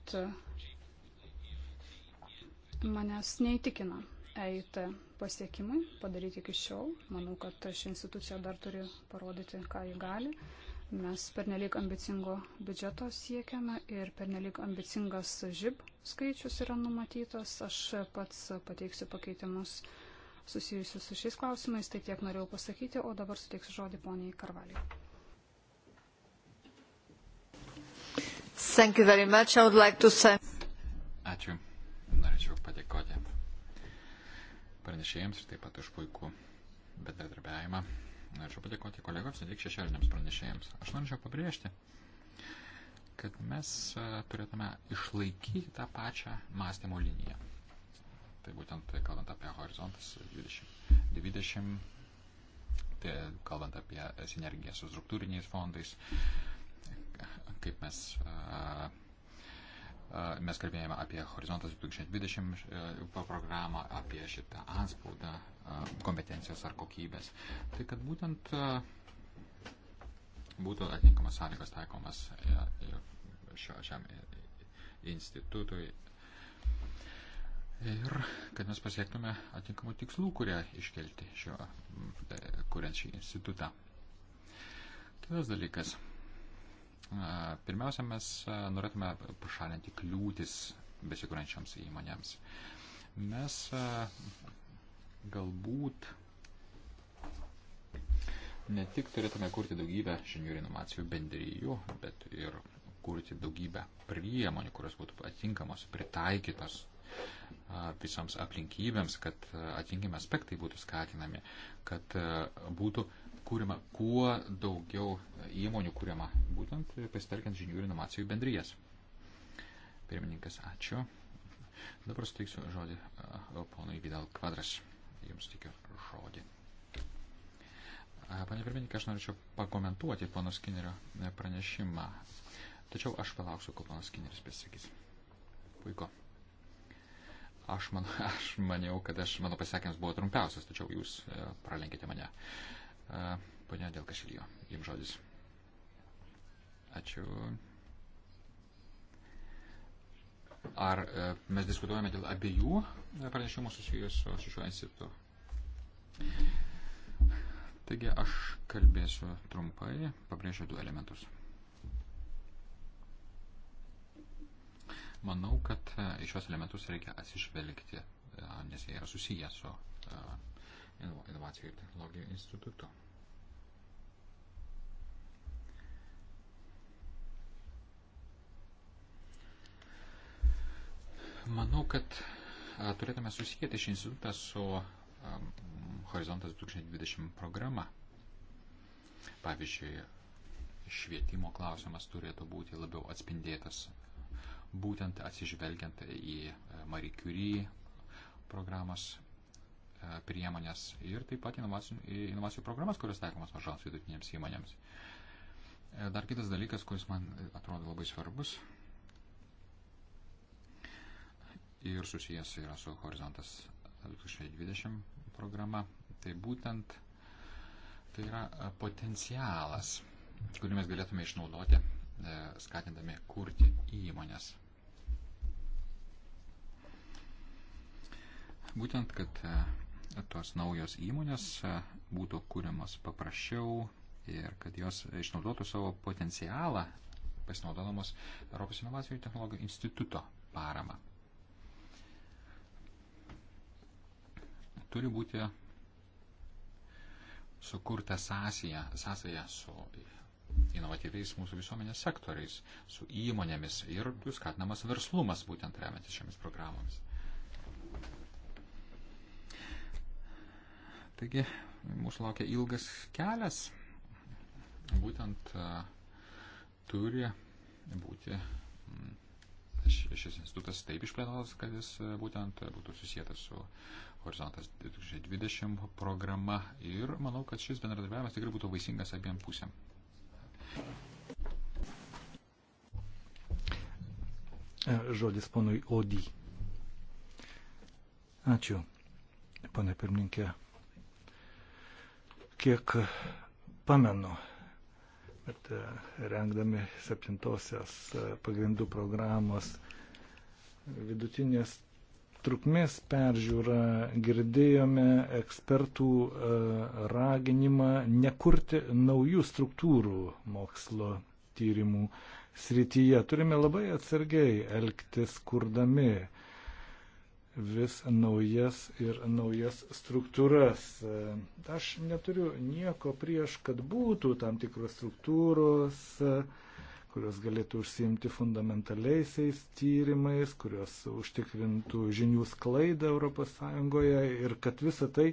manęs neįtikina EIT pasiekimai padaryti iki šiol. Manau, kad ši institucija dar turi parodyti, ką ji gali. Mes pernelyg ambicingo biudžeto siekiame ir pernelyg ambicingas žib skaičius yra numatytas. Aš pats pateiksiu pakeitimus susijusius su šiais klausimais, tai tiek norėjau pasakyti, o dabar suteiksiu žodį poniai Karvaliai. Thank you very much. I would like to thank. Ačiū. Norėčiau padėkoti pranešėjams ir taip pat už puikų bendradarbiavimą. Norėčiau padėkoti kolegoms, ne tik šešėliniams pranešėjams. Aš norėčiau pabrėžti, kad mes e, turėtume išlaikyti tą pačią mąstymo liniją. Tai būtent tai kalbant apie horizontas 2020, tai kalbant apie sinergiją su struktūriniais fondais, kaip mes, mes kalbėjome apie Horizontas 2020 programą, apie šitą anspaudą kompetencijos ar kokybės. Tai kad būtent būtų atinkamas sąlygos taikomas šio, šiam institutui ir kad mes pasiektume atinkamų tikslų, kurie iškelti šio, e, kuriant šį institutą. Kitas dalykas Pirmiausia, mes norėtume pašalinti kliūtis besikūrenčiams įmonėms. Mes galbūt ne tik turėtume kurti daugybę žinių ir inovacijų bendryjų, bet ir kurti daugybę priemonių, kurios būtų atinkamos, pritaikytos visoms aplinkybėms, kad atitinkami aspektai būtų skatinami, kad būtų uh, kūrima kuo daugiau įmonių kūrima, būtent pasitelkiant žinių ir inovacijų bendrijas. Pirmininkas, ačiū. Dabar suteiksiu žodį ponui Vidal Kvadras. Jums tikiu žodį. Pane pirmininkai, aš norėčiau pakomentuoti pono Skinnerio e, pranešimą. Tačiau aš palauksiu, kol ponas Skinneris pasakys. Puiku. Aš, man, aš maniau, kad aš, mano pasakymas buvo trumpiausias, tačiau jūs e, pralenkite mane. Uh, Pane Delkašilijo, jums žodis. Ačiū. Ar e, mes diskutuojame dėl abiejų pranešimų susijusių su šiuo institutu? Taigi aš kalbėsiu trumpai, pabrėžiu du elementus. Manau, kad e, į šios elementus reikia atsižvelgti, e, nes jie yra susiję su inovacijų ir technologijų institutu. Manau, kad turėtume susijęti šį institutą su Horizontas 2020 programa. Pavyzdžiui, švietimo klausimas turėtų būti labiau atspindėtas būtent atsižvelgiant į Marie Curie programos E, priemonės ir taip pat inovacijų, inovacijų programas, kurios taikomas mažoms vidutinėms įmonėms. E, dar kitas dalykas, kuris man atrodo labai svarbus ir susijęs yra su Horizontas 2020 programa, tai būtent tai yra e, potencialas, kurį mes galėtume išnaudoti, skatindami kurti įmonės. Būtent, kad tos naujos įmonės e, būtų kūriamos paprasčiau ir kad jos išnaudotų savo potencialą pasinaudodamos Europos inovacijų technologijų instituto paramą. Turi būti sukurta sąsaja, sąsaja su inovatyviais mūsų visuomenės sektoriais, su įmonėmis ir skatinamas verslumas būtent remiantis šiomis programomis. Taigi mūsų laukia ilgas kelias. Būtent turi būti šis institutas taip išplėtotas, kad jis būtent būtų susijęs su Horizontas 2020 programa ir manau, kad šis bendradarbiavimas tikrai būtų vaisingas abiem pusėm. Žodis ponui Odį. Ačiū, pane pirmininkė. Kiek pamenu, bet e, rengdami septintosios e, pagrindų programos vidutinės trukmės peržiūrą girdėjome ekspertų e, raginimą nekurti naujų struktūrų mokslo tyrimų srityje. Turime labai atsargiai elgtis, kurdami vis naujas ir naujas struktūras. Aš neturiu nieko prieš, kad būtų tam tikros struktūros, kurios galėtų užsiimti fundamentaliaisiais tyrimais, kurios užtikrintų žinių sklaidą ES ir kad visa tai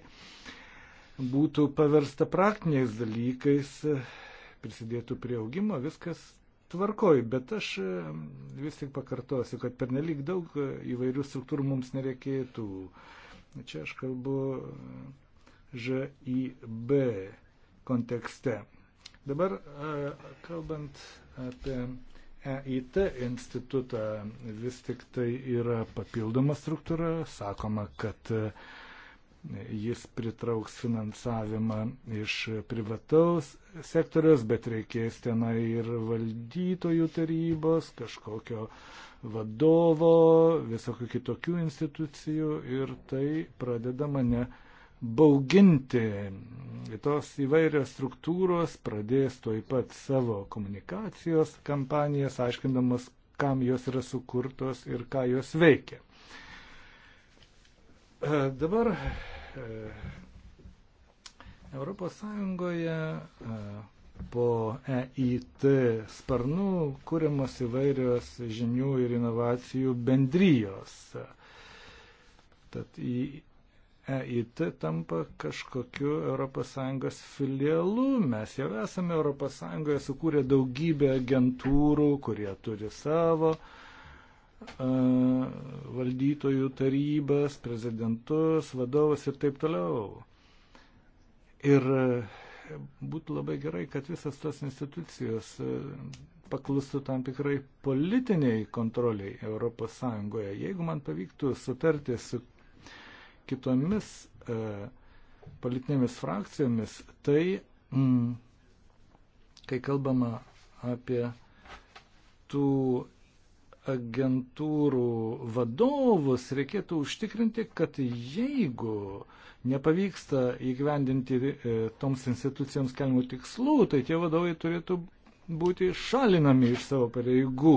būtų paversta praktiniais dalykais, prisidėtų prie augimo, viskas Tvarkoj, bet aš e, vis tik pakartosiu, kad pernelyg daug e, įvairių struktūrų mums nereikėtų. Čia aš kalbu e, ŽIB kontekste. Dabar kalbant apie EIT institutą, vis tik tai yra papildoma struktūra. Sakoma, kad jis pritrauks finansavimą iš privataus sektoriaus, bet reikės tenai ir valdytojų tarybos, kažkokio vadovo, visokių kitokių institucijų ir tai pradeda mane bauginti. Tos įvairios struktūros pradės toj pat savo komunikacijos kampanijas, aiškindamas, kam jos yra sukurtos ir ką jos veikia. Dabar e, Europos Sąjungoje e, po EIT sparnų kūriamos įvairios žinių ir inovacijų bendrijos. Tad į EIT tampa kažkokiu ES filialu. Mes jau esame ES sukūrę daugybę agentūrų, kurie turi savo uh, valdytojų tarybas, prezidentus, vadovus ir taip toliau. Ir būtų labai gerai, kad visas tos institucijos paklustų tam tikrai politiniai kontroliai ES. Jeigu man pavyktų sutarti su kitomis e, politinėmis frakcijomis, tai mm, kai kalbama apie tų agentūrų vadovus reikėtų užtikrinti, kad jeigu nepavyksta įgyvendinti e, toms institucijoms kelmų tikslų, tai tie vadovai turėtų būti šalinami iš savo pareigų.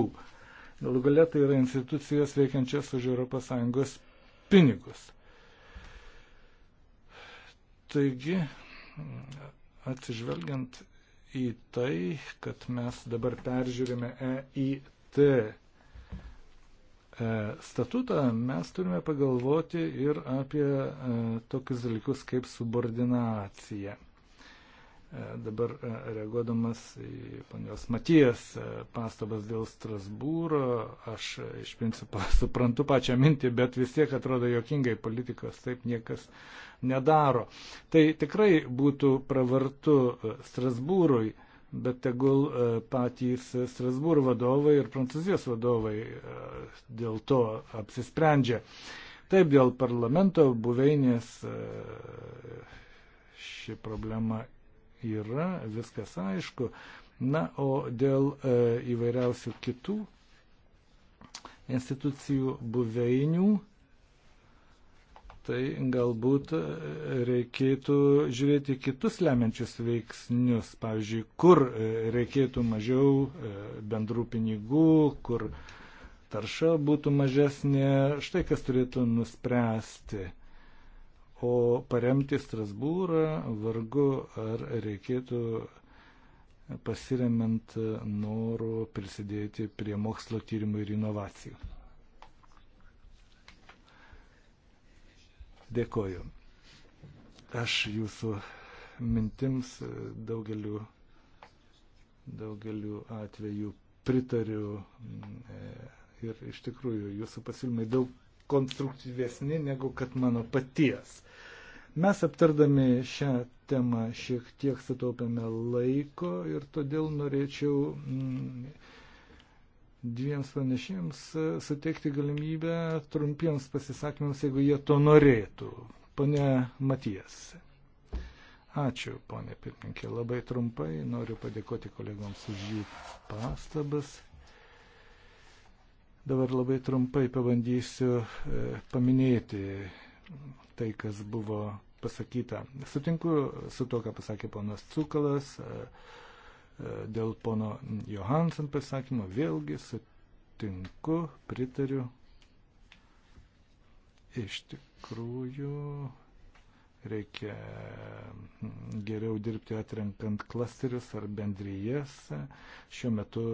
Galų galia tai yra institucijos veikiančias už ES pinigus. Taigi, atsižvelgiant į tai, kad mes dabar peržiūrime EIT E, statutą, mes turime pagalvoti ir apie e, tokius dalykus kaip subordinacija. E, dabar reaguodamas į ponios Matijas pastabas dėl Strasbūro, aš iš principo suprantu pačią mintį, bet vis tiek atrodo jokingai politikos taip niekas nedaro. Tai tikrai būtų pravartu Strasbūrui bet tegul e, patys Strasbūro vadovai ir Prancūzijos vadovai e, dėl to apsisprendžia. Taip, dėl parlamento buveinės e, ši problema yra, viskas aišku. Na, o dėl įvairiausių kitų institucijų buveinių, tai galbūt e, reikėtų žiūrėti kitus lemiančius veiksnius. Pavyzdžiui, kur e, reikėtų mažiau e, bendrų pinigų, kur tarša būtų mažesnė, štai kas turėtų nuspręsti. O paremti Strasbūrą vargu ar reikėtų pasiremiant norų prisidėti prie mokslo tyrimų ir inovacijų. Dėkoju. Aš jūsų mintims e, daugeliu, daugeliu atveju pritariu mm, e, ir iš tikrųjų jūsų pasiūlymai daug konstruktyvesni negu kad mano paties. Mes aptardami šią temą šiek tiek sutaupėme laiko ir todėl norėčiau mm, dviems pranešėjams e, suteikti galimybę trumpiems pasisakymams, jeigu jie to norėtų. Pane Matijas. Ačiū, ponė pirmininkė. Labai trumpai noriu padėkoti kolegoms už jų pastabas. Dabar labai trumpai pabandysiu e, paminėti tai, kas buvo pasakyta. Sutinku su to, ką pasakė ponas Cukalas. E, Dėl pono Johansen pasakymo vėlgi sutinku, pritariu. Iš tikrųjų reikia geriau dirbti atrenkant klasterius ar bendryjas. Šiuo metu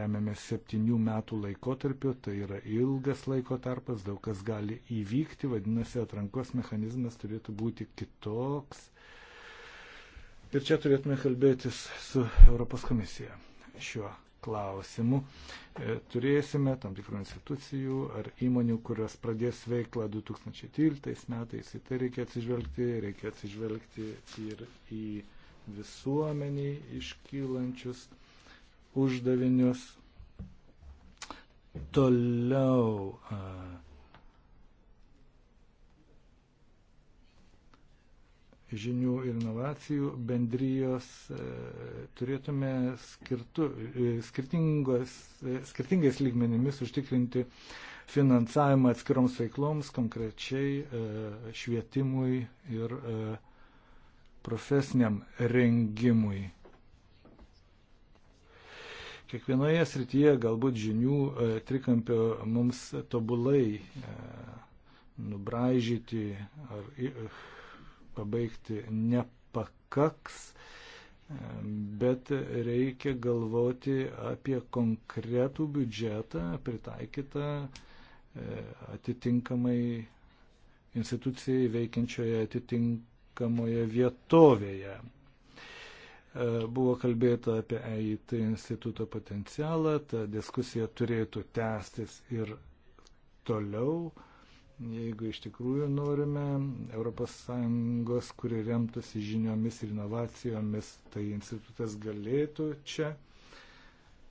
remiamės septynių metų laikotarpiu, tai yra ilgas laiko tarpas, daug kas gali įvykti, vadinasi, atrankos mechanizmas turėtų būti kitoks. Ir čia turėtume kalbėtis su Europos komisija šiuo klausimu. E, turėsime tam tikrų institucijų ar įmonių, kurios pradės veiklą 2013 metais. Į tai reikia atsižvelgti, reikia atsižvelgti ir į visuomenį iškylančius uždavinius. Toliau. Uh, žinių ir inovacijų bendrijos e, turėtume skirtu, e, e, skirtingais lygmenimis užtikrinti finansavimą atskiroms veikloms, konkrečiai švietimui ir profesiniam rengimui. Kiekvienoje srityje galbūt žinių trikampio mums tobulai nubražyti ar pabaigti nepakaks, bet reikia galvoti apie konkretų biudžetą pritaikytą e, atitinkamai institucijai veikiančioje atitinkamoje vietovėje. E, buvo kalbėta apie EIT instituto potencialą, ta diskusija turėtų tęstis ir toliau jeigu iš tikrųjų norime ES, kuri remtasi žiniomis ir inovacijomis, tai institutas galėtų čia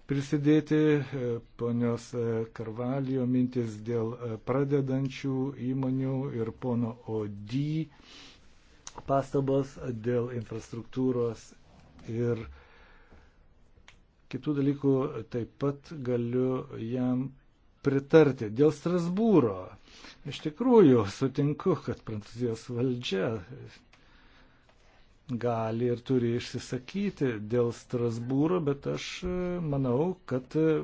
prisidėti. E, ponios e, Karvalijo mintis dėl e, pradedančių įmonių ir pono Odį pastabos dėl infrastruktūros ir kitų dalykų taip pat galiu jam pritarti. Dėl Strasbūro. Iš tikrųjų, sutinku, kad prancūzijos valdžia gali ir turi išsisakyti dėl Strasbūro, bet aš e, manau, kad e,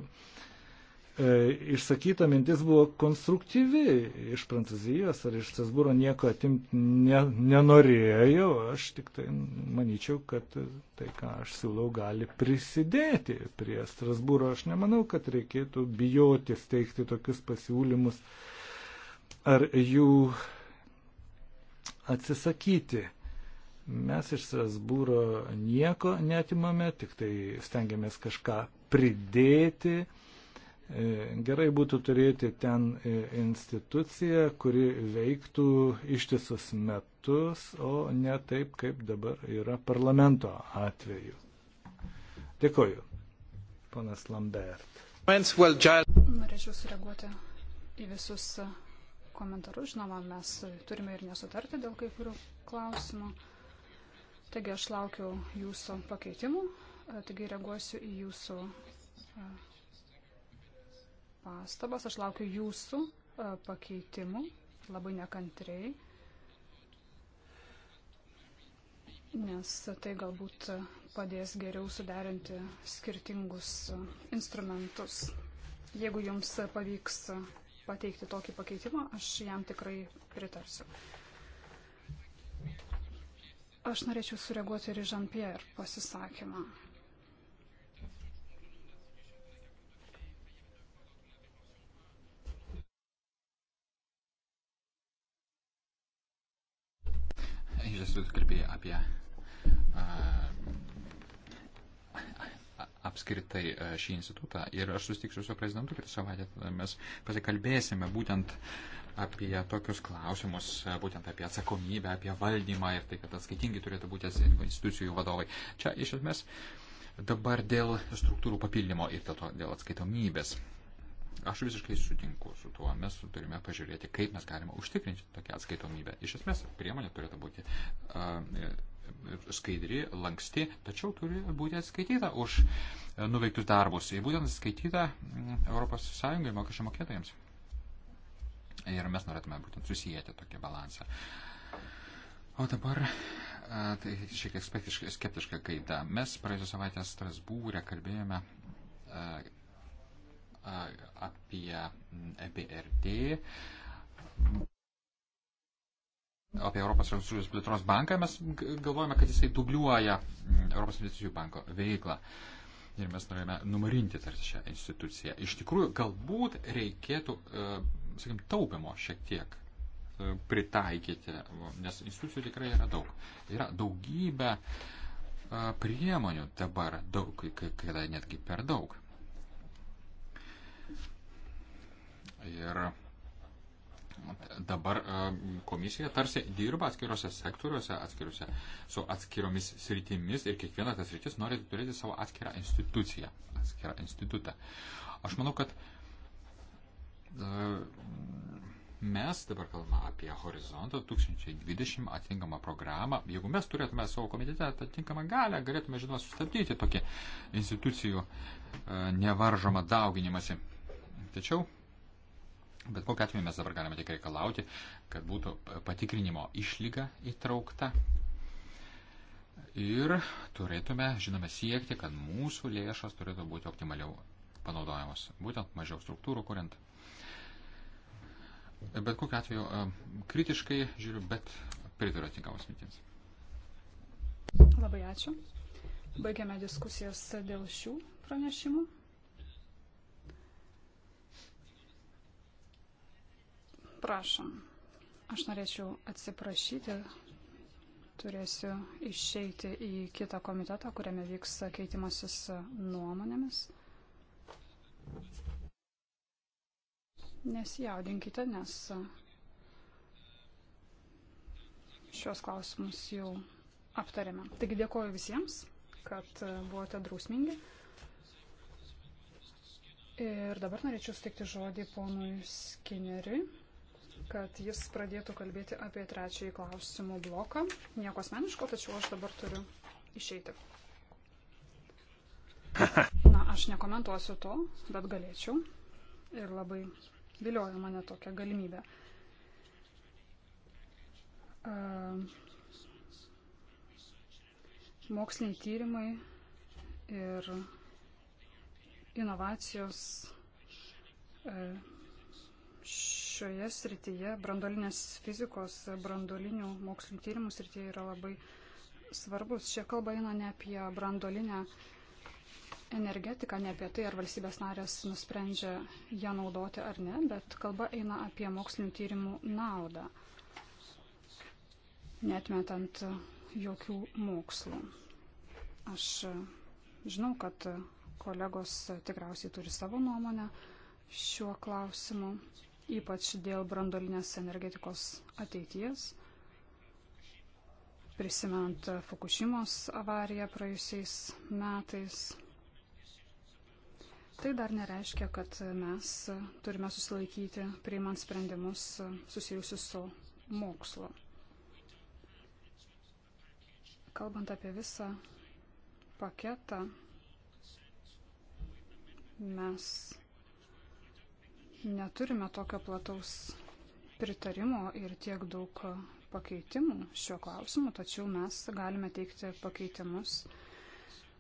E, išsakyta mintis buvo konstruktyvi. Iš Prancūzijos ar iš Strasbūro nieko atimti ne, nenorėjau. Aš tik tai manyčiau, kad tai, ką aš siūlau, gali prisidėti prie Strasbūro. Aš nemanau, kad reikėtų bijoti steigti tokius pasiūlymus ar jų atsisakyti. Mes iš Strasbūro nieko netimame, tik tai stengiamės kažką pridėti E, gerai būtų turėti ten e, instituciją, kuri veiktų ištisus metus, o ne taip, kaip dabar yra parlamento atveju. Dėkoju, ponas Lambert. Norėčiau sureaguoti į visus komentarus. Žinoma, mes turime ir nesutarti dėl kai kurių klausimų. Taigi aš laukiu jūsų pakeitimų, taigi reaguosiu į jūsų pastabas. Aš laukiu jūsų e, pakeitimų labai nekantriai, nes tai galbūt padės geriau suderinti skirtingus instrumentus. Jeigu jums pavyks pateikti tokį pakeitimą, aš jam tikrai pritarsiu. Aš norėčiau sureaguoti ir į Jean-Pierre pasisakymą. Iš esu kalbėjai apie apskritai šį institutą ir aš susitiksiu su prezidentu kitą savaitę, mes pasikalbėsime būtent apie tokius klausimus, būtent apie atsakomybę, apie valdymą ir tai, kad atskaitingi turėtų būti institucijų vadovai. Čia iš esmės dabar dėl struktūrų papildymo ir dėl, to, dėl atskaitomybės. Aš visiškai sutinku su tuo. Mes turime pažiūrėti, kaip mes galime užtikrinti tokią atskaitomybę. Iš esmės, priemonė turėtų būti uh, skaidri, lanksti, tačiau turi būti atskaityta už uh, nuveiktus darbus. Ir būtent atskaityta mm, ES mokesčio mokėtojams. Ir mes norėtume būtent susijęti tokį balansą. O dabar a, uh, tai šiek tiek skeptiška gaida. Mes praėjusią savaitę Strasbūrę kalbėjome a, uh, apie mm, EBRD, apie Europos Sąjungos plėtros banką, mes galvojame, kad jisai dubliuoja mm, Europos investicijų banko veiklą. Ir mes norime numarinti tarsi šią instituciją. Iš tikrųjų, galbūt reikėtų, e, sakykim, taupimo šiek tiek e, pritaikyti, nes institucijų tikrai yra daug. Yra daugybė e, priemonių dabar, daug, kai kada netgi per daug. Ir dabar e, komisija tarsi dirba atskiriuose sektoriuose, atskiriuose su atskiromis sritimis ir kiekviena tas sritis nori turėti savo atskirą instituciją, atskirą institutą. Aš manau, kad e, mes dabar kalbame apie horizontą 2020 atitinkamą programą. Jeigu mes turėtume savo komitete atitinkamą galę, galėtume, žinoma, sustabdyti tokį institucijų e, nevaržomą dauginimąsi. Tačiau Bet kokiu atveju mes dabar galime tik reikalauti, kad būtų patikrinimo išlyga įtraukta. Ir turėtume, žinome, siekti, kad mūsų lėšas turėtų būti optimaliau panaudojamos, būtent mažiau struktūrų kuriant. Bet kokiu atveju e, kritiškai žiūriu, bet pritariu atinkamos mintims. Labai ačiū. Baigiame diskusijas dėl šių pranešimų. Prašom. Aš norėčiau atsiprašyti. Turėsiu išeiti į kitą komitetą, kuriame vyks keitimasis nuomonėmis. Nesijaudinkite, nes šios klausimus jau aptarėme. Taigi dėkoju visiems, kad buvote drausmingi. Ir dabar norėčiau suteikti žodį ponui Skinneriui kad jis pradėtų kalbėti apie trečiąjį klausimų bloką. Nieko asmeniško, tačiau aš dabar turiu išeiti. Na, aš nekomentuosiu to, bet galėčiau. Ir labai vilioja mane tokia galimybė. Ehm, moksliniai tyrimai ir inovacijos ehm, šioje srityje, brandolinės fizikos, brandolinių mokslinių tyrimų srityje yra labai svarbus. Šia kalba eina ne apie brandolinę energetiką, ne apie tai, ar valstybės narės nusprendžia ją naudoti ar ne, bet kalba eina apie mokslinių tyrimų naudą, netmetant jokių mokslų. Aš žinau, kad kolegos tikriausiai turi savo nuomonę šiuo klausimu ypač dėl brandolinės energetikos ateities. Prisimint Fukushimos avariją praėjusiais metais. Tai dar nereiškia, kad mes turime susilaikyti priimant sprendimus susijusius su mokslu. Kalbant apie visą paketą, mes neturime tokio plataus pritarimo ir tiek daug pakeitimų šiuo klausimu, tačiau mes galime teikti pakeitimus,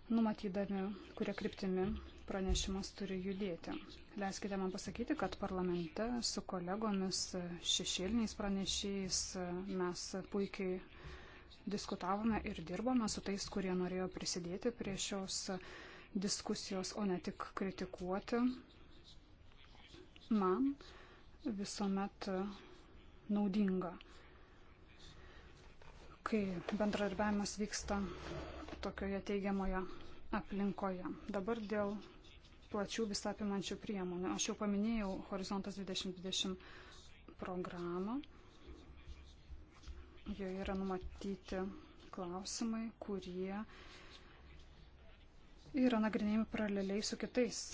numatydami, kurie kryptimi pranešimas turi judėti. Leiskite man pasakyti, kad parlamente su kolegomis šešėliniais pranešėjais mes puikiai diskutavome ir dirbome su tais, kurie norėjo prisidėti prie šios diskusijos, o ne tik kritikuoti man visuomet naudinga, kai bendradarbiavimas vyksta tokioje teigiamoje aplinkoje. Dabar dėl plačių visapimančių priemonių. Aš jau paminėjau Horizontas 2020 programą. Joje yra numatyti klausimai, kurie yra nagrinėjami paraleliai su kitais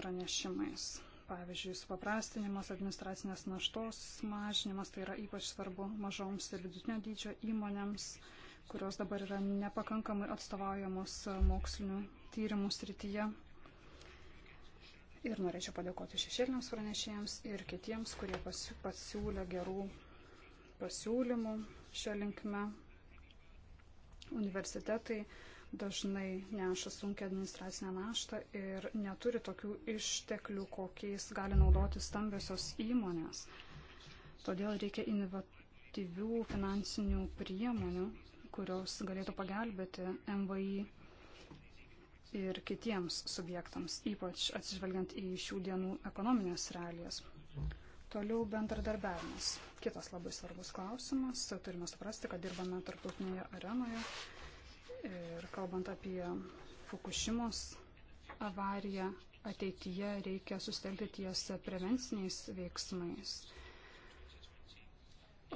pranešimais pavyzdžiui, supaprastinimas, administracinės naštos mažinimas, tai yra ypač svarbu mažoms ir vidutinio dydžio įmonėms, kurios dabar yra nepakankamai atstovaujamos mokslinių tyrimų srityje. Ir norėčiau padėkoti šešėliniams pranešėjams ir kitiems, kurie pasiūlė gerų pasiūlymų šią linkmę. Universitetai dažnai neša sunkia administracinę naštą ir neturi tokių išteklių, kokiais gali naudoti stambiosios įmonės. Todėl reikia inovatyvių finansinių priemonių, kurios galėtų pagelbėti MVI ir kitiems subjektams, ypač atsižvelgiant į šių dienų ekonominės realijas. Toliau bendradarbiavimas. Kitas labai svarbus klausimas. Turime suprasti, kad dirbame tarptautinėje arenoje Ir kalbant apie Fukushimos avariją, ateityje reikia sustelkti ties prevenciniais veiksmais.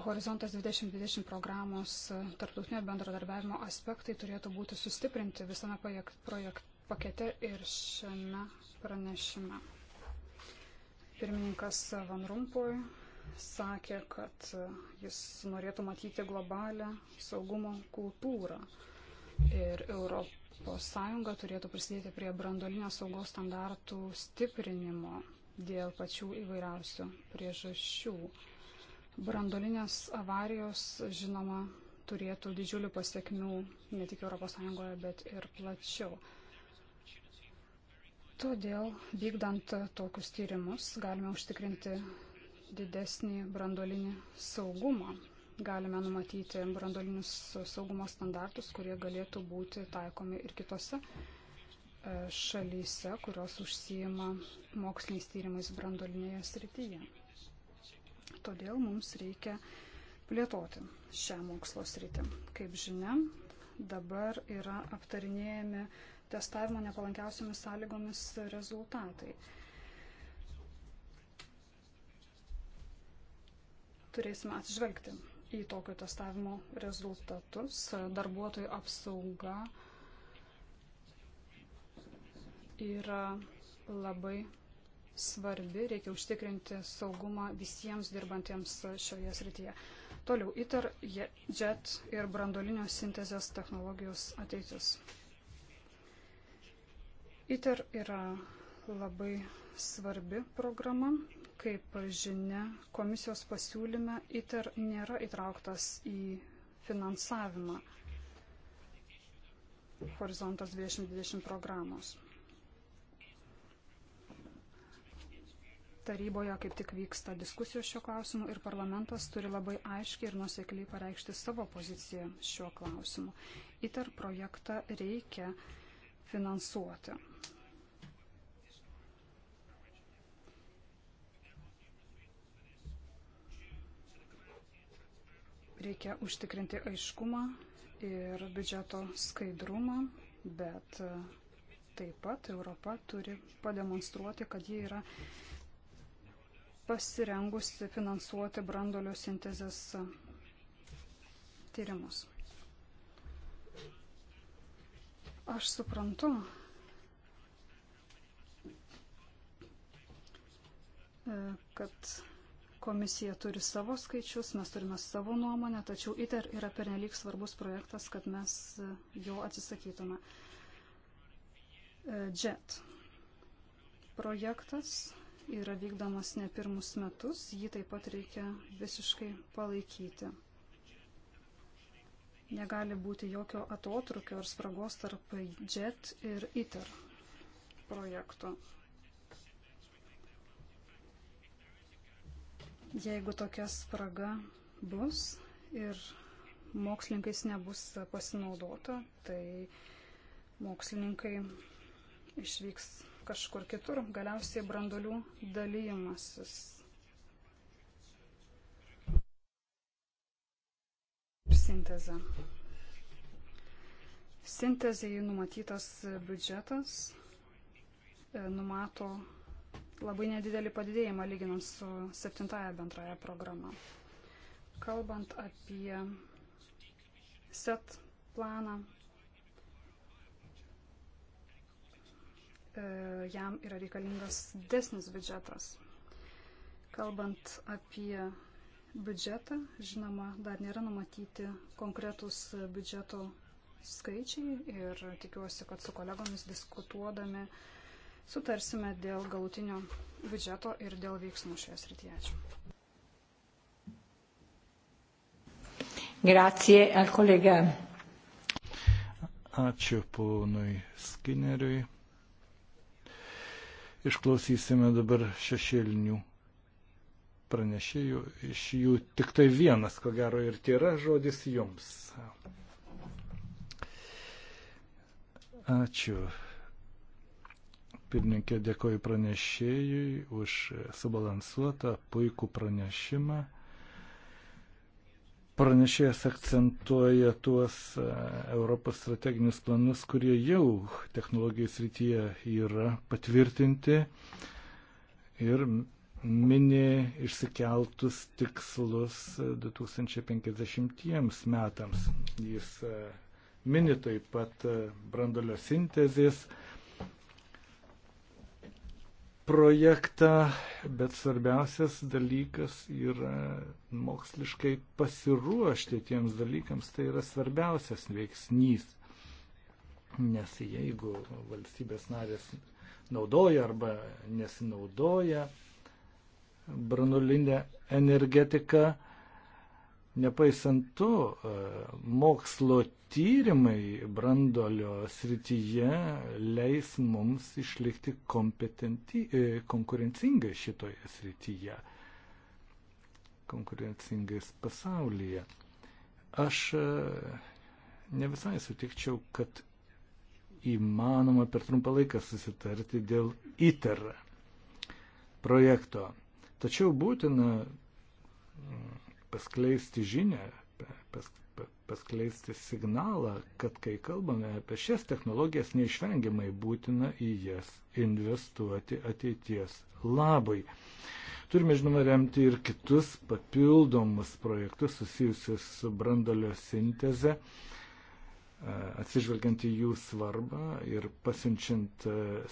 Horizontas 2020 programos tarptautinio bendradarbiavimo aspektai turėtų būti sustiprinti visame projekt, pakete ir šiame pranešime. Pirmininkas Van Rumpui sakė, kad jis norėtų matyti globalią saugumo kultūrą ir ES turėtų prisidėti prie brandolinio saugos standartų stiprinimo dėl pačių įvairiausių priežasčių. Brandolinės avarijos, žinoma, turėtų didžiulių pasiekmių ne tik ES, bet ir plačiau. Todėl, vykdant tokius tyrimus, galime užtikrinti didesnį brandolinį saugumą galime numatyti brandolinius saugumo standartus, kurie galėtų būti taikomi ir kitose e, šalyse, kurios užsijima moksliniais tyrimais brandolinėje srityje. Todėl mums reikia plėtoti šią mokslo sritį. Kaip žinia, dabar yra aptarinėjami testavimo nepalankiausiamis sąlygomis rezultatai. Turėsime atsižvelgti į tokio testavimo rezultatus. Darbuotojų apsauga yra labai svarbi, reikia užtikrinti saugumą visiems dirbantiems šioje srityje. Toliau ITER, JET ir brandolinio sintezės technologijos ateitis. ITER yra labai svarbi programa, Kaip žinia, komisijos pasiūlyme ITER nėra įtrauktas į finansavimą Horizontas 2020 programos. Taryboje kaip tik vyksta diskusijos šiuo klausimu ir parlamentas turi labai aiškiai ir nusekliai pareikšti savo poziciją šiuo klausimu. ITER projektą reikia finansuoti. Reikia užtikrinti aiškumą ir biudžeto skaidrumą, bet e, taip pat Europa turi pademonstruoti, kad ji yra pasirengusi finansuoti brandolio sintezės e, tyrimus. Aš suprantu, e, kad Komisija turi savo skaičius, mes turime savo nuomonę, tačiau ITER yra pernelyg svarbus projektas, kad mes e, jo atsisakytume. E, JET projektas yra vykdomas ne pirmus metus, jį taip pat reikia visiškai palaikyti. Negali būti jokio atotrukio ar spragos tarp JET ir ITER projektų. Jeigu tokia spraga bus ir mokslininkais nebus pasinaudota, tai mokslininkai išvyks kažkur kitur. Galiausiai brandolių dalymasis. Sintezė. Sintezėje numatytas biudžetas e, numato labai nedidelį padidėjimą lyginant su septintaja bendraja programa. Kalbant apie set planą, e, jam yra reikalingas desnis biudžetas. Kalbant apie biudžetą, žinoma, dar nėra numatyti konkretus biudžeto skaičiai ir tikiuosi, kad su kolegomis diskutuodami uh, sutarsime dėl galutinio biudžeto ir dėl veiksmų šioje srityje. Ačiū. Grazie al kolega. Ačiū ponui Skinneriui. Išklausysime dabar šešėlinių pranešėjų. Iš jų tik tai vienas, ko gero, ir tėra žodis jums. Ačiū. Pirmininkė dėkoju pranešėjui už subalansuotą, puikų pranešimą. Pranešėjas akcentuoja tuos e, Europos strateginius planus, kurie jau technologijos rytyje yra patvirtinti ir mini išsikeltus tikslus 2050 metams. Jis e, mini taip pat e, brandolio sintezės projektą, bet svarbiausias dalykas yra moksliškai pasiruošti tiems dalykams, tai yra svarbiausias veiksnys. Nes jeigu valstybės narės naudoja arba nesinaudoja branulinę energetiką, Nepaisant to, e, mokslo tyrimai brandolio srityje leis mums išlikti e, konkurencingai šitoje srityje, konkurencingais pasaulyje. Aš e, ne visai sutikčiau, kad įmanoma per trumpą laiką susitarti dėl ITER projekto. Tačiau būtina paskleisti žinę, pas, paskleisti signalą, kad kai kalbame apie šias technologijas, neišvengiamai būtina į jas investuoti ateities labai. Turime, žinoma, remti ir kitus papildomus projektus susijusius su brandalio sinteze, atsižvelgiant į jų svarbą ir pasiunčiant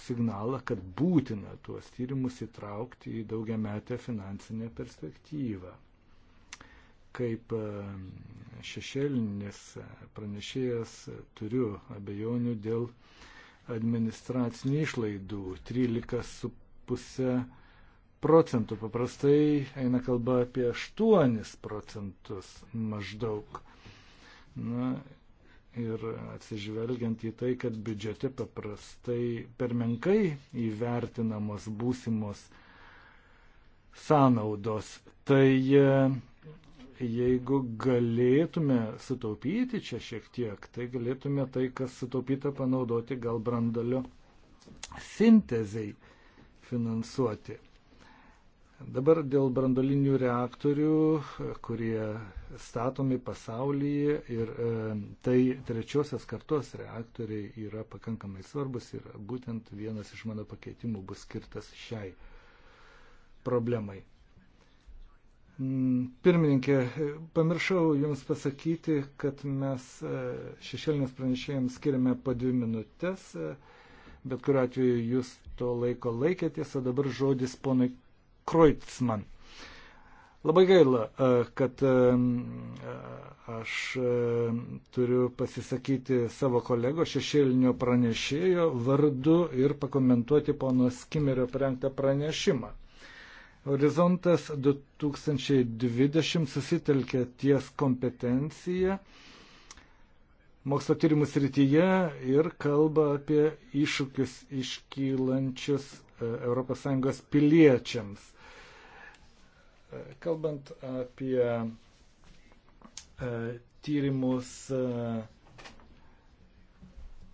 signalą, kad būtina tuos tyrimus įtraukti į daugiametę finansinę perspektyvą kaip e, šešėlinis pranešėjas turiu abejonių dėl administracinių išlaidų 13,5 procentų. Paprastai eina kalba apie 8 procentus maždaug. Na, ir atsižvelgiant į tai, kad biudžete paprastai per menkai įvertinamos būsimos sąnaudos, tai e, jeigu galėtume sutaupyti čia šiek tiek, tai galėtume tai, kas sutaupyta, panaudoti gal brandalio sintezei finansuoti. Dabar dėl brandolinių reaktorių, kurie statomi pasaulyje ir e, tai trečiosios kartos reaktoriai yra pakankamai svarbus ir būtent vienas iš mano pakeitimų bus skirtas šiai problemai. Mm, pirmininkė, pamiršau Jums pasakyti, kad mes e, šešėlinės pranešėjams skiriame po dvi minutės, e, bet kuriuo atveju Jūs to laiko laikėtės, o dabar žodis ponui Kreutzmann. Labai gaila, e, kad aš turiu pasisakyti savo kolego šešėlinio pranešėjo vardu ir pakomentuoti pono Skimerio parengtą pranešimą. Horizontas 2020 susitelkė ties kompetencija mokslo tyrimų srityje ir kalba apie iššūkius iškylančius ES piliečiams. E, kalbant apie e, tyrimus e,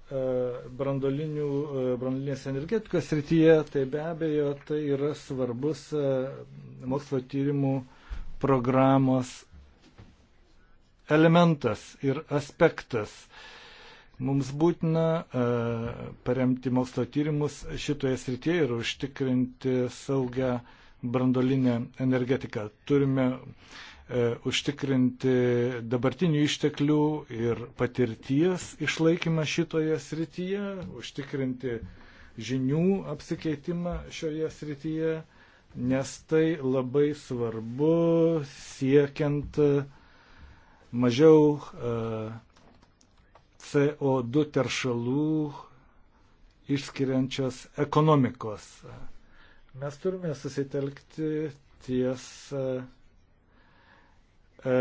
E, e, brandolinės energetikos srityje, tai be abejo tai yra svarbus e, mokslo tyrimų programos elementas ir aspektas. Mums būtina paremti mokslo tyrimus šitoje srityje ir užtikrinti saugę brandolinę energetiką. Turime E, užtikrinti dabartinių išteklių ir patirties išlaikymą šitoje srityje, užtikrinti žinių apsikeitimą šioje srityje, nes tai labai svarbu siekiant mažiau e, CO2 teršalų išskiriančios ekonomikos. Mes turime susitelkti ties E,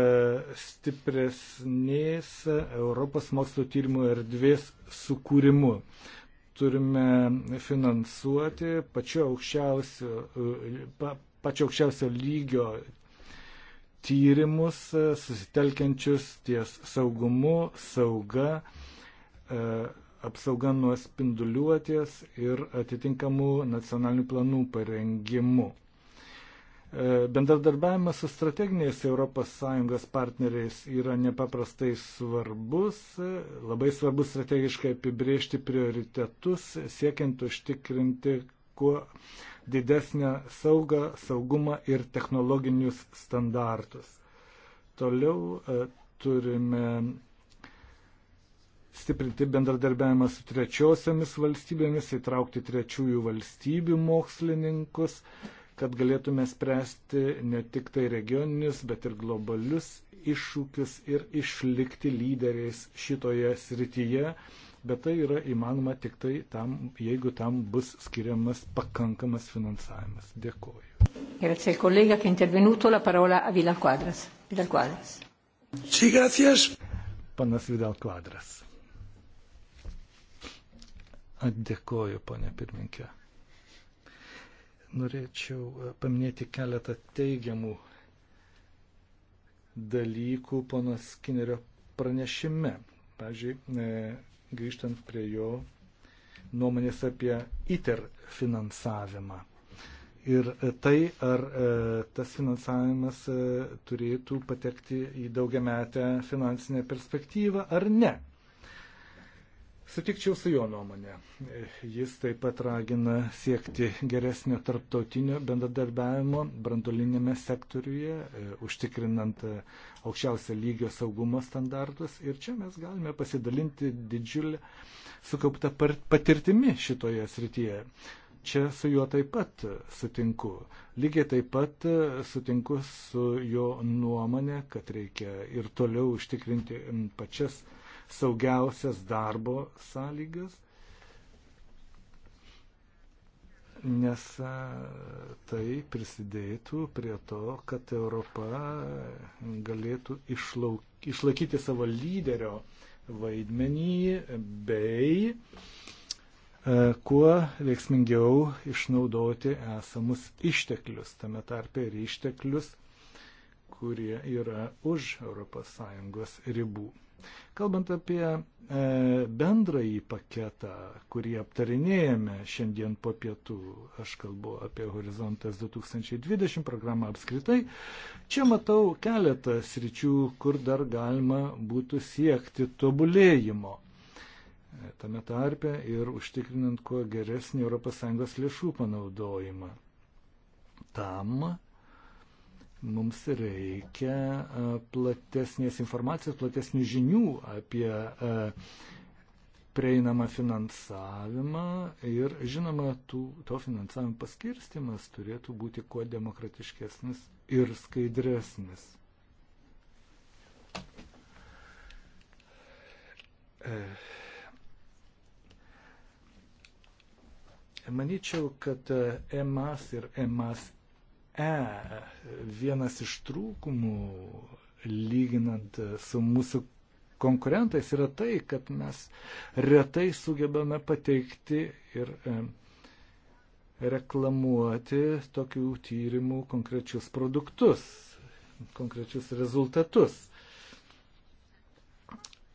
stipresnės Europos mokslo tyrimų erdvės sukūrimu. Turime finansuoti pačio aukščiausio, e, pa, pačio aukščiausio lygio tyrimus, e, susitelkiančius ties saugumu, sauga, apsauga nuo spinduliuotės ir atitinkamų nacionalinių planų parengimu. Bendradarbiavimas su strateginiais ES partneriais yra nepaprastai svarbus, labai svarbu strategiškai apibriežti prioritetus, siekiant užtikrinti kuo didesnę saugą, saugumą ir technologinius standartus. Toliau e, turime stiprinti bendradarbiavimą su trečiosiamis valstybėmis, įtraukti trečiųjų valstybių mokslininkus kad galėtume spręsti ne tik tai regioninius, bet ir globalius iššūkius ir išlikti lyderiais šitoje srityje, bet tai yra įmanoma tik tai tam, jeigu tam bus skiriamas pakankamas finansavimas. Dėkuoju. Grazie al collega che è intervenuto, la parola a Vidal Quadras. Vidal Quadras. Sì, gracias. Panas Vidal Quadras. Dėkuoju, ponė pirminkė norėčiau e, paminėti keletą teigiamų dalykų pono Skinnerio pranešime. Pavyzdžiui, e, grįžtant prie jo nuomonės apie ITER finansavimą. Ir e, tai, ar tas finansavimas turėtų patekti į daugiametę finansinę perspektyvą ar ne. Sutikčiau su jo nuomonė. Jis taip pat ragina siekti geresnio tarptautinio bendradarbiavimo brandolinėme sektoriuje, e, užtikrinant e, aukščiausio lygio saugumo standartus. Ir čia mes galime pasidalinti didžiulę sukauptą patirtimi šitoje srityje. Čia su juo taip pat sutinku. Lygiai taip pat e, sutinku su jo nuomonė, kad reikia ir toliau užtikrinti pačias saugiausias darbo sąlygas, nes e, tai prisidėtų prie to, kad Europa galėtų išlauk, išlaikyti savo lyderio vaidmenį bei e, kuo veiksmingiau išnaudoti esamus išteklius, tame tarpe ir išteklius, kurie yra už ES ribų. Kalbant apie e, bendrąjį paketą, kurį aptarinėjame šiandien po pietų, aš kalbu apie Horizontas 2020 programą apskritai, čia matau keletą sričių, kur dar galima būtų siekti tobulėjimo. E, tame tarpe ir užtikrinant kuo geresnį ES lėšų panaudojimą. Tam Mums reikia platesnės informacijos, platesnių žinių apie prieinamą finansavimą ir, žinoma, tų, to finansavimo paskirstimas turėtų būti kuo demokratiškesnis ir skaidresnis. Manyčiau, kad EMAS e ir EMAS E, vienas iš trūkumų, lyginant su mūsų konkurentais, yra tai, kad mes retai sugebame pateikti ir e, reklamuoti tokių tyrimų konkrečius produktus, konkrečius rezultatus.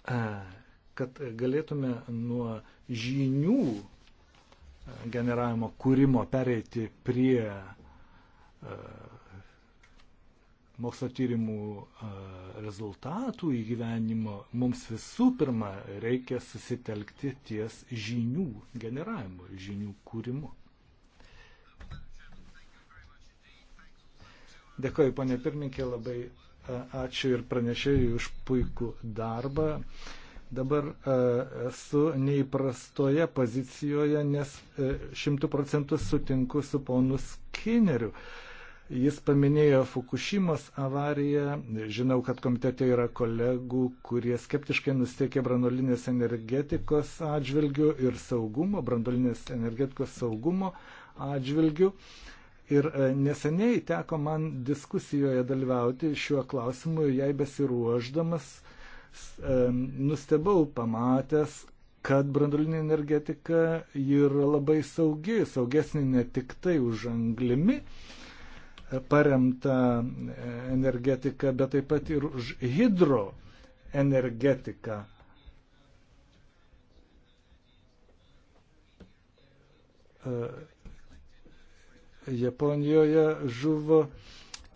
E, kad galėtume nuo žinių generavimo kūrimo pereiti prie E, mokslo tyrimų e, rezultatų įgyvenimo mums visų pirma reikia susitelkti ties žinių generavimu, žinių kūrimu. Dėkoju, ponė pirmininkė, labai e, ačiū ir pranešėjai už puikų darbą. Dabar esu neįprastoje pozicijoje, nes šimtų procentų sutinku su ponu Skinneriu. Jis paminėjo Fukushimos avariją. Žinau, kad komitete yra kolegų, kurie skeptiškai nusteikė brandolinės energetikos atžvilgių ir saugumo, brandolinės energetikos saugumo atžvilgių. Ir e, neseniai teko man diskusijoje dalyvauti šiuo klausimu, jai besiruoždamas, e, nustebau pamatęs, kad branduolinė energetika yra labai saugi, saugesnė ne tik tai už anglimi, uh, paremtą energetiką, bet taip pat ir už hidroenergetiką. E, Japonijoje žuvo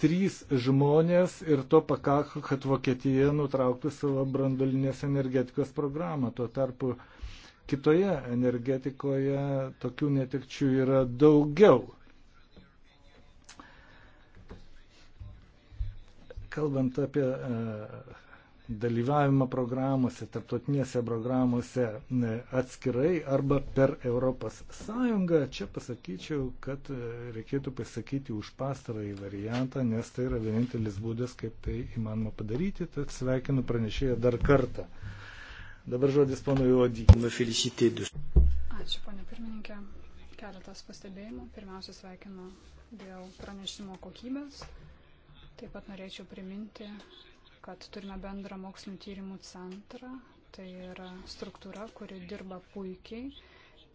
trys žmonės ir to pakako, kad Vokietija nutrauktų savo brandolinės energetikos programą. Tuo tarpu kitoje energetikoje tokių netikčių yra daugiau. Kalbant apie e, dalyvavimą programuose, tarptautinėse programuose e, atskirai arba per Europos Sąjungą, čia pasakyčiau, kad e, reikėtų pasakyti už pastarąjį variantą, nes tai yra vienintelis būdas, kaip tai įmanoma padaryti. Tad sveikinu pranešėją dar kartą. Dabar žodis ponui Odį. Ačiū, ponė pirmininkė. Keletas pastebėjimų. Pirmiausia, sveikinu dėl pranešimo kokybės. Taip pat norėčiau priminti, kad turime bendrą mokslinio tyrimų centrą. Tai yra struktūra, kuri dirba puikiai.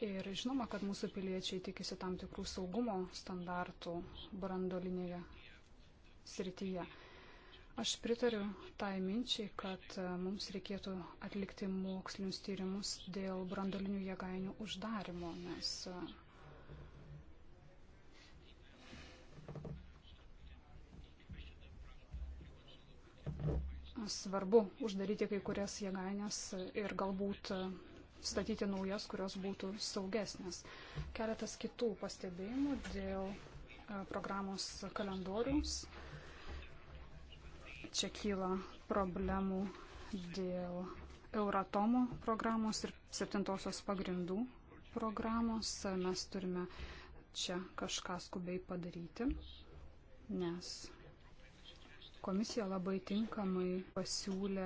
Ir žinoma, kad mūsų piliečiai tikisi tam tikrų saugumo standartų brandolinėje srityje. Aš pritariu tai minčiai, kad e, mums reikėtų atlikti mokslinius tyrimus dėl brandolinių jėgainių uždarimo, nes e, svarbu uždaryti kai kurias jėgainės ir galbūt statyti naujas, kurios būtų saugesnės. Keletas kitų pastebėjimų dėl e, programos kalendoriaus. Čia kyla problemų dėl Euratomo programos ir septintosios pagrindų programos. Mes turime čia kažką skubiai padaryti, nes Komisija labai tinkamai pasiūlė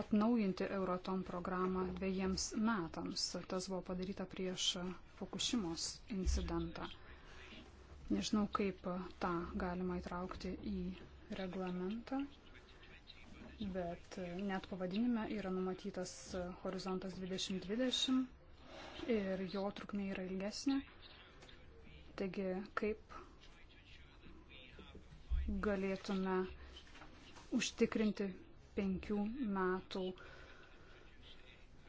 atnaujinti Euratom programą dviejiems metams. Tas buvo padaryta prieš Fukushimos incidentą. Nežinau, kaip tą galima įtraukti į reglamentą, bet net pavadinime yra numatytas horizontas 2020 ir jo trukmė yra ilgesnė. Taigi, kaip galėtume užtikrinti penkių metų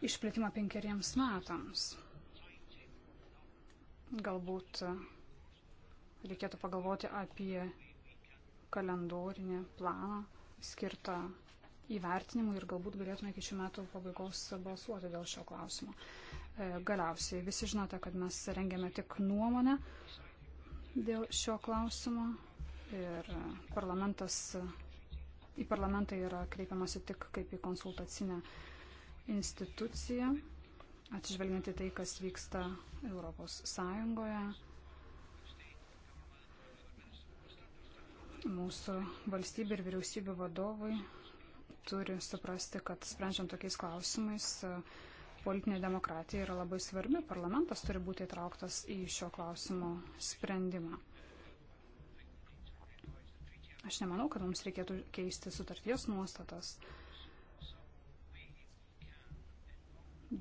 išplėtimą penkeriems metams. Galbūt reikėtų pagalvoti apie kalendorinį planą skirtą įvertinimui ir galbūt galėtume iki šių metų pabaigos balsuoti dėl šio klausimo. E, galiausiai visi žinote, kad mes rengiame tik nuomonę dėl šio klausimo ir e, parlamentas į parlamentą yra kreipiamasi tik kaip į konsultacinę instituciją, atsižvelgiant į tai, kas vyksta Europos Sąjungoje. Mūsų valstybė ir vyriausybių vadovai turi suprasti, kad sprendžiant tokiais klausimais, politinė demokratija yra labai svarbi, parlamentas turi būti įtrauktas į šio klausimo sprendimą. Aš nemanau, kad mums reikėtų keisti sutarties nuostatas.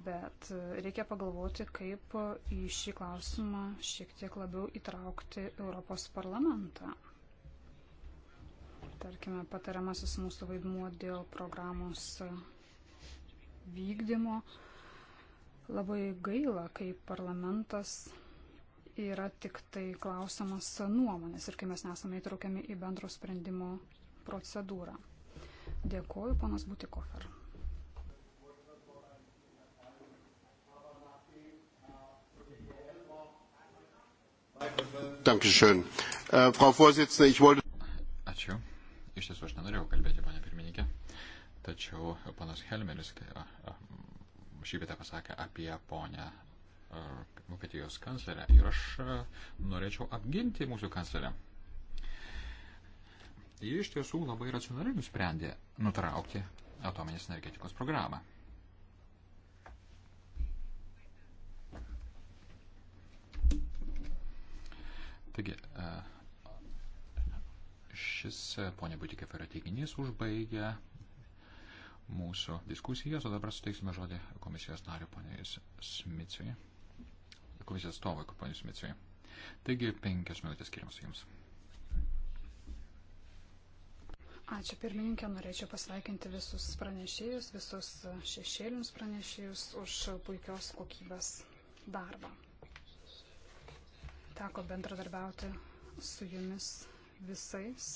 Bet e, reikia pagalvoti, kaip į šį klausimą šiek tiek labiau įtraukti Europos parlamentą. Tarkime, patariamasis mūsų vaidmuo dėl programos e, vykdymo. Labai gaila, kai parlamentas yra tik tai klausimas nuomonės ir kai mes nesame įtraukiami į bendro sprendimo procedūrą. Dėkuoju, ponas Butikofer. Äh, Ačiū. Iš tiesų aš nenorėjau kalbėti, panė pirmininkė. Tačiau panas Helmeris šį vietą pasakė apie ponę Vokietijos kanclerę ir aš e, norėčiau apginti mūsų kanclerę. Ji iš tiesų labai racionaliai nusprendė nutraukti atominės energetikos programą. Taigi, e, šis e, ponė Butikeferio teiginys užbaigia mūsų diskusijas, o dabar suteiksime žodį komisijos nariu ponė Smitsui komisijos atstovui, ponius Micijui. Taigi, penkias minutės skiriamas jums. Ačiū pirmininkė, norėčiau pasveikinti visus pranešėjus, visus šešėlinius pranešėjus už puikios kokybės darbą. Teko bendradarbiauti su jumis visais.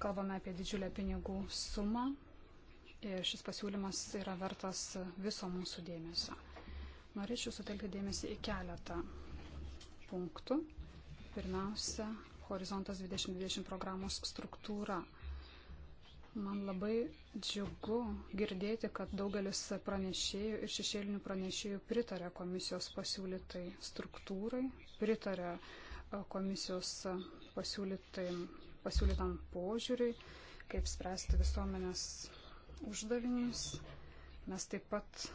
Kalbame apie didžiulę pinigų sumą ir šis pasiūlymas yra vertas viso mūsų dėmesio. Norėčiau sutelkti dėmesį į keletą punktų. Pirmiausia, Horizontas 2020 programos struktūra. Man labai džiugu girdėti, kad daugelis pranešėjų ir šešėlinių pranešėjų pritarė komisijos pasiūlytai struktūrai, pritarė e, komisijos pasiūlytam požiūriui, kaip spręsti visuomenės uždavinius. Mes taip pat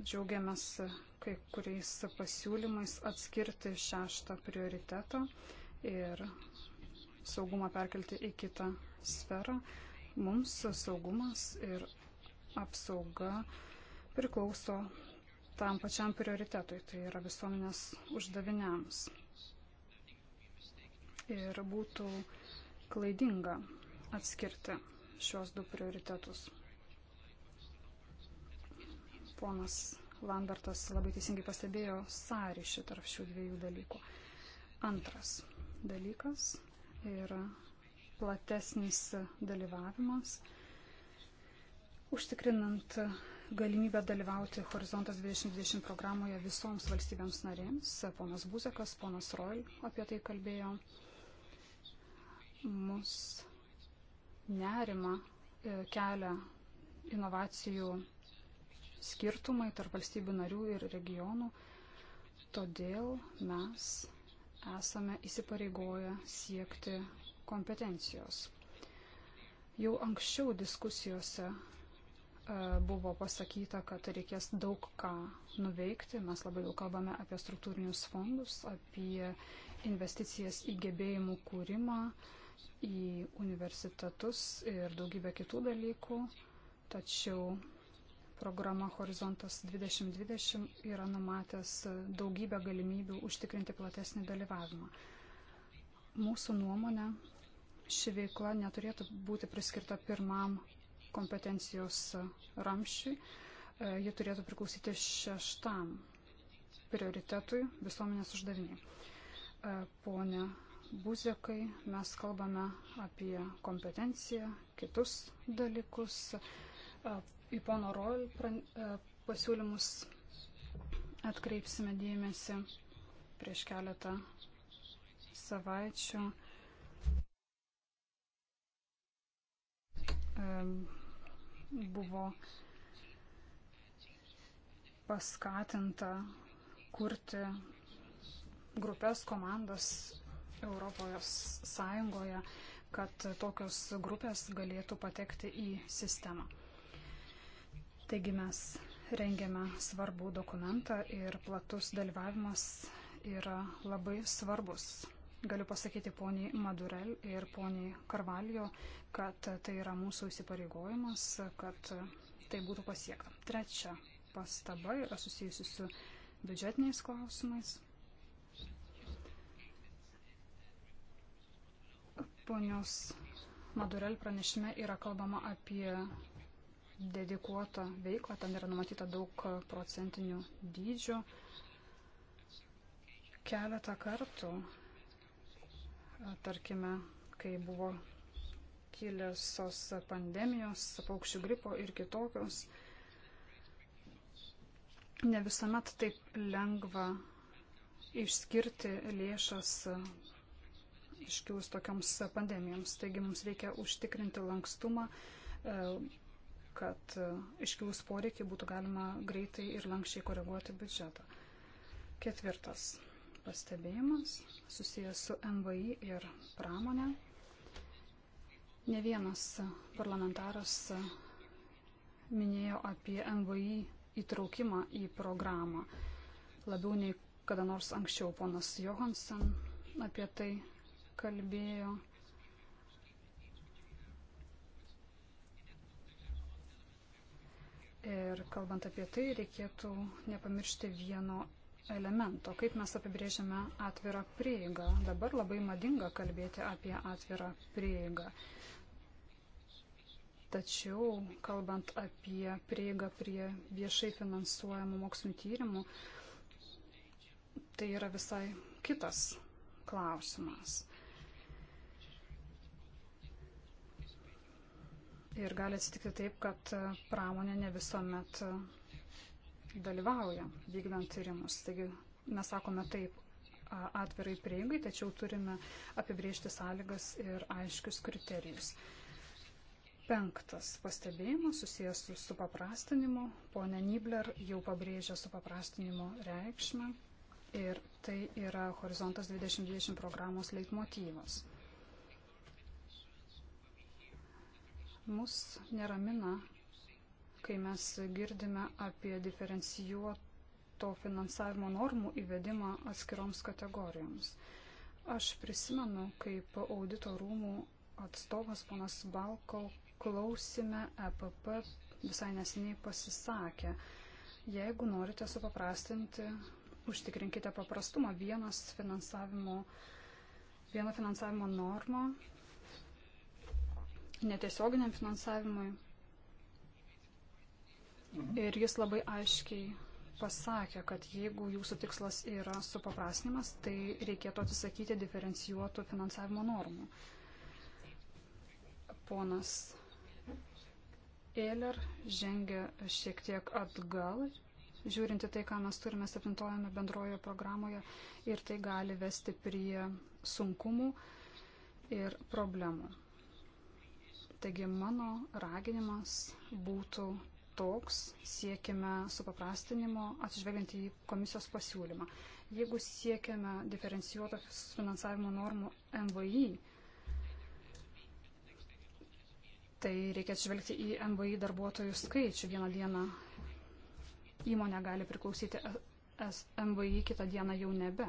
džiaugiamės kai kuriais pasiūlymais atskirti šeštą prioritetą ir saugumą perkelti į kitą sferą. Mums saugumas ir apsauga priklauso tam pačiam prioritetui, tai yra visuomenės uždaviniams. Ir būtų klaidinga atskirti šios du prioritetus. Ponas Lambertas labai teisingai pastebėjo sąryšį tarp šių dviejų dalykų. Antras dalykas yra platesnis dalyvavimas, užtikrinant galimybę dalyvauti Horizontas 2020 programoje visoms valstybėms narėms. Ponas Buzekas, ponas Roil apie tai kalbėjo. Mus nerima e, kelia inovacijų skirtumai tarp valstybių narių ir regionų. Todėl mes esame įsipareigoję siekti kompetencijos. Jau anksčiau diskusijose e, buvo pasakyta, kad reikės daug ką nuveikti. Mes labai daug kalbame apie struktūrinius fondus, apie investicijas į gebėjimų kūrimą, į universitetus ir daugybę kitų dalykų. Tačiau programa Horizontas 2020 yra numatęs daugybę galimybių užtikrinti platesnį dalyvavimą. Mūsų nuomonė, ši veikla neturėtų būti priskirta pirmam kompetencijos ramščiui, e, ji turėtų priklausyti šeštam prioritetui visuomenės uždaviniai. E, pone Buzekai, mes kalbame apie kompetenciją, kitus dalykus e, į pono Royal e, pasiūlymus atkreipsime dėmesį prieš keletą savaičių. E, buvo paskatinta kurti grupės komandas Europos Sąjungoje, kad tokios grupės galėtų patekti į sistemą. Taigi mes rengiame svarbų dokumentą ir platus dalyvavimas yra labai svarbus. Galiu pasakyti poniai Madurel ir poniai Karvalijo, kad tai yra mūsų įsipareigojimas, kad tai būtų pasiekta. Trečia pastaba yra susijusi su biudžetiniais klausimais. Ponios Madurel pranešime yra kalbama apie dedikuotą veiklą, tam yra numatyta daug procentinių dydžių. Keletą kartų, tarkime, kai buvo kilėsios pandemijos, paukščių gripo ir kitokios, ne visuomet taip lengva išskirti lėšas iškius tokioms pandemijoms. Taigi mums reikia užtikrinti lankstumą, kad e, iškilus poreikiai būtų galima greitai ir lankščiai koreguoti biudžetą. Ketvirtas pastebėjimas susijęs su MVI ir pramonė. Ne vienas parlamentaras minėjo apie MVI įtraukimą į programą. Labiau nei kada nors anksčiau ponas Johansen apie tai kalbėjo. Ir kalbant apie tai, reikėtų nepamiršti vieno elemento. Kaip mes apibrėžiame atvirą prieigą? Dabar labai madinga kalbėti apie atvirą prieigą. Tačiau, kalbant apie prieigą prie viešai finansuojamų mokslinių tyrimų, tai yra visai kitas klausimas. Ir gali atsitikti taip, kad pramonė ne visuomet dalyvauja vykdant tyrimus. Taigi mes sakome taip atvirai prieigai, tačiau turime apibriežti sąlygas ir aiškius kriterijus. Penktas pastebėjimas susijęs su supaprastinimu. Pone Nibler jau pabrėžė supaprastinimo reikšmę ir tai yra Horizontas 2020 programos leitmotyvas. Mus neramina, kai mes girdime apie diferencijuoto finansavimo normų įvedimą atskiroms kategorijoms. Aš prisimenu, kaip audito rūmų atstovas ponas Balko klausime EPP visai nesiniai pasisakė. Jeigu norite supaprastinti, užtikrinkite paprastumą. Vienas finansavimo, viena finansavimo norma netiesioginiam finansavimui. Ir jis labai aiškiai pasakė, kad jeigu jūsų tikslas yra supaprasnimas, tai reikėtų atsisakyti diferencijuotų finansavimo normų. Ponas Eiler žengia šiek tiek atgal, žiūrinti tai, ką mes turime septintojame bendrojoje programoje ir tai gali vesti prie sunkumų ir problemų. Taigi mano raginimas būtų toks, siekime supaprastinimo atsižvelgiant į komisijos pasiūlymą. Jeigu siekiame diferencijuotos finansavimo normų MVI, tai reikia atsižvelgti į MVI darbuotojų skaičių. Vieną dieną įmonė gali priklausyti MVI, kitą dieną jau nebe.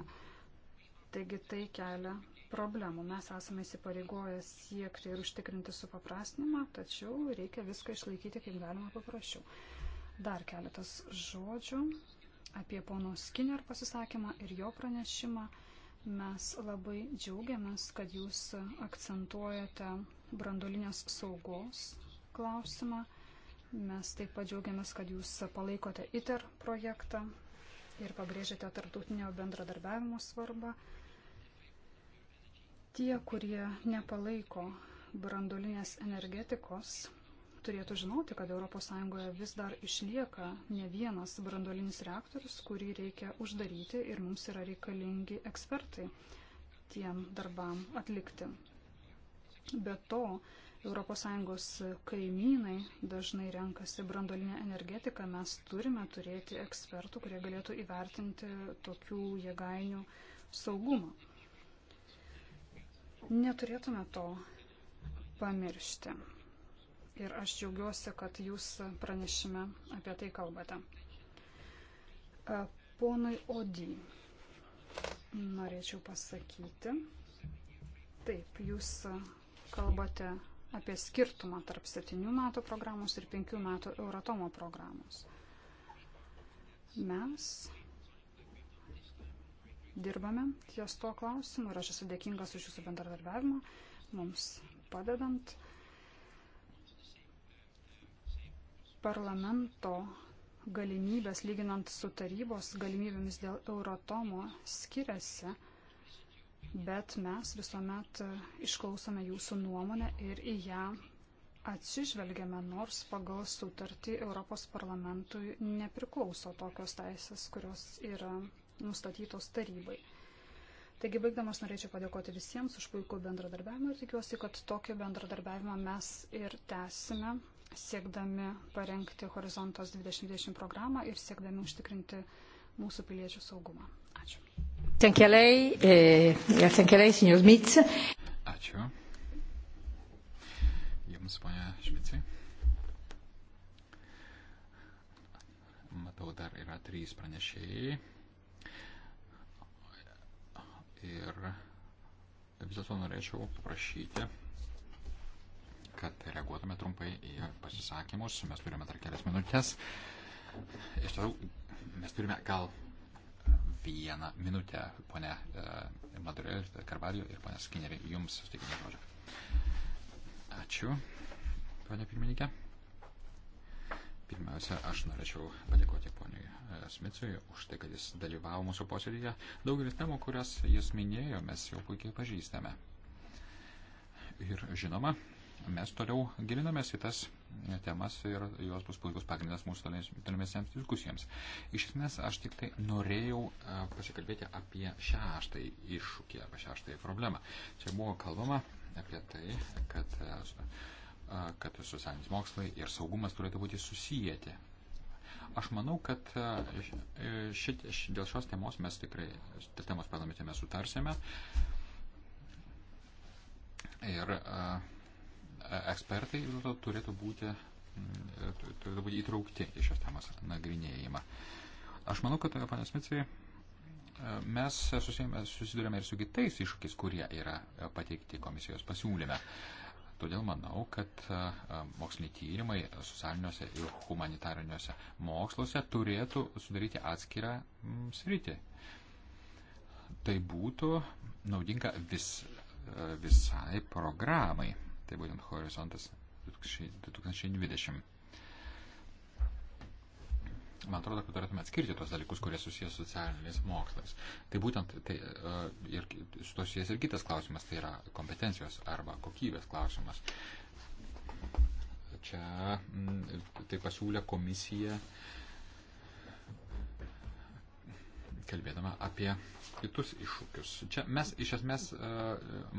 Taigi tai kelia problemų. Mes esame įsipareigoję siekti ir užtikrinti supaprastinimą, tačiau reikia viską išlaikyti kaip galima paprasčiau. Dar keletas žodžių apie pono Skinner pasisakymą ir jo pranešimą. Mes labai džiaugiamės, kad jūs akcentuojate brandolinės saugos klausimą. Mes taip pat džiaugiamės, kad jūs palaikote ITER projektą ir pabrėžiate tarptautinio bendradarbiavimo svarbą. Tie, kurie nepalaiko brandolinės energetikos, turėtų žinoti, kad ES vis dar išlieka ne vienas brandolinis reaktorius, kurį reikia uždaryti ir mums yra reikalingi ekspertai tiem darbam atlikti. Be to, ES kaimynai dažnai renkasi brandolinę energetiką, mes turime turėti ekspertų, kurie galėtų įvertinti tokių jėgainių saugumą. Neturėtume to pamiršti. Ir aš džiaugiuosi, kad jūs pranešime apie tai kalbate. E, ponui Odį norėčiau pasakyti. Taip, jūs kalbate apie skirtumą tarp 7 metų programos ir 5 metų Euratomo programos. Mes dirbame ties tuo klausimu ir aš esu dėkingas už jūsų bendradarbiavimą, mums padedant. Parlamento galimybės, lyginant su tarybos galimybėmis dėl Euratomo, skiriasi, bet mes visuomet išklausome jūsų nuomonę ir į ją atsižvelgiame, nors pagal sutartį Europos parlamentui nepriklauso tokios teisės, kurios yra nustatytos tarybai. Taigi, baigdamas, norėčiau padėkoti visiems už puikų bendradarbiavimą ir tikiuosi, kad tokį bendradarbiavimą mes ir tęsime, siekdami parengti Horizontos 2020 programą ir siekdami užtikrinti mūsų piliečių saugumą. Ačiū. Eh, Ačiū. Jums, ponia Šmicai. Matau, dar yra trys pranešėjai ir vis dėlto norėčiau paprašyti, kad reaguotume trumpai į pasisakymus. Mes turime dar kelias minutės. Iš tiesų, mes turime gal vieną minutę, ponė e, Madurė, Karvalijo ir ponė Skineri, jums sutikime žodžiu. Ačiū, ponė pirmininkė. Pirmiausia, aš norėčiau padėkoti poniai e, Smitsui už tai, kad jis dalyvavo mūsų posėdėje. Daugelis temų, kurias jis minėjo, mes jau puikiai pažįstame. Ir žinoma, mes toliau gilinamės į tas temas ir jos bus puikus pagrindas mūsų tolimesiems diskusijams. Iš esmės, aš tik tai norėjau e, pasikalbėti apie šeštąjį iššūkį, apie šeštąjį problemą. Čia buvo kalbama apie tai, kad e, kad socialinis mokslai ir saugumas turėtų būti susijęti. Aš manau, kad šit, šit, dėl šios temos mes tikrai, dėl temos parlamente mes sutarsime. Ir ekspertai turėtų būti, turėtų būti įtraukti į šios temos nagrinėjimą. Aš manau, kad, panas Mitsai, mes susidurėme ir su kitais iššūkiais, kurie yra pateikti komisijos pasiūlyme. Todėl manau, kad e, e, moksliniai tyrimai socialiniuose ir humanitariniuose moksluose turėtų sudaryti atskirą mm, sritį. Tai būtų naudinga vis, e, visai programai. Tai būtent horizontas 2020 man atrodo, kad turėtume atskirti tos dalykus, kurie susijęs socialiniais mokslais. Tai būtent tai, e, ir su to susijęs ir kitas klausimas, tai yra kompetencijos arba kokybės klausimas. Čia mm, tai pasiūlė komisija, kalbėdama apie kitus iššūkius. Čia mes iš esmės e,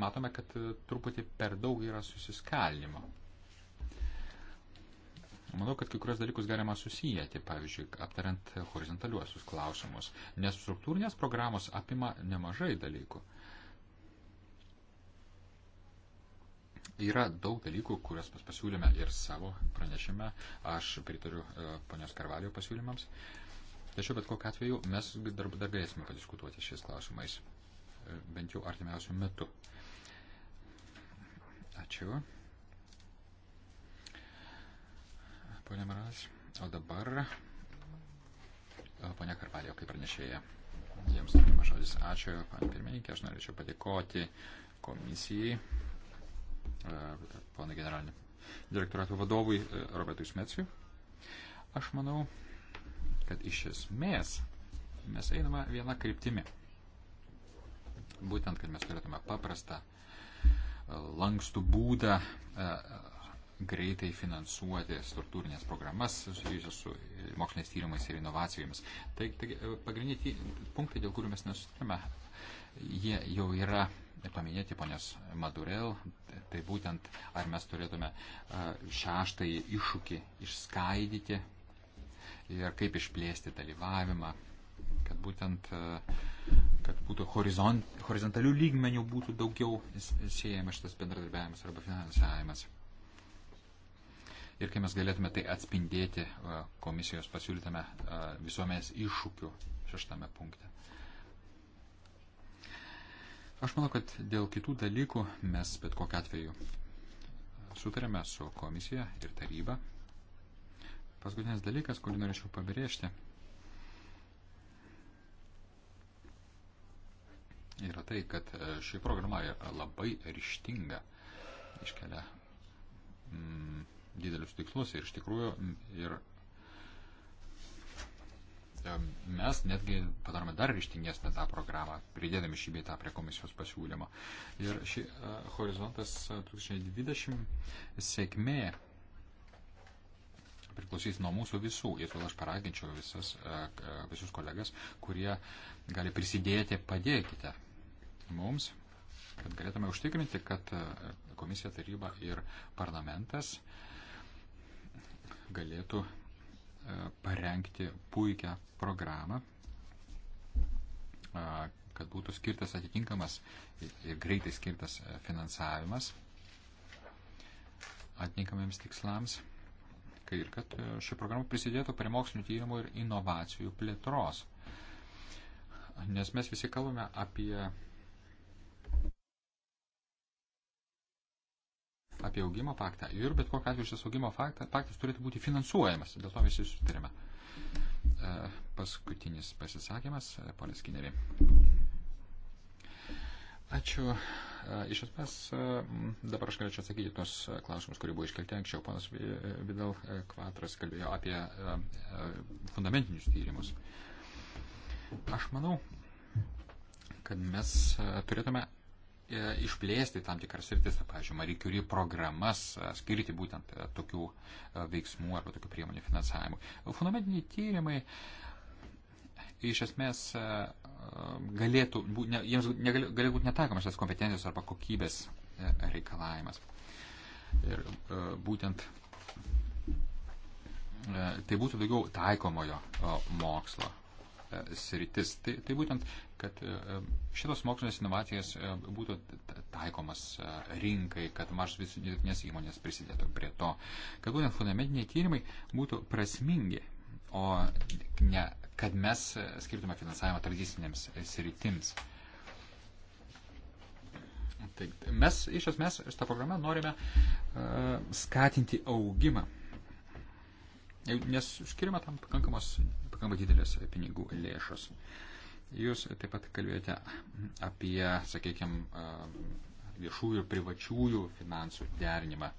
matome, kad e, truputį per daug yra susiskaldimo Manau, kad kai kurios dalykus galima susijęti, pavyzdžiui, aptariant horizontaliuosius klausimus, nes struktūrinės programos apima nemažai dalykų. Yra daug dalykų, kuriuos mes pasiūlėme ir savo pranešime. Aš pritariu e, ponios Karvalio pasiūlymams. Tačiau bet kokiu atveju mes dar, dar galėsime padiskutuoti šiais klausimais, e, bent jau artimiausių metų. Ačiū. ponia Maras. O dabar e, ponia Karvalio, kaip pranešėja. Jiems turime žodis. Ačiū, pan pirmininkė, aš norėčiau padėkoti komisijai, e, ponai generalinį direktorato vadovui e, Robertui Smecijui. Aš manau, kad iš esmės mes einame vieną kryptimį. Būtent, kad mes turėtume paprastą, lankstų būdą greitai finansuoti struktūrinės programas susijusios su e, moksliniais tyrimais ir inovacijomis. Tai, tai e, pagrindiniai punktai, dėl kurių mes nesutarime, jie jau yra paminėti ponios Madurel, tai, tai būtent ar mes turėtume e, šeštąjį iššūkį išskaidyti ir kaip išplėsti dalyvavimą, kad būtent kad būtų horizont, horizontalių lygmenių būtų daugiau siejamas šitas bendradarbiavimas arba finansavimas ir kai mes galėtume tai atspindėti komisijos pasiūlytame visuomenės iššūkių šeštame punkte. Aš manau, kad dėl kitų dalykų mes bet kokiu atveju sutarėme su komisija ir taryba. Paskutinis dalykas, kurį norėčiau pabrėžti, yra tai, kad ši programa yra labai ryštinga, iškelia mm, didelius tikslus ir iš tikrųjų ir e, mes netgi padarome dar ryštingesnę tą programą, pridėdami šį beitą prie komisijos pasiūlymo. Ir šį uh, e, horizontas 2020 sėkmė priklausys nuo mūsų visų. Ir todėl aš paraginčiau visas, uh, visus kolegas, kurie gali prisidėti, padėkite mums, kad galėtume užtikrinti, kad komisija, taryba ir parlamentas uh, galėtų e, parengti puikią programą, kad būtų skirtas atitinkamas ir greitai skirtas e, finansavimas atitinkamiems tikslams ir kad e, ši programa prisidėtų prie mokslinio tyrimų ir inovacijų plėtros. Nes mes visi kalbame apie apie augimo paktą. Ir bet kokiu atveju šis augimo paktas turėtų būti finansuojamas. Dėl to visi sutarėme. E, paskutinis pasisakymas, e, ponas Kineri. Ačiū. E, iš esmės, dabar aš galėčiau atsakyti tos klausimus, kurie buvo iškelti anksčiau. Panas Vidal Kvatras kalbėjo apie fundamentinius tyrimus. Aš manau, kad mes turėtume E, išplėsti tam tikras sritis, tai, pavyzdžiui, Marie Curie programas, e, skirti būtent e, tokių veiksmų arba tokių priemonių finansavimui. Fundamentiniai tyrimai iš esmės galėtų, ne, jiems negali, galėtų būti netaikomas šitas kompetencijos arba kokybės reikalavimas. Ir būtent tai būtų daugiau taikomojo mokslo sritis. Tai, tai būtent kad e, šitos mokslinės inovacijos e, būtų taikomas e, rinkai, kad mažas vidutinės įmonės prisidėtų prie to, kad būtent fundamentiniai tyrimai būtų prasmingi, o ne kad mes skirtume finansavimą tradicinėms sritims. Tai mes iš esmės šitą programą norime uh, skatinti augimą, nes skiriama tam pakankamos, pakankamai didelės pinigų lėšos. Uh, Jūs taip pat kalbėjote apie, sakykime, viešųjų ir privačiųjų finansų derinimą.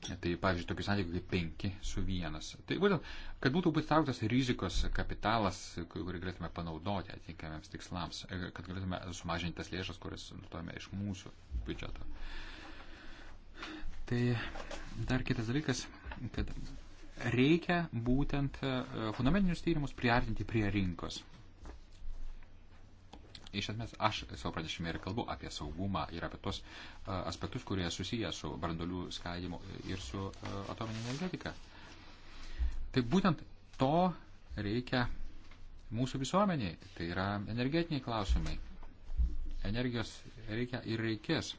Tai, pavyzdžiui, tokius santykius kaip 5 su 1. Tai būtent, kad būtų įtrauktas rizikos kapitalas, kurį galėtume panaudoti atitinkamiems tikslams, e, kad galėtume sumažinti tas lėšas, kurias nutojame iš mūsų biudžeto. Tai dar kitas dalykas, kad reikia būtent e, fundamentinius tyrimus priartinti prie rinkos. Iš esmės, aš savo pranešime ir kalbu apie saugumą ir apie tos aspektus, kurie susiję su brandolių skaidimu ir su atominė energetika. Tai būtent to reikia mūsų visuomeniai, tai yra energetiniai klausimai. Energijos reikia ir reikės.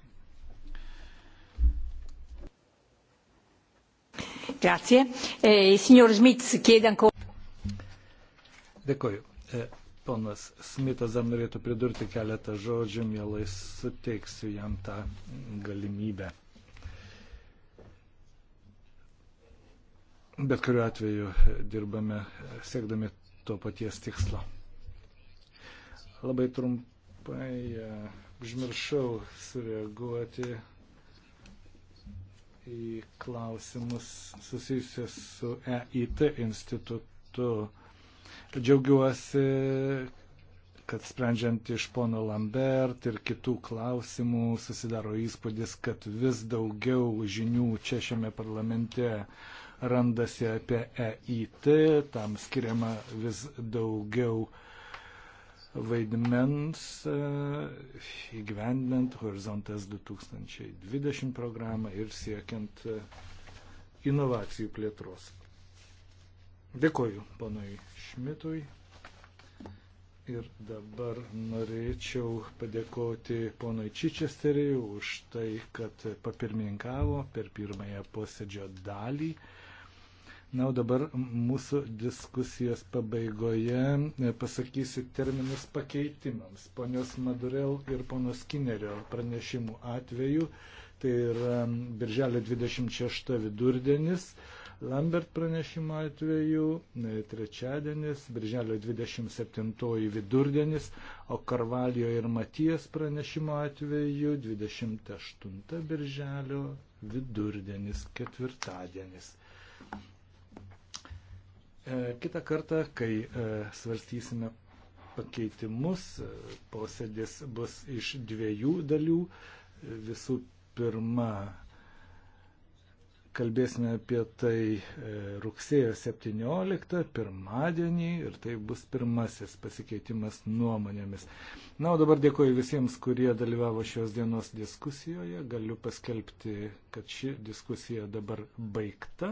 Grazie. Eh, signor Smith chiede ancora. Dėkoju. Eh, Ponas Smitas dar norėtų pridurti keletą žodžių, mielai suteiksiu jam tą galimybę. Bet kuriuo atveju dirbame siekdami to paties tikslo. Labai trumpai e, užmiršau sureaguoti į klausimus susijusius su EIT institutu Džiaugiuosi, kad sprendžiant iš pono Lambert ir kitų klausimų susidaro įspūdis, kad vis daugiau žinių čia šiame parlamente randasi apie EIT, tam skiriama vis daugiau vaidmens e, įgyvendinant Horizontas 2020 programą ir siekiant e, inovacijų plėtros. Dėkoju ponui Šmitui. Ir dabar norėčiau padėkoti ponui Čičesteriui už tai, kad papirmininkavo per pirmąją posėdžio dalį. Na, o dabar mūsų diskusijos pabaigoje pasakysiu terminus pakeitimams. Ponios Madurel ir ponios Kinerio pranešimų atveju, tai yra birželio 26 vidurdienis, Lambert pranešimo atveju e, trečiadienis, birželio 27 vidurdienis, o Karvalijo ir Matijas pranešimo atveju 28 birželio vidurdienis, ketvirtadienis. E, Kita kartą, kai e, svarstysime pakeitimus, posėdis bus iš dviejų dalių. Visų pirma, kalbėsime apie tai e, rugsėjo 17, pirmadienį ir tai bus pirmasis pasikeitimas nuomonėmis. Na, o dabar dėkoju visiems, kurie dalyvavo šios dienos diskusijoje. Galiu paskelbti, kad ši diskusija dabar baigta.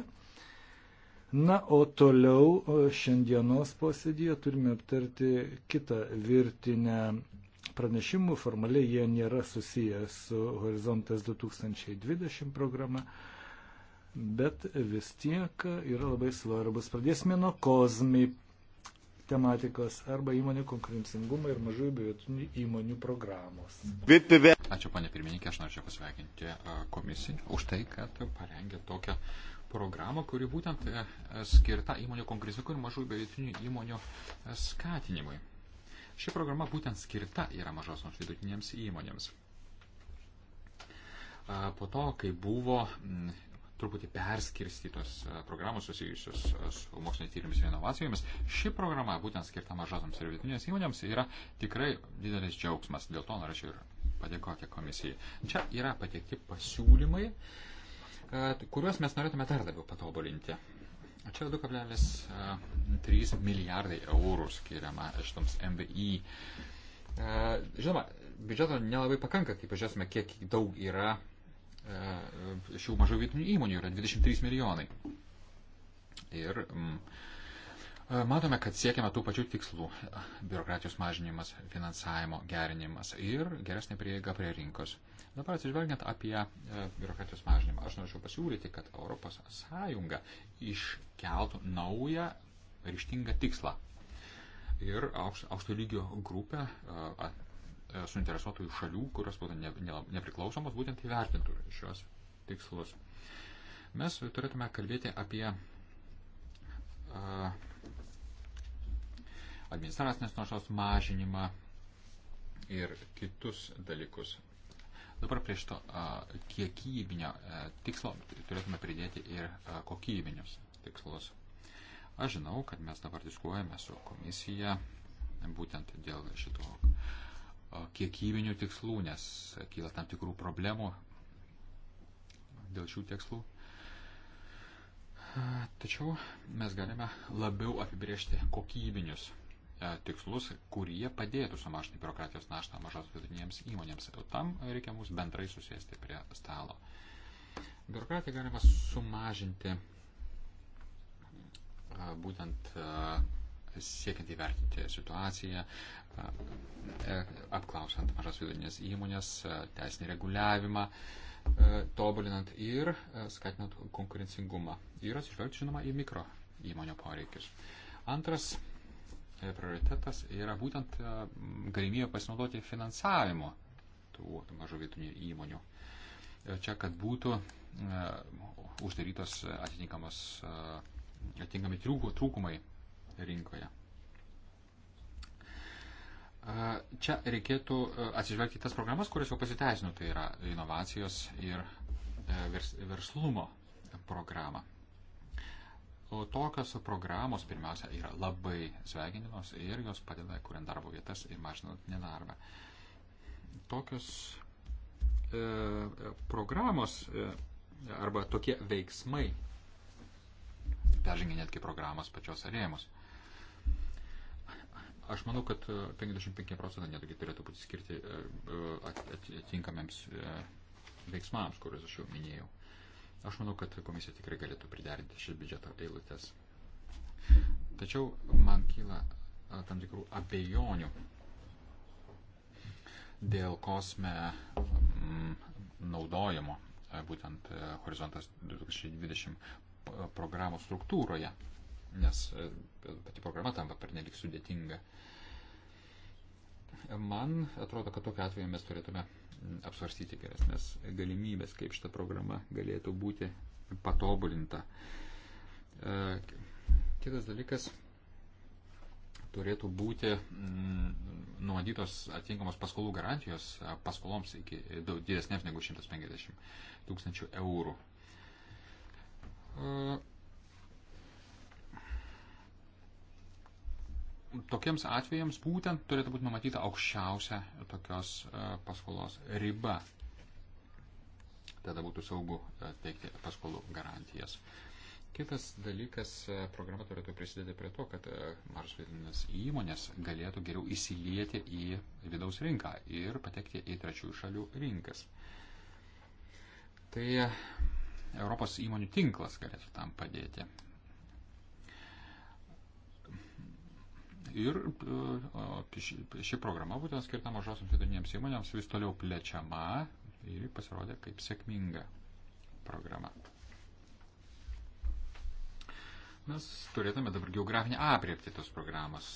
Na, o toliau šiandienos posėdėje turime aptarti kitą virtinę pranešimų. Formaliai jie nėra susiję su Horizontas 2020 programa bet vis tiek yra labai svarbus. Pradėsime nuo kozmi tematikos arba įmonių konkurencingumą ir mažųjų biotinių įmonių programos. Ačiū, ponė pirmininkė, aš norėčiau pasveikinti e, komisiją už tai, kad parengė tokią programą, kuri būtent e, skirta įmonių konkurencingumui ir mažųjų biotinių įmonių e, skatinimui. Ši programa būtent skirta yra mažosioms vidutinėms įmonėms. Po to, kai buvo truputį perskirstytos e, programos susijusios e, su moksliniais tyrimais ir inovacijomis. Ši programa, būtent skirta mažotoms ir vidutinėms įmonėms, yra tikrai didelis džiaugsmas. Dėl to norėčiau ir padėkoti komisijai. Čia yra pateikti pasiūlymai, e, kuriuos mes norėtume dar labiau patobulinti. Čia 2,3 milijardai eurų skiriama šitoms MVI. Žinoma, biudžeto nelabai pakanka, kaip pažiūrėsime, kiek daug yra E, šių mažų vietinių įmonių yra 23 milijonai. Ir mm, e, Matome, kad siekiame tų pačių tikslų - biurokratijos mažinimas, finansavimo gerinimas ir geresnė prieiga prie rinkos. Dabar atsižvelgiant apie e, biurokratijos mažinimą, aš norėčiau pasiūlyti, kad ES iškeltų naują ryštingą tikslą. Ir aukšto lygio grupė E, suinteresuotųjų šalių, kurios būtų ne, ne, nepriklausomos, būtent įvertintų šios tikslus. Mes turėtume kalbėti apie uh, administracinės našos mažinimą ir kitus dalykus. Dabar prie šito uh, kiekybinio uh, tikslo turėtume pridėti ir uh, kokybinius tikslus. Aš žinau, kad mes dabar diskuojame su komisija būtent dėl šito uh, kiekybinių tikslų, nes kyla tam tikrų problemų dėl šių tikslų. Tačiau mes galime labiau apibriežti kokybinius tikslus, kurie padėtų sumažinti biurokratijos naštą mažos vidutinėms įmonėms. Tam reikia mums bendrai susėsti prie stalo. Biurokratiją galima sumažinti būtent siekiant įvertinti situaciją, e, apklausant mažas vidurinės įmonės, e, teisinį reguliavimą, e, tobulinant ir skatinant konkurencingumą. Ir atsižvelgti, žinoma, į mikro įmonių poreikius. Antras prioritetas yra būtent galimybė pasinaudoti finansavimo tų mažų vietinių įmonių. Čia, kad būtų uždarytos atitinkamos atitinkami trūkumai rinkoje. Čia reikėtų atsižvelgti tas programas, kurios jau pasiteisino, tai yra inovacijos ir e, verslumo programa. O tokios programos pirmiausia yra labai sveikininos ir jos padeda kuriant darbo vietas ir mažinant nedarbą. Tokios e, programos e, arba tokie veiksmai peržengia netgi programos pačios rėmus. E, Aš manau, kad 55 e, procentai netgi turėtų būti skirti e, e, atitinkamiems veiksmams, kuriuos aš jau minėjau. Aš manau, kad komisija tikrai galėtų priderinti šį biudžeto eilutės. Tačiau man kyla tam tikrų abejonių dėl kosme naudojimo būtent Horizontas 2020 programos struktūroje nes e, pati programa tampa pernelik sudėtinga. Man atrodo, kad tokiu atveju mes turėtume apsvarstyti geresnės galimybės, kaip šita programa galėtų būti patobulinta. E, kitas dalykas turėtų būti numatytos atitinkamos paskolų garantijos e, paskoloms iki daug didesnėms negu 150 tūkstančių eurų. tokiems atvejams būtent turėtų būti numatyta aukščiausia tokios e, paskolos riba. Tada būtų saugu e, teikti paskolų garantijas. Kitas dalykas, e, programa turėtų prisidėti prie to, kad mažos vidinės įmonės galėtų geriau įsilieti į vidaus rinką ir patekti į trečiųjų šalių rinkas. Tai Europos įmonių tinklas galėtų tam padėti. Ir e, ši programa, būtent skirta mažosioms vidurinėms įmonėms, vis toliau plečiama ir pasirodė kaip sėkminga programa. Mes turėtume dabar geografinį apriepti tos programos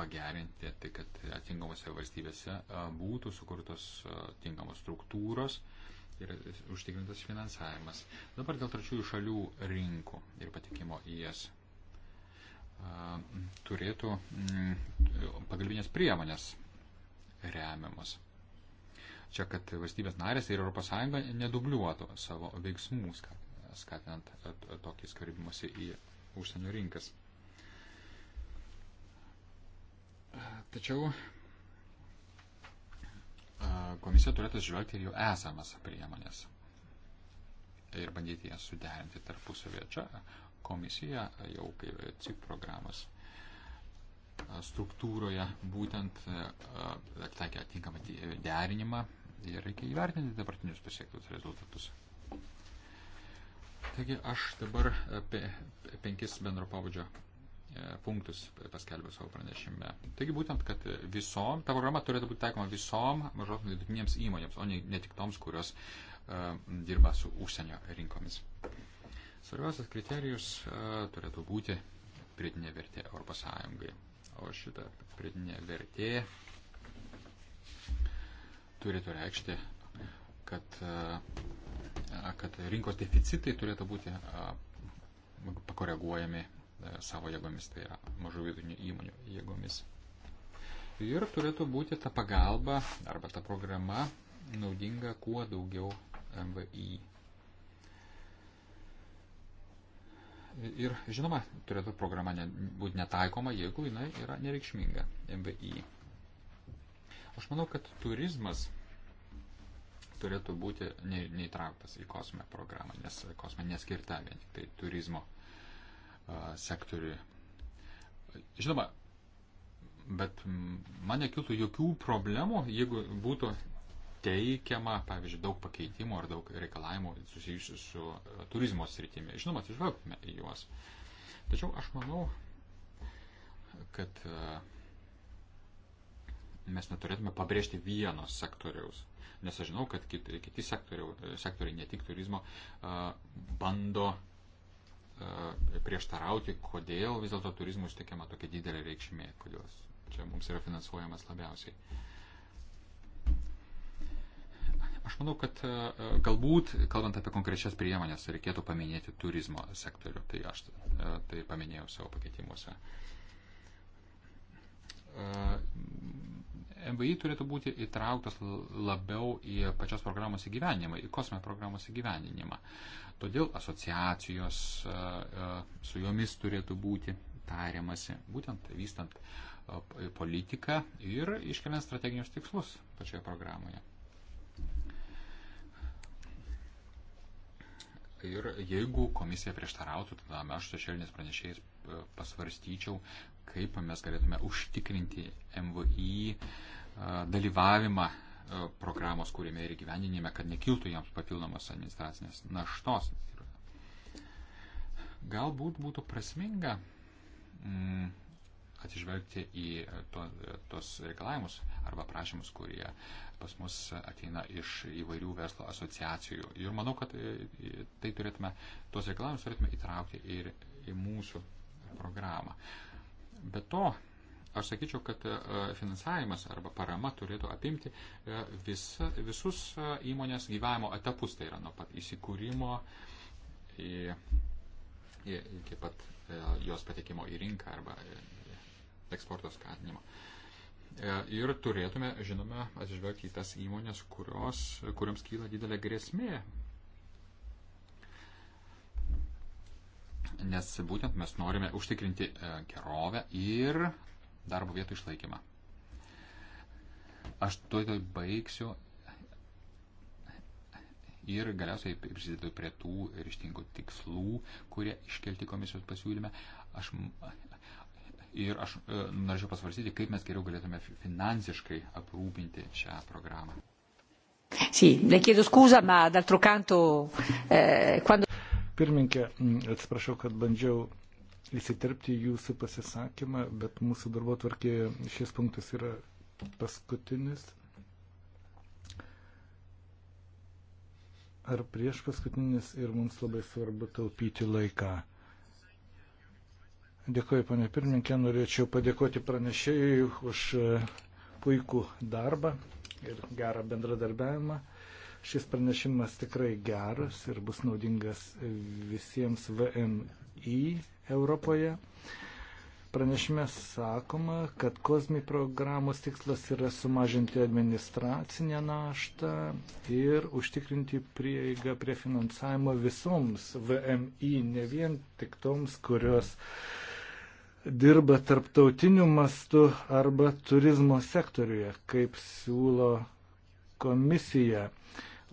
pagerinti, tai kad atinkamose valstybėse e, būtų sukurtos e, tinkamos struktūros ir užtikrintas finansavimas. Dabar dėl trečiųjų šalių rinkų ir patikimo į jas turėtų mm, pagalbinės priemonės remiamos. Čia, kad valstybės narės ir ES nedubliuotų savo veiksmų, skatinant tokį skverbimuose į užsienio rinkas. Tačiau komisija turėtų žvelgti ir jau esamas priemonės ir bandyti jas suderinti tarpusavėje. Čia komisija jau kaip CIP programos struktūroje būtent taikė atinkamą e, derinimą ir reikia įvertinti dabartinius pasiektus rezultatus. Taigi aš dabar pe, penkis bendro pavadžio e, punktus paskelbiu savo pranešime. Taigi būtent, kad visom, ta programa turėtų būti taikoma visom mažos vidutinėms įmonėms, o ne, ne tik toms, kurios uh, dirba su užsienio rinkomis. Svarbiausias kriterijus turėtų būti pridinė vertė Europos Sąjungai. O šita pridinė vertė turėtų reikšti, kad, kad rinkos deficitai turėtų būti pakoreguojami savo jėgomis, tai yra mažų vidutinių įmonių jėgomis. Ir turėtų būti ta pagalba arba ta programa naudinga kuo daugiau MVI Ir žinoma, turėtų programa ne, būti netaikoma, jeigu jinai yra nereikšminga MVI. Aš manau, kad turizmas turėtų būti ne, neįtrauktas į kosmę programą, nes kosmė neskirta vien tik tai turizmo uh, sektoriui. Žinoma, bet man nekiltų jokių problemų, jeigu būtų teikiama, pavyzdžiui, daug pakeitimų ar daug reikalavimų susijusių su e, turizmo sritimi. Žinoma, atsižvelgtume į juos. Tačiau aš manau, kad e, mes neturėtume pabrėžti vieno sektoriaus. Nes aš žinau, kad kiti, kiti e, sektoriai, ne tik turizmo, bando prieštarauti, kodėl vis dėlto turizmui suteikiama tokia didelė reikšmė, kodėl čia mums yra finansuojamas labiausiai. Aš manau, kad e, galbūt, kalbant apie konkrečias priemonės, reikėtų paminėti turizmo sektorių. Tai aš e, tai paminėjau savo pakeitimuose. E, MVI turėtų būti įtrauktas labiau į pačios programos įgyvenimą, į kosminę programos įgyvenimą. Todėl asociacijos su jomis turėtų būti tariamasi, būtent vystant politiką ir iškeliant strateginius tikslus pačioje programoje. Ir jeigu komisija prieštarautų, tada aš šešėlinės pranešėjais e, pasvarstyčiau, kaip mes galėtume užtikrinti MVI e, dalyvavimą e, programos kūrime ir gyveninime, kad nekiltų jiems papildomos administracinės naštos. Galbūt būtų prasminga mm, atsižvelgti į to, tos reikalavimus arba prašymus, kurie uh, pas mus ateina iš įvairių verslo asociacijų. Ir manau, kad e, e, tai turėtume, tuos reikalavimus turėtume įtraukti ir į mūsų programą. Be to, aš sakyčiau, kad e, finansavimas arba parama turėtų apimti visa, visus įmonės gyvavimo etapus, tai yra nuo pat įsikūrimo iki pat jos patekimo į rinką arba eksporto skatinimo. Uh, E, ir turėtume, žinome, atsižvelgti į tas įmonės, kurios, kuriams kyla didelė grėsmė. Nes būtent mes norime užtikrinti e, gerovę ir darbo vietų išlaikymą. Aš tuoj tai baigsiu ir galiausiai prisidedu prie tų ryštingų tikslų, kurie iškelti komisijos pasiūlyme. Aš, Ir aš e, norėčiau pasvarstyti, kaip mes geriau galėtume finansiškai aprūpinti šią programą. Sì, le chiedo scusa, ma d'altro canto, eh, quando... Pirminkė, atsiprašau, kad bandžiau įsiterpti jūsų pasisakymą, bet mūsų darbo tvarkėje šis punktas yra paskutinis. Ar prieš paskutinis ir mums labai svarbu taupyti laiką. Dėkuoju, ponė pirmininkė, norėčiau padėkoti pranešėjui už e, puikų darbą ir gerą bendradarbiavimą. Šis pranešimas tikrai geras ir bus naudingas visiems VMI Europoje. Pranešime sakoma, kad kozmi programos tikslas yra sumažinti administracinę naštą ir užtikrinti prieigą prie finansavimo visoms VMI, ne vien tik toms, kurios uh, dirba tarptautiniu mastu arba turizmo sektoriuje, kaip siūlo komisija.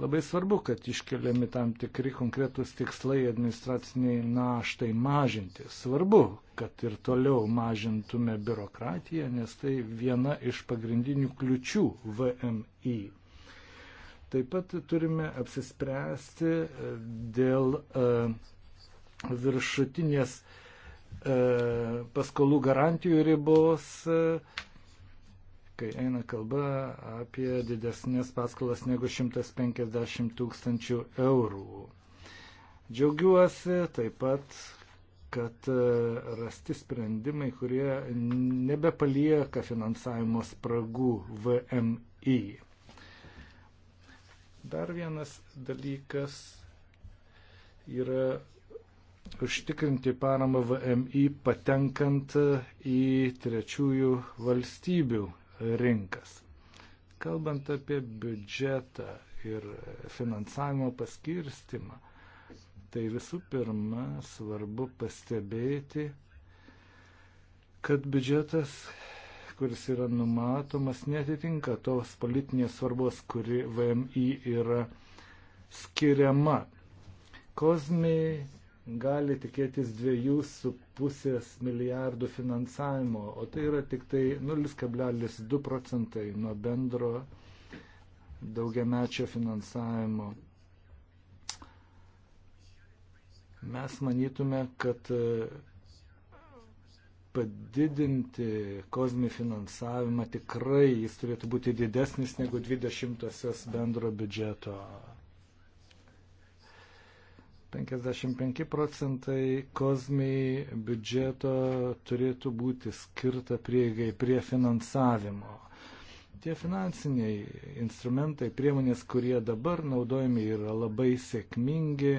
Labai svarbu, kad iškeliami tam tikri konkretūs tikslai administraciniai naštai mažinti. Svarbu, kad ir toliau mažintume biurokratiją, nes tai viena iš pagrindinių kliučių VMI. Taip pat turime apsispręsti e, dėl e, viršutinės uh, E, paskolų garantijų ribos, e, kai eina kalba apie didesnės paskolas negu 150 tūkstančių eurų. Džiaugiuosi taip pat, kad e, rasti sprendimai, kurie nebepalieka finansavimo spragų VMI. Dar vienas dalykas yra užtikrinti paramą VMI patenkant į trečiųjų valstybių rinkas. Kalbant apie biudžetą ir finansavimo paskirstimą, tai visų pirma svarbu pastebėti, kad biudžetas, kuris yra numatomas, netitinka tos politinės svarbos, kuri VMI yra skiriama. Kozmiai gali tikėtis 2,5 milijardų finansavimo, o tai yra tik tai 0,2 procentai nuo bendro daugiamečio finansavimo. Mes manytume, kad e, padidinti kozmį finansavimą tikrai jis turėtų būti didesnis negu 20 bendro biudžeto 55 procentai kozmiai biudžeto turėtų būti skirta prieigai prie finansavimo. Tie finansiniai instrumentai, priemonės, kurie dabar naudojami, yra labai sėkmingi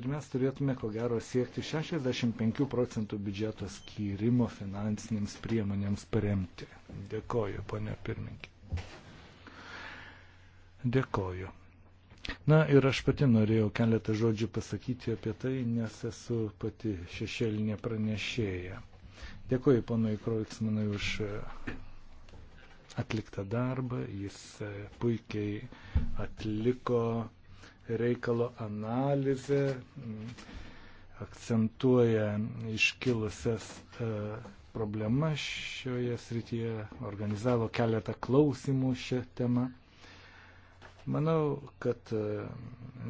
ir mes turėtume, ko gero, siekti 65 procentų biudžeto skyrimo finansinėms priemonėms paremti. Dėkoju, ponia pirmininkė. Dėkoju. Na ir aš pati norėjau keletą žodžių pasakyti apie tai, nes esu pati šešėlinė pranešėja. Dėkuoju ponui Kroiksmanui už e, atliktą darbą, jis e, puikiai atliko reikalo analizę, akcentuoja iškilusias e, problemas šioje srityje, organizavo keletą klausimų šią temą. Manau, kad e,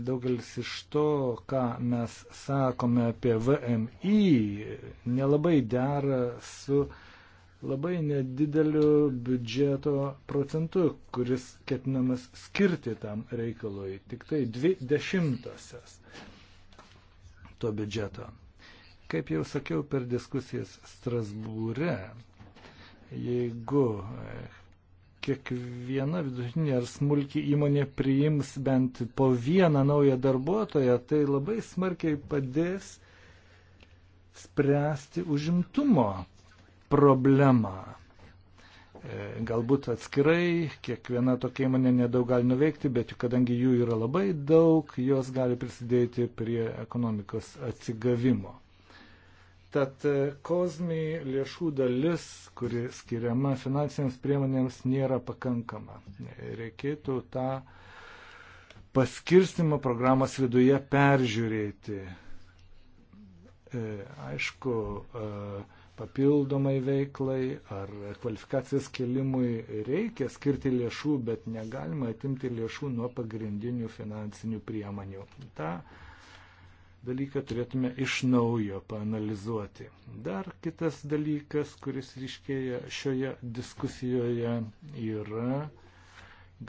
daugelis iš to, ką mes sakome apie VMI, nelabai dera su labai nedideliu biudžeto procentu, kuris ketinamas skirti tam reikalui. Tik tai dvi dešimtosios to biudžeto. Kaip jau sakiau per diskusijas Strasbūre, jeigu e, kiekviena vidutinė ar smulki įmonė priims bent po vieną naują darbuotoją, tai labai smarkiai padės spręsti užimtumo problemą. E, galbūt atskirai, kiekviena tokia įmonė nedaug gali nuveikti, bet kadangi jų yra labai daug, jos gali prisidėti prie ekonomikos atsigavimo. Tad e, kozmiai lėšų dalis, kuri skiriama finansinėms priemonėms, nėra pakankama. Reikėtų tą paskirstimą programos viduje peržiūrėti. E, aišku, e, papildomai veiklai ar kvalifikacijos kelimui reikia skirti lėšų, bet negalima atimti lėšų nuo pagrindinių finansinių priemonių. Ta dalyką turėtume iš naujo panalizuoti. Dar kitas dalykas, kuris ryškėja šioje diskusijoje, yra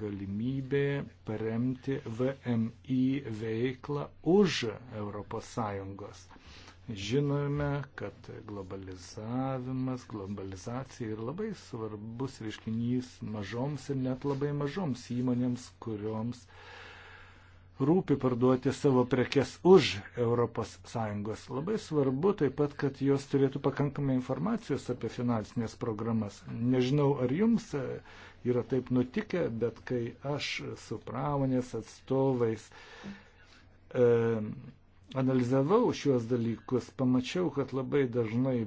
galimybė paremti VMI veiklą už ES. Žinome, kad globalizavimas, globalizacija yra labai svarbus reiškinys mažoms ir net labai mažoms įmonėms, kurioms uh, rūpi parduoti savo prekes už ES. Labai svarbu taip pat, kad jos turėtų pakankamai informacijos apie finansinės programas. Nežinau, ar jums e, yra taip nutikę, bet kai aš su pramonės atstovais e, analizavau šiuos dalykus, pamačiau, kad labai dažnai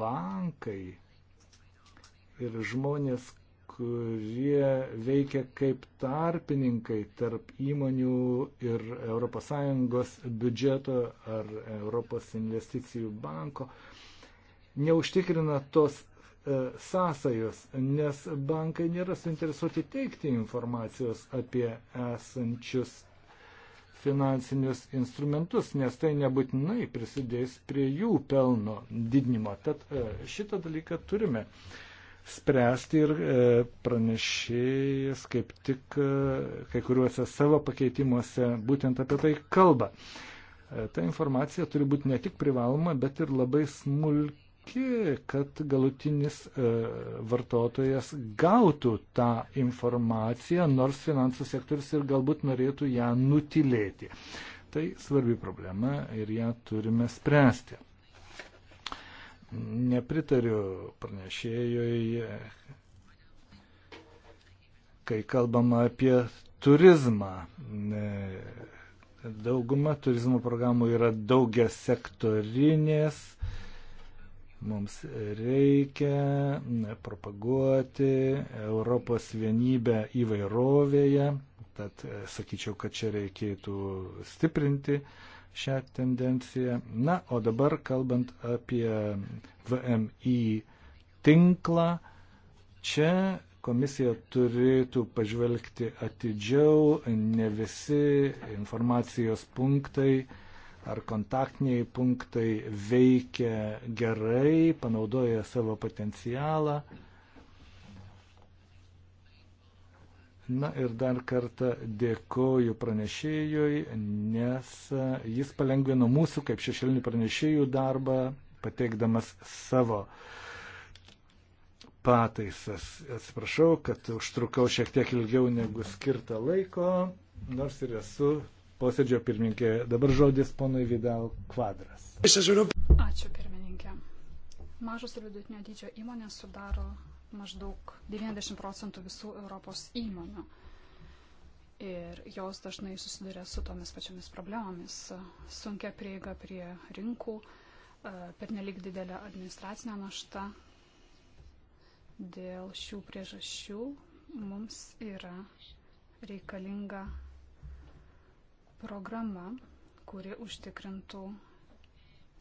bankai ir žmonės, kurie veikia kaip tarpininkai tarp įmonių ir ES biudžeto ar ES investicijų banko, neužtikrina tos e, sąsajos, nes bankai nėra suinteresuoti teikti informacijos apie esančius finansinius instrumentus, nes tai nebūtinai prisidės prie jų pelno didinimo. Tad e, šitą dalyką turime spręsti ir e, pranešėjas kaip tik e, kai kuriuose savo pakeitimuose būtent apie tai kalba. E, ta informacija turi būti ne tik privaloma, bet ir labai smulki, kad galutinis vartotojas gautų tą informaciją, nors finansų sektorius ir galbūt norėtų ją nutilėti. Tai svarbi problema ir ją turime spręsti nepritariu pranešėjoj, kai kalbama apie turizmą. Dauguma turizmo programų yra daugia sektorinės. Mums reikia propaguoti Europos vienybę įvairovėje, tad sakyčiau, kad čia reikėtų stiprinti uh, šią tendenciją. Na, o dabar kalbant apie VMI tinklą, čia komisija turėtų pažvelgti atidžiau, ne visi informacijos punktai ar kontaktiniai punktai veikia gerai, panaudoja savo potencialą. Na ir dar kartą dėkoju pranešėjui, nes jis palengvino mūsų kaip šešėlinių pranešėjų darbą, pateikdamas savo pataisas. Atsiprašau, kad užtrukau šiek tiek ilgiau negu skirta laiko, nors ir esu posėdžio pirmininkė. Dabar žodis ponui Vidal Kvadras. Ačiū pirmininkė. Mažos ir vidutinio dydžio įmonės sudaro maždaug 90 procentų visų Europos įmonių. Ir jos dažnai susiduria su tomis pačiomis problemomis. Sunkia prieiga prie rinkų, e, per nelik didelė administracinė našta. Dėl šių priežasčių mums yra reikalinga programa, kuri užtikrintų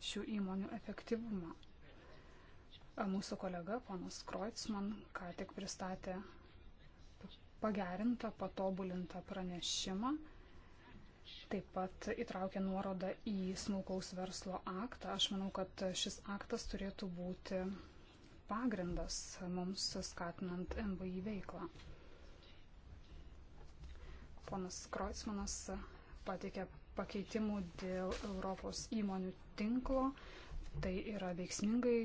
šių įmonių efektyvumą. Mūsų kolega ponas Kreutzmann ką tik pristatė pagerintą, patobulintą pranešimą. Taip pat įtraukė nuorodą į smulkaus verslo aktą. Aš manau, kad šis aktas turėtų būti pagrindas mums skatinant MVI veiklą. Ponas Kreutzmanas pateikė pakeitimų dėl Europos įmonių tinklo. Tai yra veiksmingai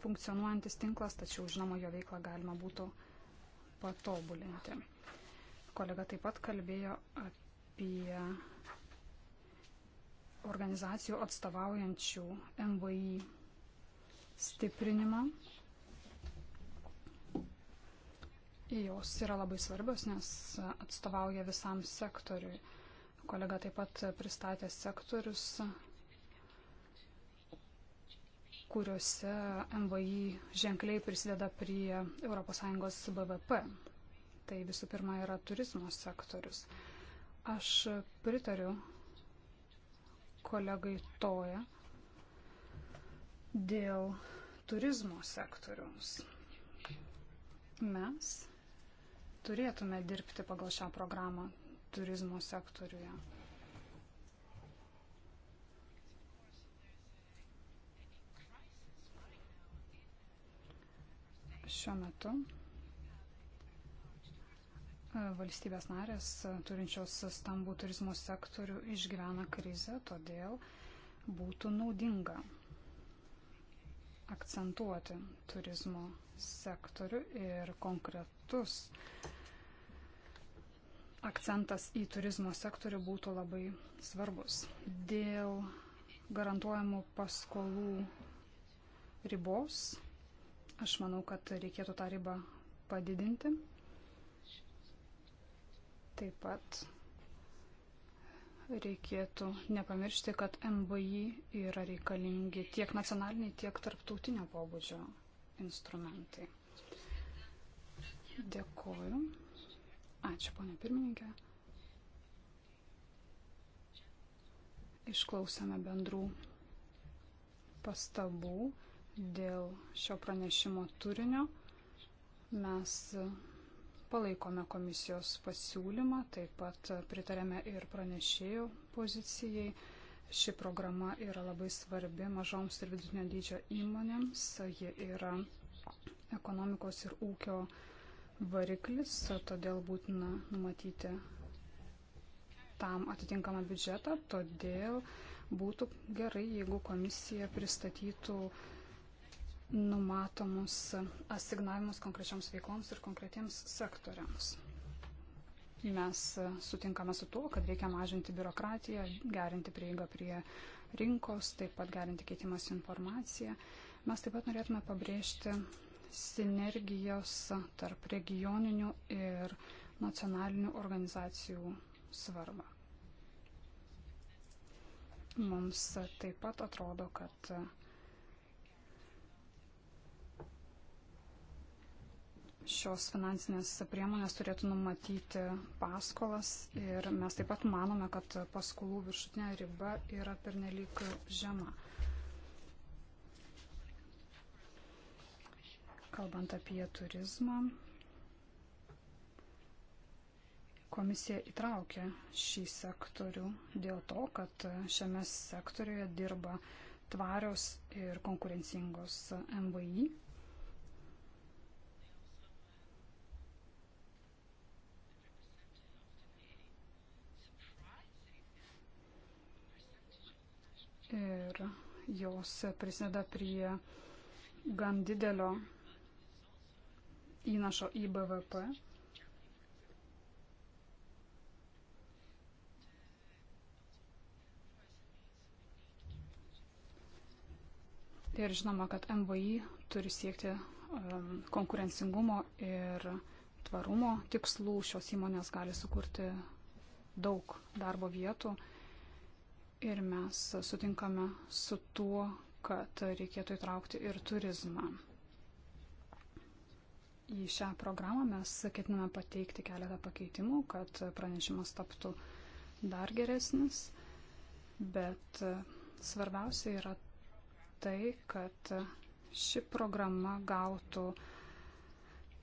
funkcionuojantis tinklas, tačiau žinoma, jo veiklą galima būtų patobulinti. Kolega taip pat kalbėjo apie organizacijų atstovaujančių MVI stiprinimą. Jos yra labai svarbios, nes atstovauja visam sektoriui. Kolega taip pat pristatė sektorius, kuriuose MVI ženkliai prisideda prie ES BVP. Tai visų pirma yra turizmo sektorius. Aš pritariu kolegai Toja dėl turizmo sektoriaus. Mes turėtume dirbti pagal šią programą turizmo sektoriuje. Šiuo metu e, valstybės narės e, turinčios stambų turizmo sektorių išgyvena krizę, todėl būtų naudinga akcentuoti turizmo sektorių ir konkretus akcentas į turizmo sektorių būtų labai svarbus. Dėl garantuojamų paskolų ribos Aš manau, kad reikėtų tą ribą padidinti. Taip pat reikėtų nepamiršti, kad MBI yra reikalingi tiek nacionaliniai, tiek tarptautinio pobūdžio instrumentai. Dėkoju. Ačiū, ponė pirmininkė. Išklausėme bendrų pastabų dėl šio pranešimo turinio. Mes palaikome komisijos pasiūlymą, taip pat pritarėme ir pranešėjų pozicijai. Ši programa yra labai svarbi mažoms ir vidutinio dydžio įmonėms. Ji yra ekonomikos ir ūkio variklis, todėl būtina numatyti tam atitinkamą biudžetą. Todėl būtų gerai, jeigu komisija pristatytų uh, numatomus asignavimus konkrečioms veikloms ir konkretiems sektoriams. Mes sutinkame su tuo, kad reikia mažinti biurokratiją, gerinti prieigą prie rinkos, taip pat gerinti keitimas informaciją. Mes taip pat norėtume pabrėžti sinergijos tarp regioninių ir nacionalinių organizacijų svarbą. Mums taip pat atrodo, kad Šios finansinės priemonės turėtų numatyti paskolas ir mes taip pat manome, kad paskolų viršutinė riba yra pernelyg žema. Kalbant apie turizmą, komisija įtraukė šį sektorių dėl to, kad šiame sektoriuje dirba tvarios ir konkurencingos MVI. ir jos prisideda prie gan didelio įnašo į BVP. Ir žinoma, kad MVI turi siekti um, konkurencingumo ir tvarumo tikslų. Šios įmonės gali sukurti daug darbo vietų Ir mes sutinkame su tuo, kad reikėtų įtraukti ir turizmą. Į šią programą mes ketiname pateikti keletą pakeitimų, kad pranešimas taptų dar geresnis, bet svarbiausia yra tai, kad ši programa gautų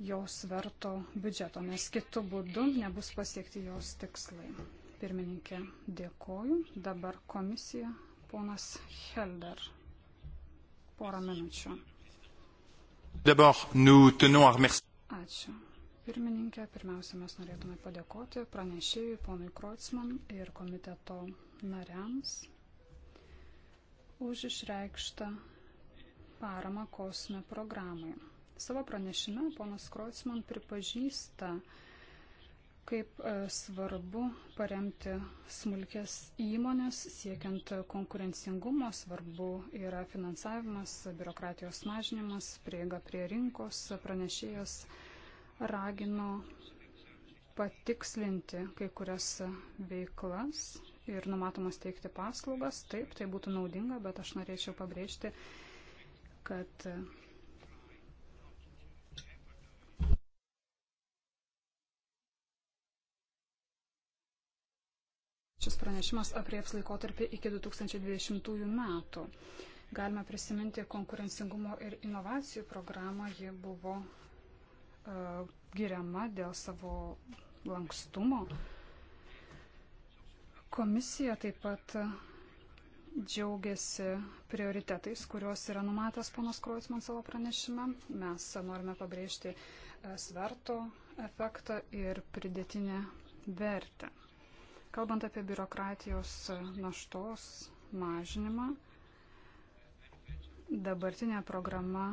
jos verto biudžeto, nes kitų būdų nebus pasiekti jos tikslai. Pirmininkė, dėkoju. Dabar komisija, ponas Helder. Porą minučių. Ačiū. Pirmininkė, pirmiausia, mes norėtume padėkoti pranešėjui, ponui Krocman ir komiteto nariams už išreikštą paramą kosme programai. Savo pranešime ponas Krocman pripažįsta, kad kaip e, svarbu paremti smulkės įmonės siekiant konkurencingumo, svarbu yra finansavimas, biurokratijos mažinimas, prieiga prie rinkos, pranešėjas ragino patikslinti kai kurias veiklas ir numatomas teikti paslaugas. Taip, tai būtų naudinga, bet aš norėčiau pabrėžti, kad Šis pranešimas aprieps laikotarpį iki 2020 metų. Galime prisiminti konkurencingumo ir inovacijų programą. Ji buvo uh, giriama dėl savo lankstumo. Komisija taip pat džiaugiasi prioritetais, kuriuos yra numatęs ponas Kroisman savo pranešime. Mes norime pabrėžti e, sverto efektą ir pridėtinę vertę. Kalbant apie biurokratijos naštos mažinimą, dabartinė programa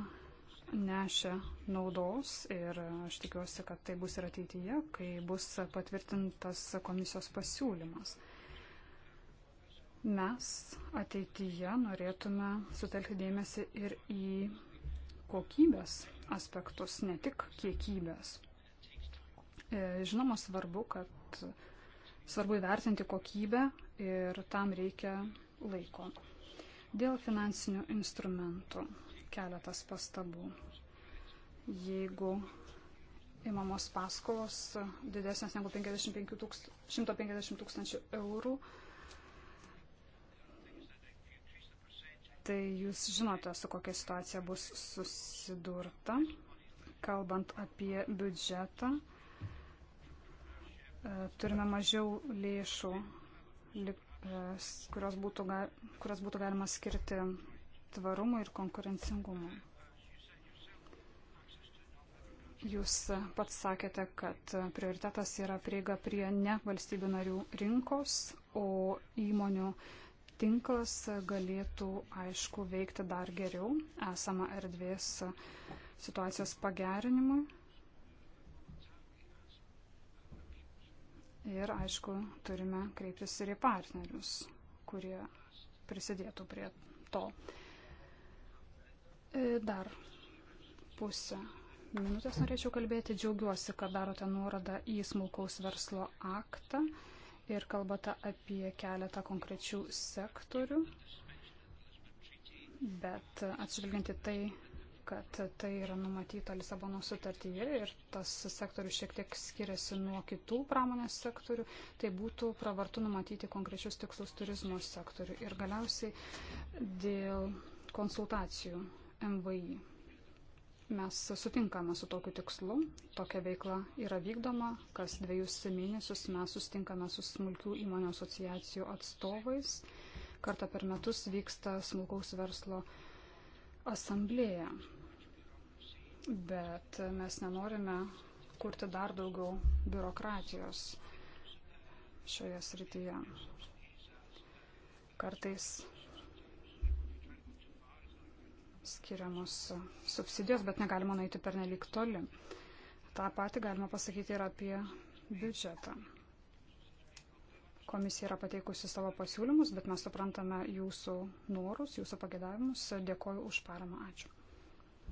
nešia naudos ir aš tikiuosi, kad tai bus ir ateityje, kai bus patvirtintas komisijos pasiūlymas. Mes ateityje norėtume sutelkti dėmesį ir į kokybės aspektus, ne tik kiekybės. E, žinoma, svarbu, kad Svarbu įvertinti kokybę ir tam reikia laiko. Dėl finansinių instrumentų keletas pastabų. Jeigu imamos paskolos didesnės negu 55 tūkst, 150 tūkstančių eurų, tai jūs žinote, su kokia situacija bus susidurta, kalbant apie biudžetą E, turime mažiau lėšų, e, kurios būtų, kurios būtų galima skirti tvarumui ir konkurencingumui. Jūs pats sakėte, kad prioritetas yra prieiga prie ne valstybių narių rinkos, o įmonių tinklas galėtų, aišku, veikti dar geriau, esama erdvės situacijos pagerinimui. Ir, aišku, turime kreiptis ir į partnerius, kurie prisidėtų prie to. E, dar pusę minutės norėčiau kalbėti. Džiaugiuosi, kad darote nuorodą į smulkaus verslo aktą ir kalbate apie keletą konkrečių sektorių. Bet atsižvelgiant į tai, kad tai yra numatyta Lisabono sutartyje ir tas sektorius šiek tiek skiriasi nuo kitų pramonės sektorių, tai būtų pravartu numatyti konkrečius tikslus turizmo sektoriui. Ir galiausiai dėl konsultacijų MVI. Mes sutinkame su tokiu tikslu, tokia veikla yra vykdoma, kas dviejus mėnesius mes sustinkame su smulkių įmonių asociacijų atstovais, kartą per metus vyksta smulkaus verslo asamblėja bet mes nenorime kurti dar daugiau biurokratijos šioje srityje. Kartais skiriamos subsidijos, bet negalima nueiti per nelik toli. Ta pati galima pasakyti ir apie biudžetą. Komisija yra pateikusi savo pasiūlymus, bet mes suprantame jūsų norus, jūsų pagėdavimus. Dėkoju už paramą. Ačiū.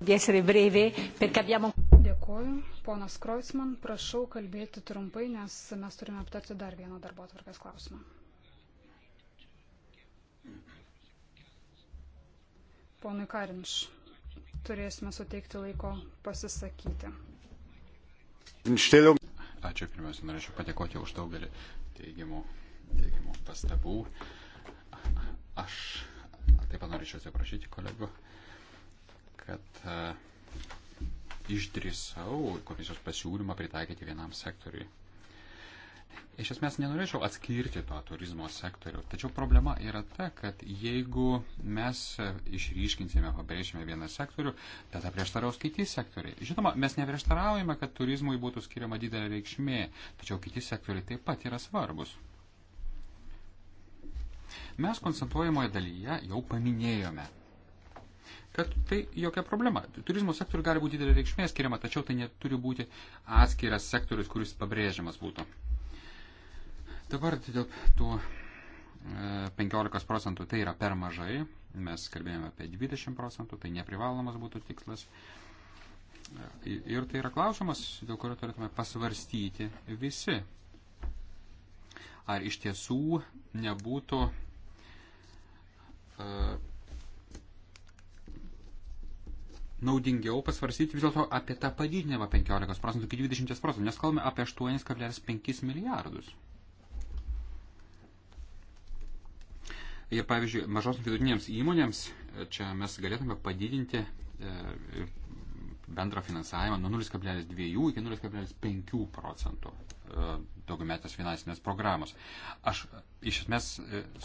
Dėkuoju. Ponas Kreuzman, prašau kalbėti trumpai, nes mes turime aptarti dar vieną darbo atvarkės klausimą. Ponui Karinš, turėsime suteikti laiko pasisakyti. Ačiū pirmiausia, norėčiau padėkoti už daugelį teigiamų, teigiamų pastabų. Aš taip pat norėčiau atsiprašyti kolegų. Uh, kad e, išdrįsau komisijos pasiūlymą pritaikyti vienam sektoriui. Iš esmės nenorėčiau atskirti to turizmo sektorių, tačiau problema yra ta, kad jeigu mes išryškinsime, pabrėšime vieną sektorių, tada prieštaraus kiti sektoriai. Žinoma, mes neprieštaraujame, kad turizmui būtų skiriama didelė reikšmė, tačiau kiti sektoriai taip pat yra svarbus. Mes koncentruojamoje dalyje jau paminėjome kad tai jokia problema. Turizmo sektoriui gali būti didelė reikšmė skiriama, tačiau tai neturi būti atskiras sektorius, kuris pabrėžiamas būtų. Dabar dėl tų 15 e, procentų tai yra per mažai, mes kalbėjome apie 20 procentų, tai neprivalomas būtų tikslas. E, ir tai yra klausimas, dėl kurio turėtume pasvarstyti visi. Ar iš tiesų nebūtų uh, naudingiau pasvarsyti vis dėlto apie tą padidinimą 15 procentų iki 20 procentų, nes kalbame apie 8,5 milijardus. Ir pavyzdžiui, mažos vidutinėms įmonėms e, čia mes galėtume padidinti e, bendrą finansavimą nuo 0,2 iki 0,5 procentų e, daugiametės finansinės programos. Aš iš esmės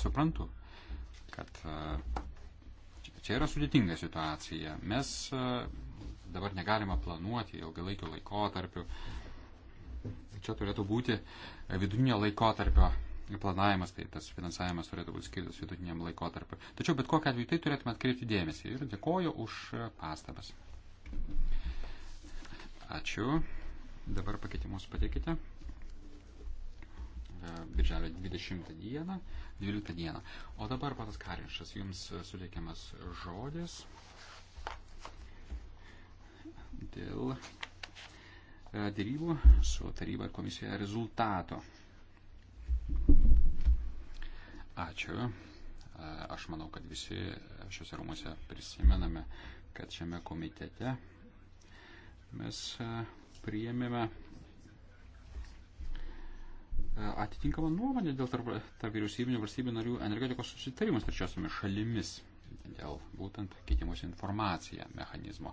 suprantu, kad Čia yra sudėtinga situacija. Mes e, dabar negalime planuoti ilgalaikio laikotarpiu. Čia turėtų būti vidutinio laikotarpio planavimas, tai tas finansavimas turėtų būti skirtas vidutiniam laikotarpiu. Tačiau bet kokiu atveju tai turėtume atkreipti dėmesį ir dėkoju už pastabas. Ačiū. Dabar pakeitimus patikite birželio 20 dieną, 12 dieną. O dabar patas Karinšas, jums suteikiamas žodis dėl e, dėrybų su taryba ir komisija rezultato. Ačiū. E, aš manau, kad visi šiuose rūmose prisimename, kad šiame komitete mes e, priėmėme E, atitinkamą nuomonę dėl tarp, tarp vyriausybinių valstybių narių energetikos susitarimus trečiosiomis šalimis dėl būtent keitimus informaciją mechanizmo.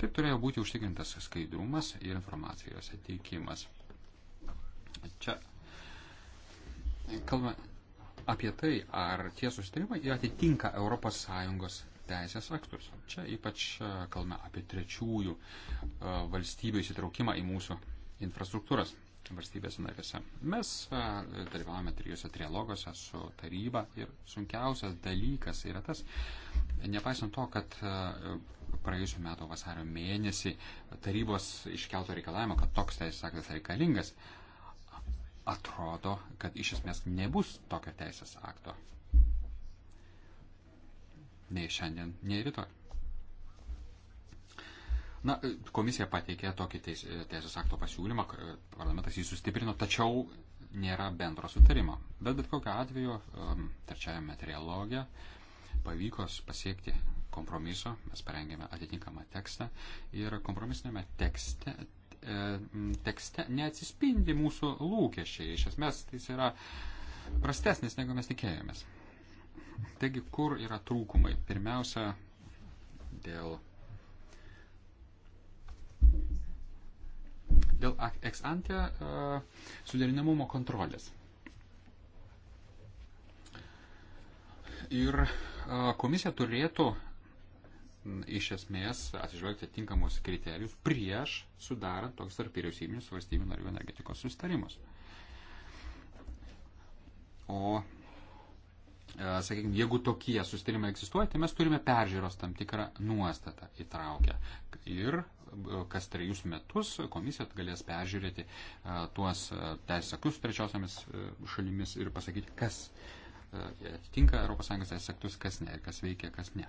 Taip turėjo būti užtikrintas skaidrumas ir informacijos ateikimas. Čia kalba apie tai, ar tie susitarimai atitinka ES teisės aktus. Čia ypač e, kalbame apie trečiųjų e, valstybių įsitraukimą į mūsų infrastruktūras valstybės narėse. Mes e, dalyvavome trijose trialoguose su taryba ir sunkiausias dalykas yra tas, nepaisant to, kad e, praėjusiu metu vasario mėnesį tarybos iškelto reikalavimo, kad toks teisės aktas reikalingas, atrodo, kad iš esmės nebus tokio teisės akto. Nei šiandien, nei rytoj. Na, komisija pateikė tokį teis, teisės akto pasiūlymą, parlamentas jį sustiprino, tačiau nėra bendro sutarimo. Bet bet kokiu atveju, um, trečiajame trialoge pavyko pasiekti kompromiso, mes parengėme atitinkamą tekstą ir kompromisinėme tekste, e, tekste neatsispindi mūsų lūkesčiai. Iš esmės, tai yra prastesnis, negu mes tikėjomės. Taigi, kur yra trūkumai? Pirmiausia, dėl dėl ex-ante e, suderinamumo kontrolės. Ir e, komisija turėtų iš esmės atsižvelgti tinkamus kriterijus prieš sudarant tokius tarp vyriausybinius valstybių narių energetikos sustarimus. O, e, sakykime, jeigu tokie sustarimai egzistuoja, tai mes turime peržiūros tam tikrą nuostatą įtraukę. Ir kas trejus metus komisija galės peržiūrėti tuos teisės aktus trečiosiamis šalimis ir pasakyti, kas atitinka ES teisės aktus, kas ne, kas veikia, kas ne.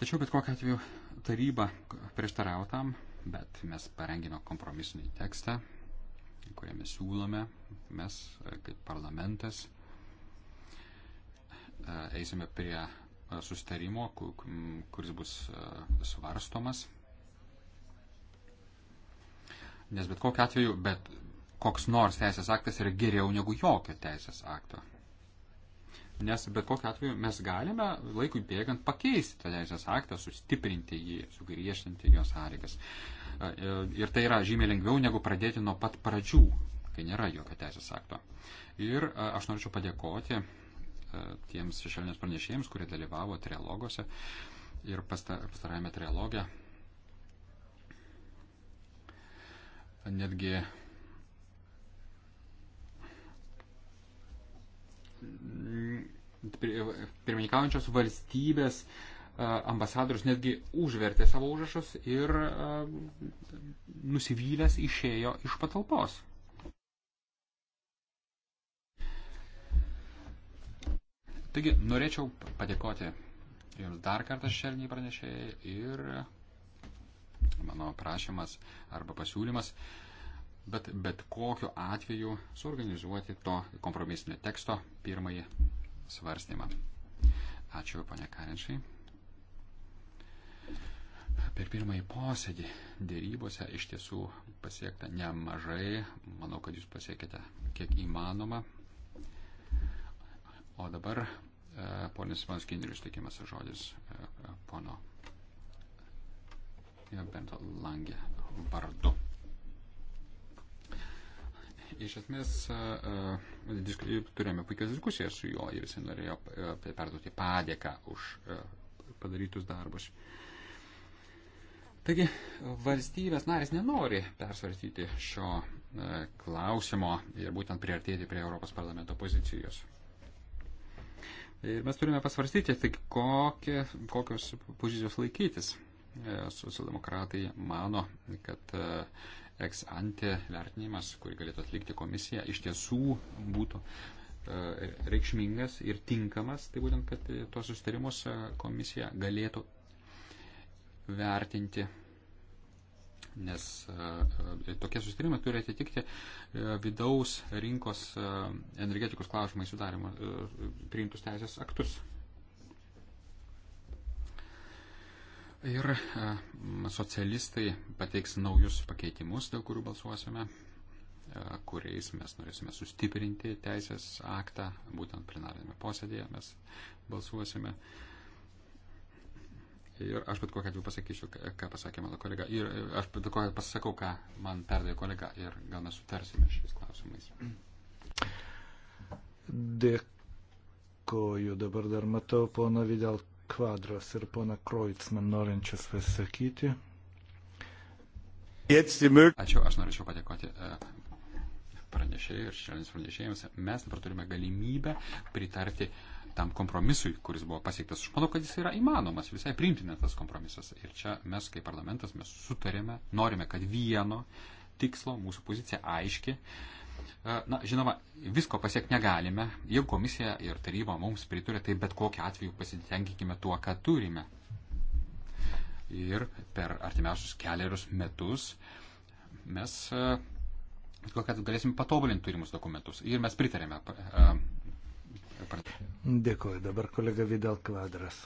Tačiau bet kokiu atveju taryba prieštaravo tam, bet mes parengėme kompromisinį tekstą, kuriame siūlome mes kaip parlamentas eisime prie sustarimo, kuris bus svarstomas. Nes bet kokiu atveju, bet koks nors teisės aktas yra geriau negu jokio teisės akto. Nes bet kokiu atveju mes galime laikui bėgant pakeisti tą teisės aktą, sustiprinti jį, sugriežtinti jo sąlygas. E, ir tai yra žymiai lengviau negu pradėti nuo pat pradžių, kai nėra jokio teisės akto. Ir aš norėčiau padėkoti tiems šešėlinės pranešėjams, kurie dalyvavo trialogose ir pastarajame trialoge. Netgi pirmininkaujančios valstybės ambasadorius netgi užvertė savo užrašus ir nusivylęs išėjo iš patalpos. Taigi, norėčiau padėkoti Jums dar kartą šelniai pranešėjai ir mano prašymas arba pasiūlymas, bet, bet kokiu atveju suorganizuoti to kompromisinio teksto pirmąjį svarstymą. Ačiū, ponia Karinčiai. Per pirmąjį posėdį dėrybose iš tiesų pasiekta nemažai, manau, kad jūs pasiekėte kiek įmanoma. O dabar Ponas Vanskindrius tikimas žodis e, pono Bento Langė vardu. Iš esmės, e, e, turėjome puikias diskusijas su juo ir jis norėjo perduoti padėką už padarytus darbus. Taigi, valstybės narės nenori persvarstyti šio klausimo ir būtent priartėti prie Europos parlamento pozicijos. Ir e, mes turime pasvarstyti, tai kokie, kokios pozicijos laikytis. E, socialdemokratai mano, kad e, ex ante vertinimas, kurį galėtų atlikti komisija, iš tiesų būtų reikšmingas ir tinkamas, tai būtent, kad tuos sustarimus komisija galėtų vertinti nes e, e, tokie susitarimai turi atitikti e, vidaus rinkos energetikos klausimai sudarimo priimtus teisės aktus. Ir socialistai pateiks naujus pakeitimus, dėl kurių balsuosime, kuriais mes norėsime sustiprinti teisės aktą, būtent plenarinėme posėdėje mes balsuosime. Uh, Ir aš bet kokią atveju pasakysiu, ką pasakė mano kolega. Ir aš bet kokią pasakau, ką man perdėjo kolega. Ir gal mes sutarsime šiais klausimais. Dėkoju. Dabar dar matau pono Vidal Kvadras ir pono Kroitsman norinčias pasakyti. Ačiū, aš norėčiau padėkoti e, pranešėjai ir šiandien pranešėjams. Mes dabar turime galimybę pritarti uh, tam kompromisui, kuris buvo pasiektas. Aš manau, kad jis yra įmanomas, visai priimtinas tas kompromisas. Ir čia mes kaip parlamentas, mes sutarėme, norime, kad vieno tikslo mūsų pozicija aiški. E, na, žinoma, visko pasiekti negalime. Jeigu komisija ir taryba mums priturė, tai bet kokiu atveju pasitenkinkime tuo, ką turime. Ir per artimiausius keliarius metus mes e, kokią galėsim patobulinti turimus dokumentus. Ir mes pritarėme e, Dėkuoju. Dabar kolega Vidal Kvadras.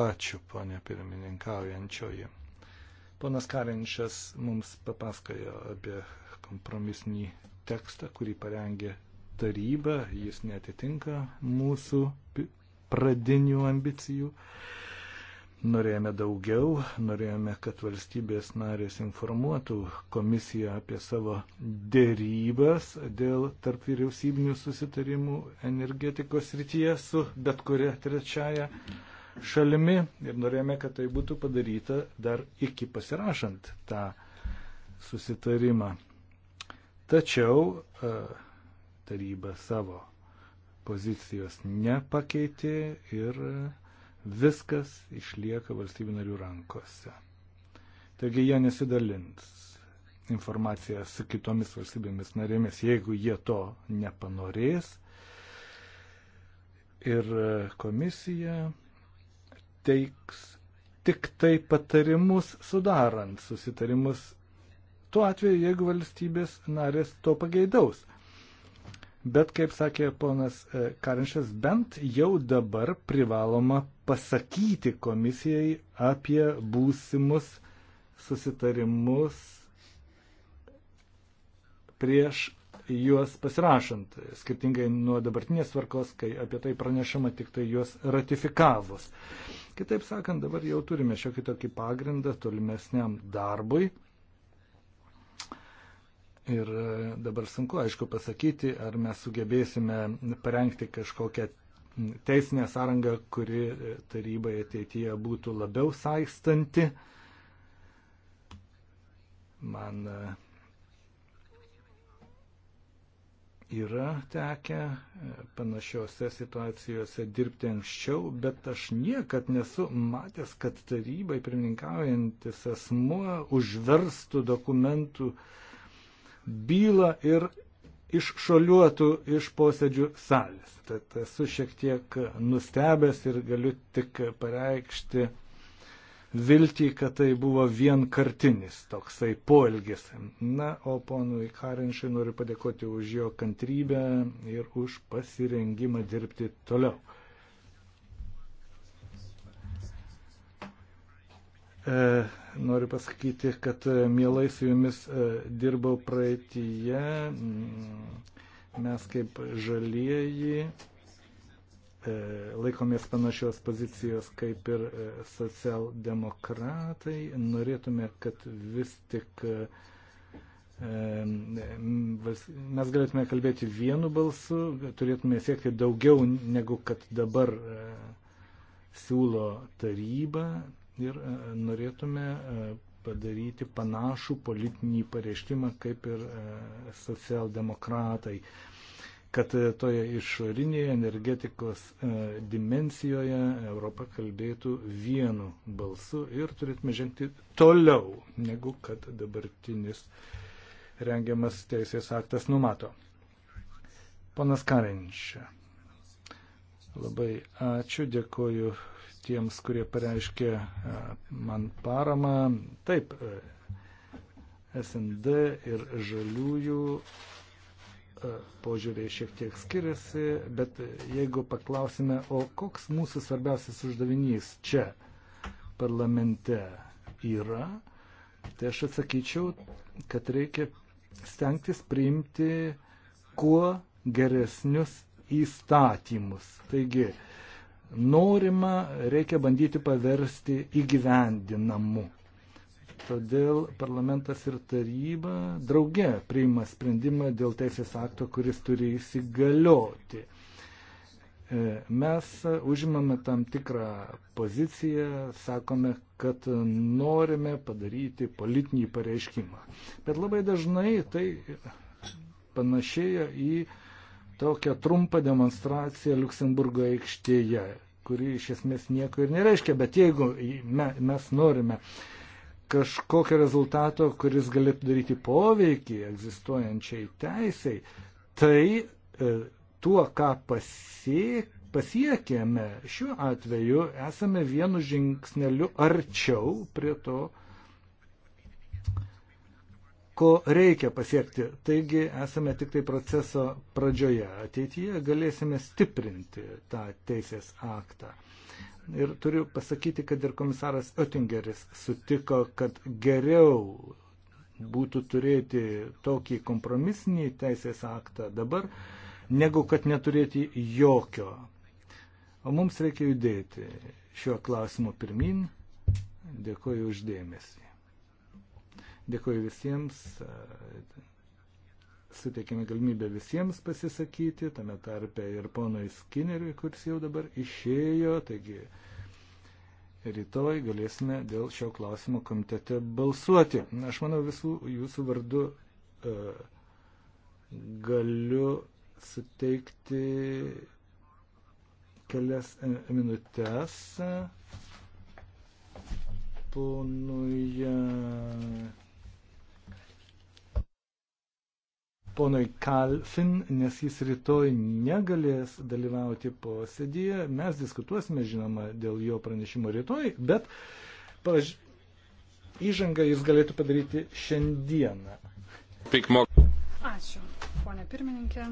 Ačiū, ponė pirmininkaujančioji. Ponas Karinčas mums papasakojo apie kompromisinį tekstą, kurį parengė taryba. Jis netitinka mūsų pradinių ambicijų. Uh, Norėjome daugiau, norėjome, kad valstybės narės informuotų komisiją apie savo dėrybas dėl tarp vyriausybinių susitarimų energetikos rytyje su bet kuria trečiaja šalimi ir norėjome, kad tai būtų padaryta dar iki pasirašant tą susitarimą. Tačiau e, taryba savo pozicijos nepakeitė ir viskas išlieka valstybių narių rankose. Taigi jie nesidalins informaciją su kitomis valstybėmis narėmis, jeigu jie to nepanorės. Ir komisija teiks tik tai patarimus sudarant susitarimus tuo atveju, jeigu valstybės narės to pageidaus bet, kaip sakė ponas e, Karinšas, bent jau dabar privaloma pasakyti komisijai apie būsimus susitarimus prieš juos pasirašant, skirtingai nuo dabartinės tvarkos, kai apie tai pranešama tik tai juos ratifikavus. Kitaip sakant, dabar jau turime šiokį tokį pagrindą tolimesniam darbui. Ir e, dabar sunku, aišku, pasakyti, ar mes sugebėsime parengti kažkokią teisinę sąrangą, kuri e, tarybai ateityje būtų labiau saistanti. Man e, yra tekę panašiose situacijose dirbti anksčiau, bet aš niekad nesu matęs, kad tarybai pirmininkaujantis asmuo užverstų dokumentų uh, bylą ir iššoliuotų iš posėdžių salės. Tad esu šiek tiek nustebęs ir galiu tik pareikšti viltį, kad tai buvo vienkartinis toksai poelgis. Na, o ponui Karinšai noriu padėkoti už jo kantrybę ir už pasirengimą dirbti toliau. E, noriu pasakyti, kad e, mielai su jumis e, dirbau praeitįje. Mm, mes kaip žalieji laikomės panašios pozicijos kaip ir socialdemokratai. Norėtume, kad vis tik mes galėtume kalbėti vienu balsu, turėtume siekti daugiau negu kad dabar siūlo taryba ir e, norėtume e, padaryti panašų politinį pareiškimą kaip ir e, socialdemokratai, kad toje išorinėje energetikos dimensijoje Europa kalbėtų vienu balsu ir turėtume žengti toliau, negu kad dabartinis rengiamas teisės aktas numato. Ponas Karinčia. Labai ačiū, dėkoju tiems, kurie pareiškė e, man paramą. Taip, e, SND ir žaliųjų e, požiūriai šiek tiek skiriasi, bet jeigu paklausime, o koks mūsų svarbiausias uždavinys čia parlamente yra, tai aš atsakyčiau, kad reikia stengtis priimti kuo geresnius įstatymus. Taigi, norima, reikia bandyti paversti įgyvendinamu. Todėl parlamentas ir taryba drauge priima sprendimą dėl teisės akto, kuris turi įsigalioti e, mes užimame tam tikrą poziciją, sakome, kad norime padaryti politinį pareiškimą. Bet labai dažnai tai panašėjo į tokią trumpą demonstraciją Luksemburgo aikštėje kuri iš esmės nieko ir nereiškia, bet jeigu mes norime kažkokio rezultato, kuris galėtų daryti poveikį egzistuojančiai teisai, tai e, tuo, ką pasiek, pasiekėme šiuo atveju, esame vienu žingsneliu arčiau prie to, ko reikia pasiekti. Taigi esame tik tai proceso pradžioje. Ateityje galėsime stiprinti tą teisės aktą. Ir turiu pasakyti, kad ir komisaras Oettingeris sutiko, kad geriau būtų turėti tokį kompromisinį teisės aktą dabar, negu kad neturėti jokio. O mums reikia judėti šiuo klausimu pirmin. Dėkuoju uždėmesi. Dėkuoju visiems, e, suteikėme galimybę visiems pasisakyti, tame tarpe ir ponui Skinneriui, kuris jau dabar išėjo, taigi rytoj galėsime dėl šio klausimo komitete balsuoti. Aš manau visų jūsų vardu uh, galiu suteikti kelias e, minutės ponui. Uh, ponui Kalfin, nes jis rytoj negalės dalyvauti posėdėje. Mes diskutuosime, žinoma, dėl jo pranešimo rytoj, bet paž... įžangą jis galėtų padaryti šiandieną. Pikmo. Ačiū, ponė pirmininkė.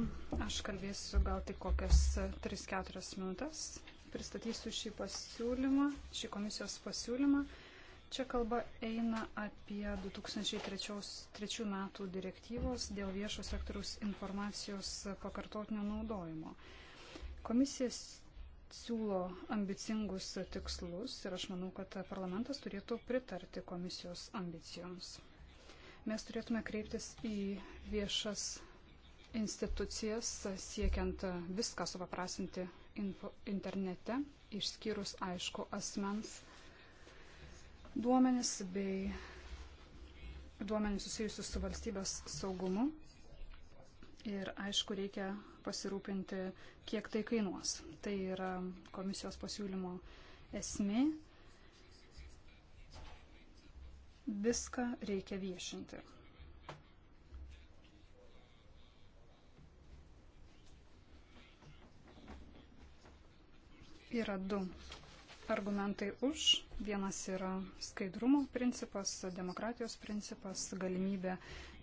Aš kalbėsiu gal tik kokias 3-4 minutės. Pristatysiu šį pasiūlymą, šį komisijos pasiūlymą. Čia kalba eina apie 2003 metų direktyvos dėl viešo sektoriaus informacijos pakartotinio naudojimo. Komisija siūlo ambicingus tikslus ir aš manau, kad parlamentas turėtų pritarti komisijos ambicijoms. Mes turėtume kreiptis į viešas institucijas siekiant viską supaprasinti internete, išskyrus aišku asmens duomenis bei duomenis susijusius su valstybės saugumu. Ir aišku, reikia pasirūpinti, kiek tai kainuos. Tai yra komisijos pasiūlymo esmė. Viską reikia viešinti. Yra du argumentai už. Vienas yra skaidrumo principas, demokratijos principas, galimybė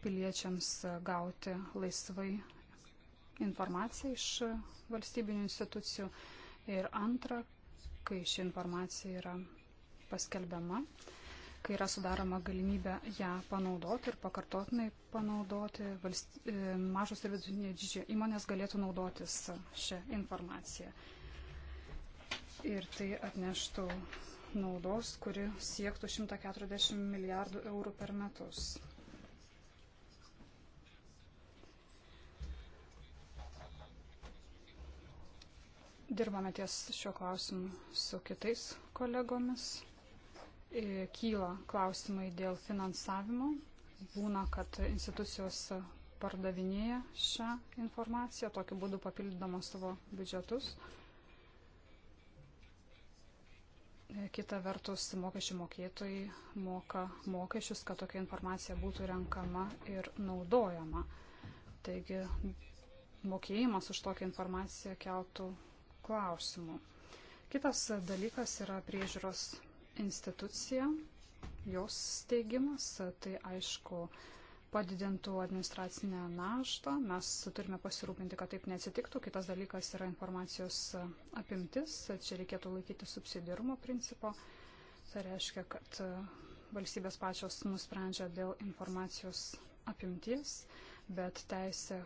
piliečiams gauti laisvai informaciją iš valstybinių institucijų. Ir antra, kai ši informacija yra paskelbiama, kai yra sudaroma galimybė ją panaudoti ir pakartotinai panaudoti, valst... E, mažos ir vidutinio dydžio įmonės galėtų naudotis šią informaciją ir tai atneštų naudos, kuri siektų 140 milijardų eurų per metus. Dirbame ties šio klausimu su kitais kolegomis. E, kyla klausimai dėl finansavimo. Būna, kad institucijos pardavinėja šią informaciją, tokiu būdu papildydamos savo biudžetus. E, kita vertus, mokesčių mokėtojai moka mokesčius, kad tokia informacija būtų renkama ir naudojama. Taigi mokėjimas už tokią informaciją keltų klausimų. Kitas dalykas yra priežiūros institucija, jos steigimas. Tai aišku, padidintų administracinę naštą. Mes turime pasirūpinti, kad taip neatsitiktų. Kitas dalykas yra informacijos apimtis. Čia reikėtų laikyti subsidiarumo principo. Tai reiškia, kad e, valstybės pačios nusprendžia dėl informacijos apimties, bet teisė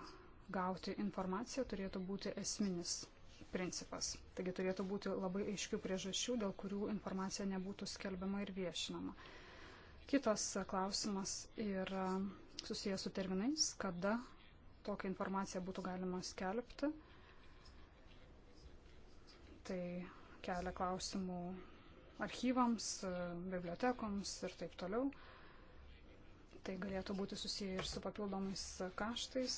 gauti informaciją turėtų būti esminis principas. Taigi turėtų būti labai aiškių priežasčių, dėl kurių informacija nebūtų skelbiama ir viešinama. Kitas klausimas yra susijęs su terminais, kada tokią informaciją būtų galima skelbti. Tai kelia klausimų archyvams, bibliotekoms ir taip toliau. Tai galėtų būti susiję ir su papildomais kaštais.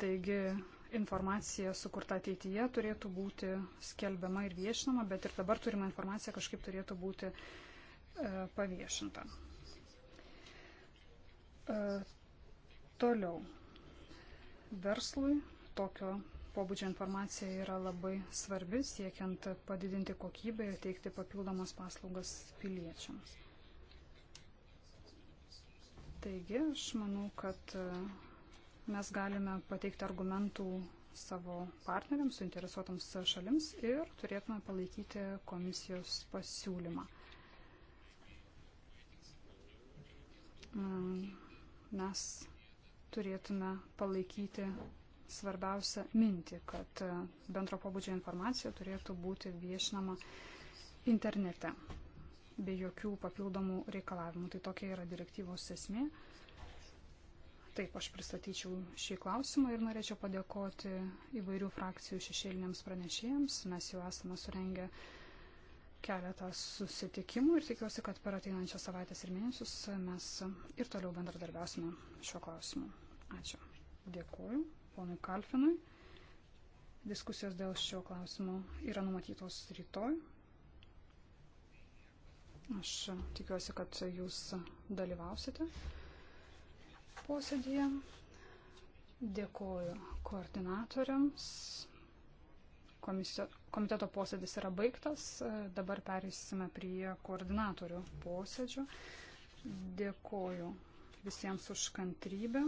Taigi informacija sukurta ateityje turėtų būti skelbiama ir viešinama, bet ir dabar turima informacija kažkaip turėtų būti e, paviešinta. E, toliau. Verslui tokio pobūdžio informacija yra labai svarbi, siekiant padidinti kokybę ir teikti papildomas paslaugas piliečiams. Taigi, aš manau, kad mes galime pateikti argumentų savo partneriams, suinteresuotams šalims ir turėtume palaikyti komisijos pasiūlymą. Mm, mes turėtume palaikyti svarbiausią mintį, kad e, bendro pobūdžio informacija turėtų būti viešinama internete be jokių papildomų reikalavimų. Tai tokia yra direktyvos esmė. Taip, aš pristatyčiau šį klausimą ir norėčiau padėkoti įvairių frakcijų šešėliniams pranešėjams. Mes jau esame surengę keletą susitikimų ir tikiuosi, kad per ateinančią savaitęs ir mėnesius mes ir toliau bendradarbiausime šiuo klausimu. Ačiū. Dėkuoju ponui Kalfinui. Diskusijos dėl šio klausimo yra numatytos rytoj. Aš tikiuosi, kad jūs dalyvausite posėdėje. Dėkuoju koordinatoriams. Komisio, komiteto posėdis yra baigtas. Dabar perėsime prie koordinatorių posėdžio. Dėkuoju visiems už kantrybę.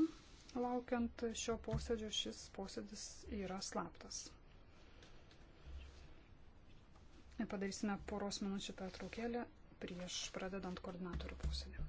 Laukiant šio posėdžio, šis posėdis yra slaptas. Padarysime poros minučių pertraukėlę prieš pradedant koordinatorių posėdį.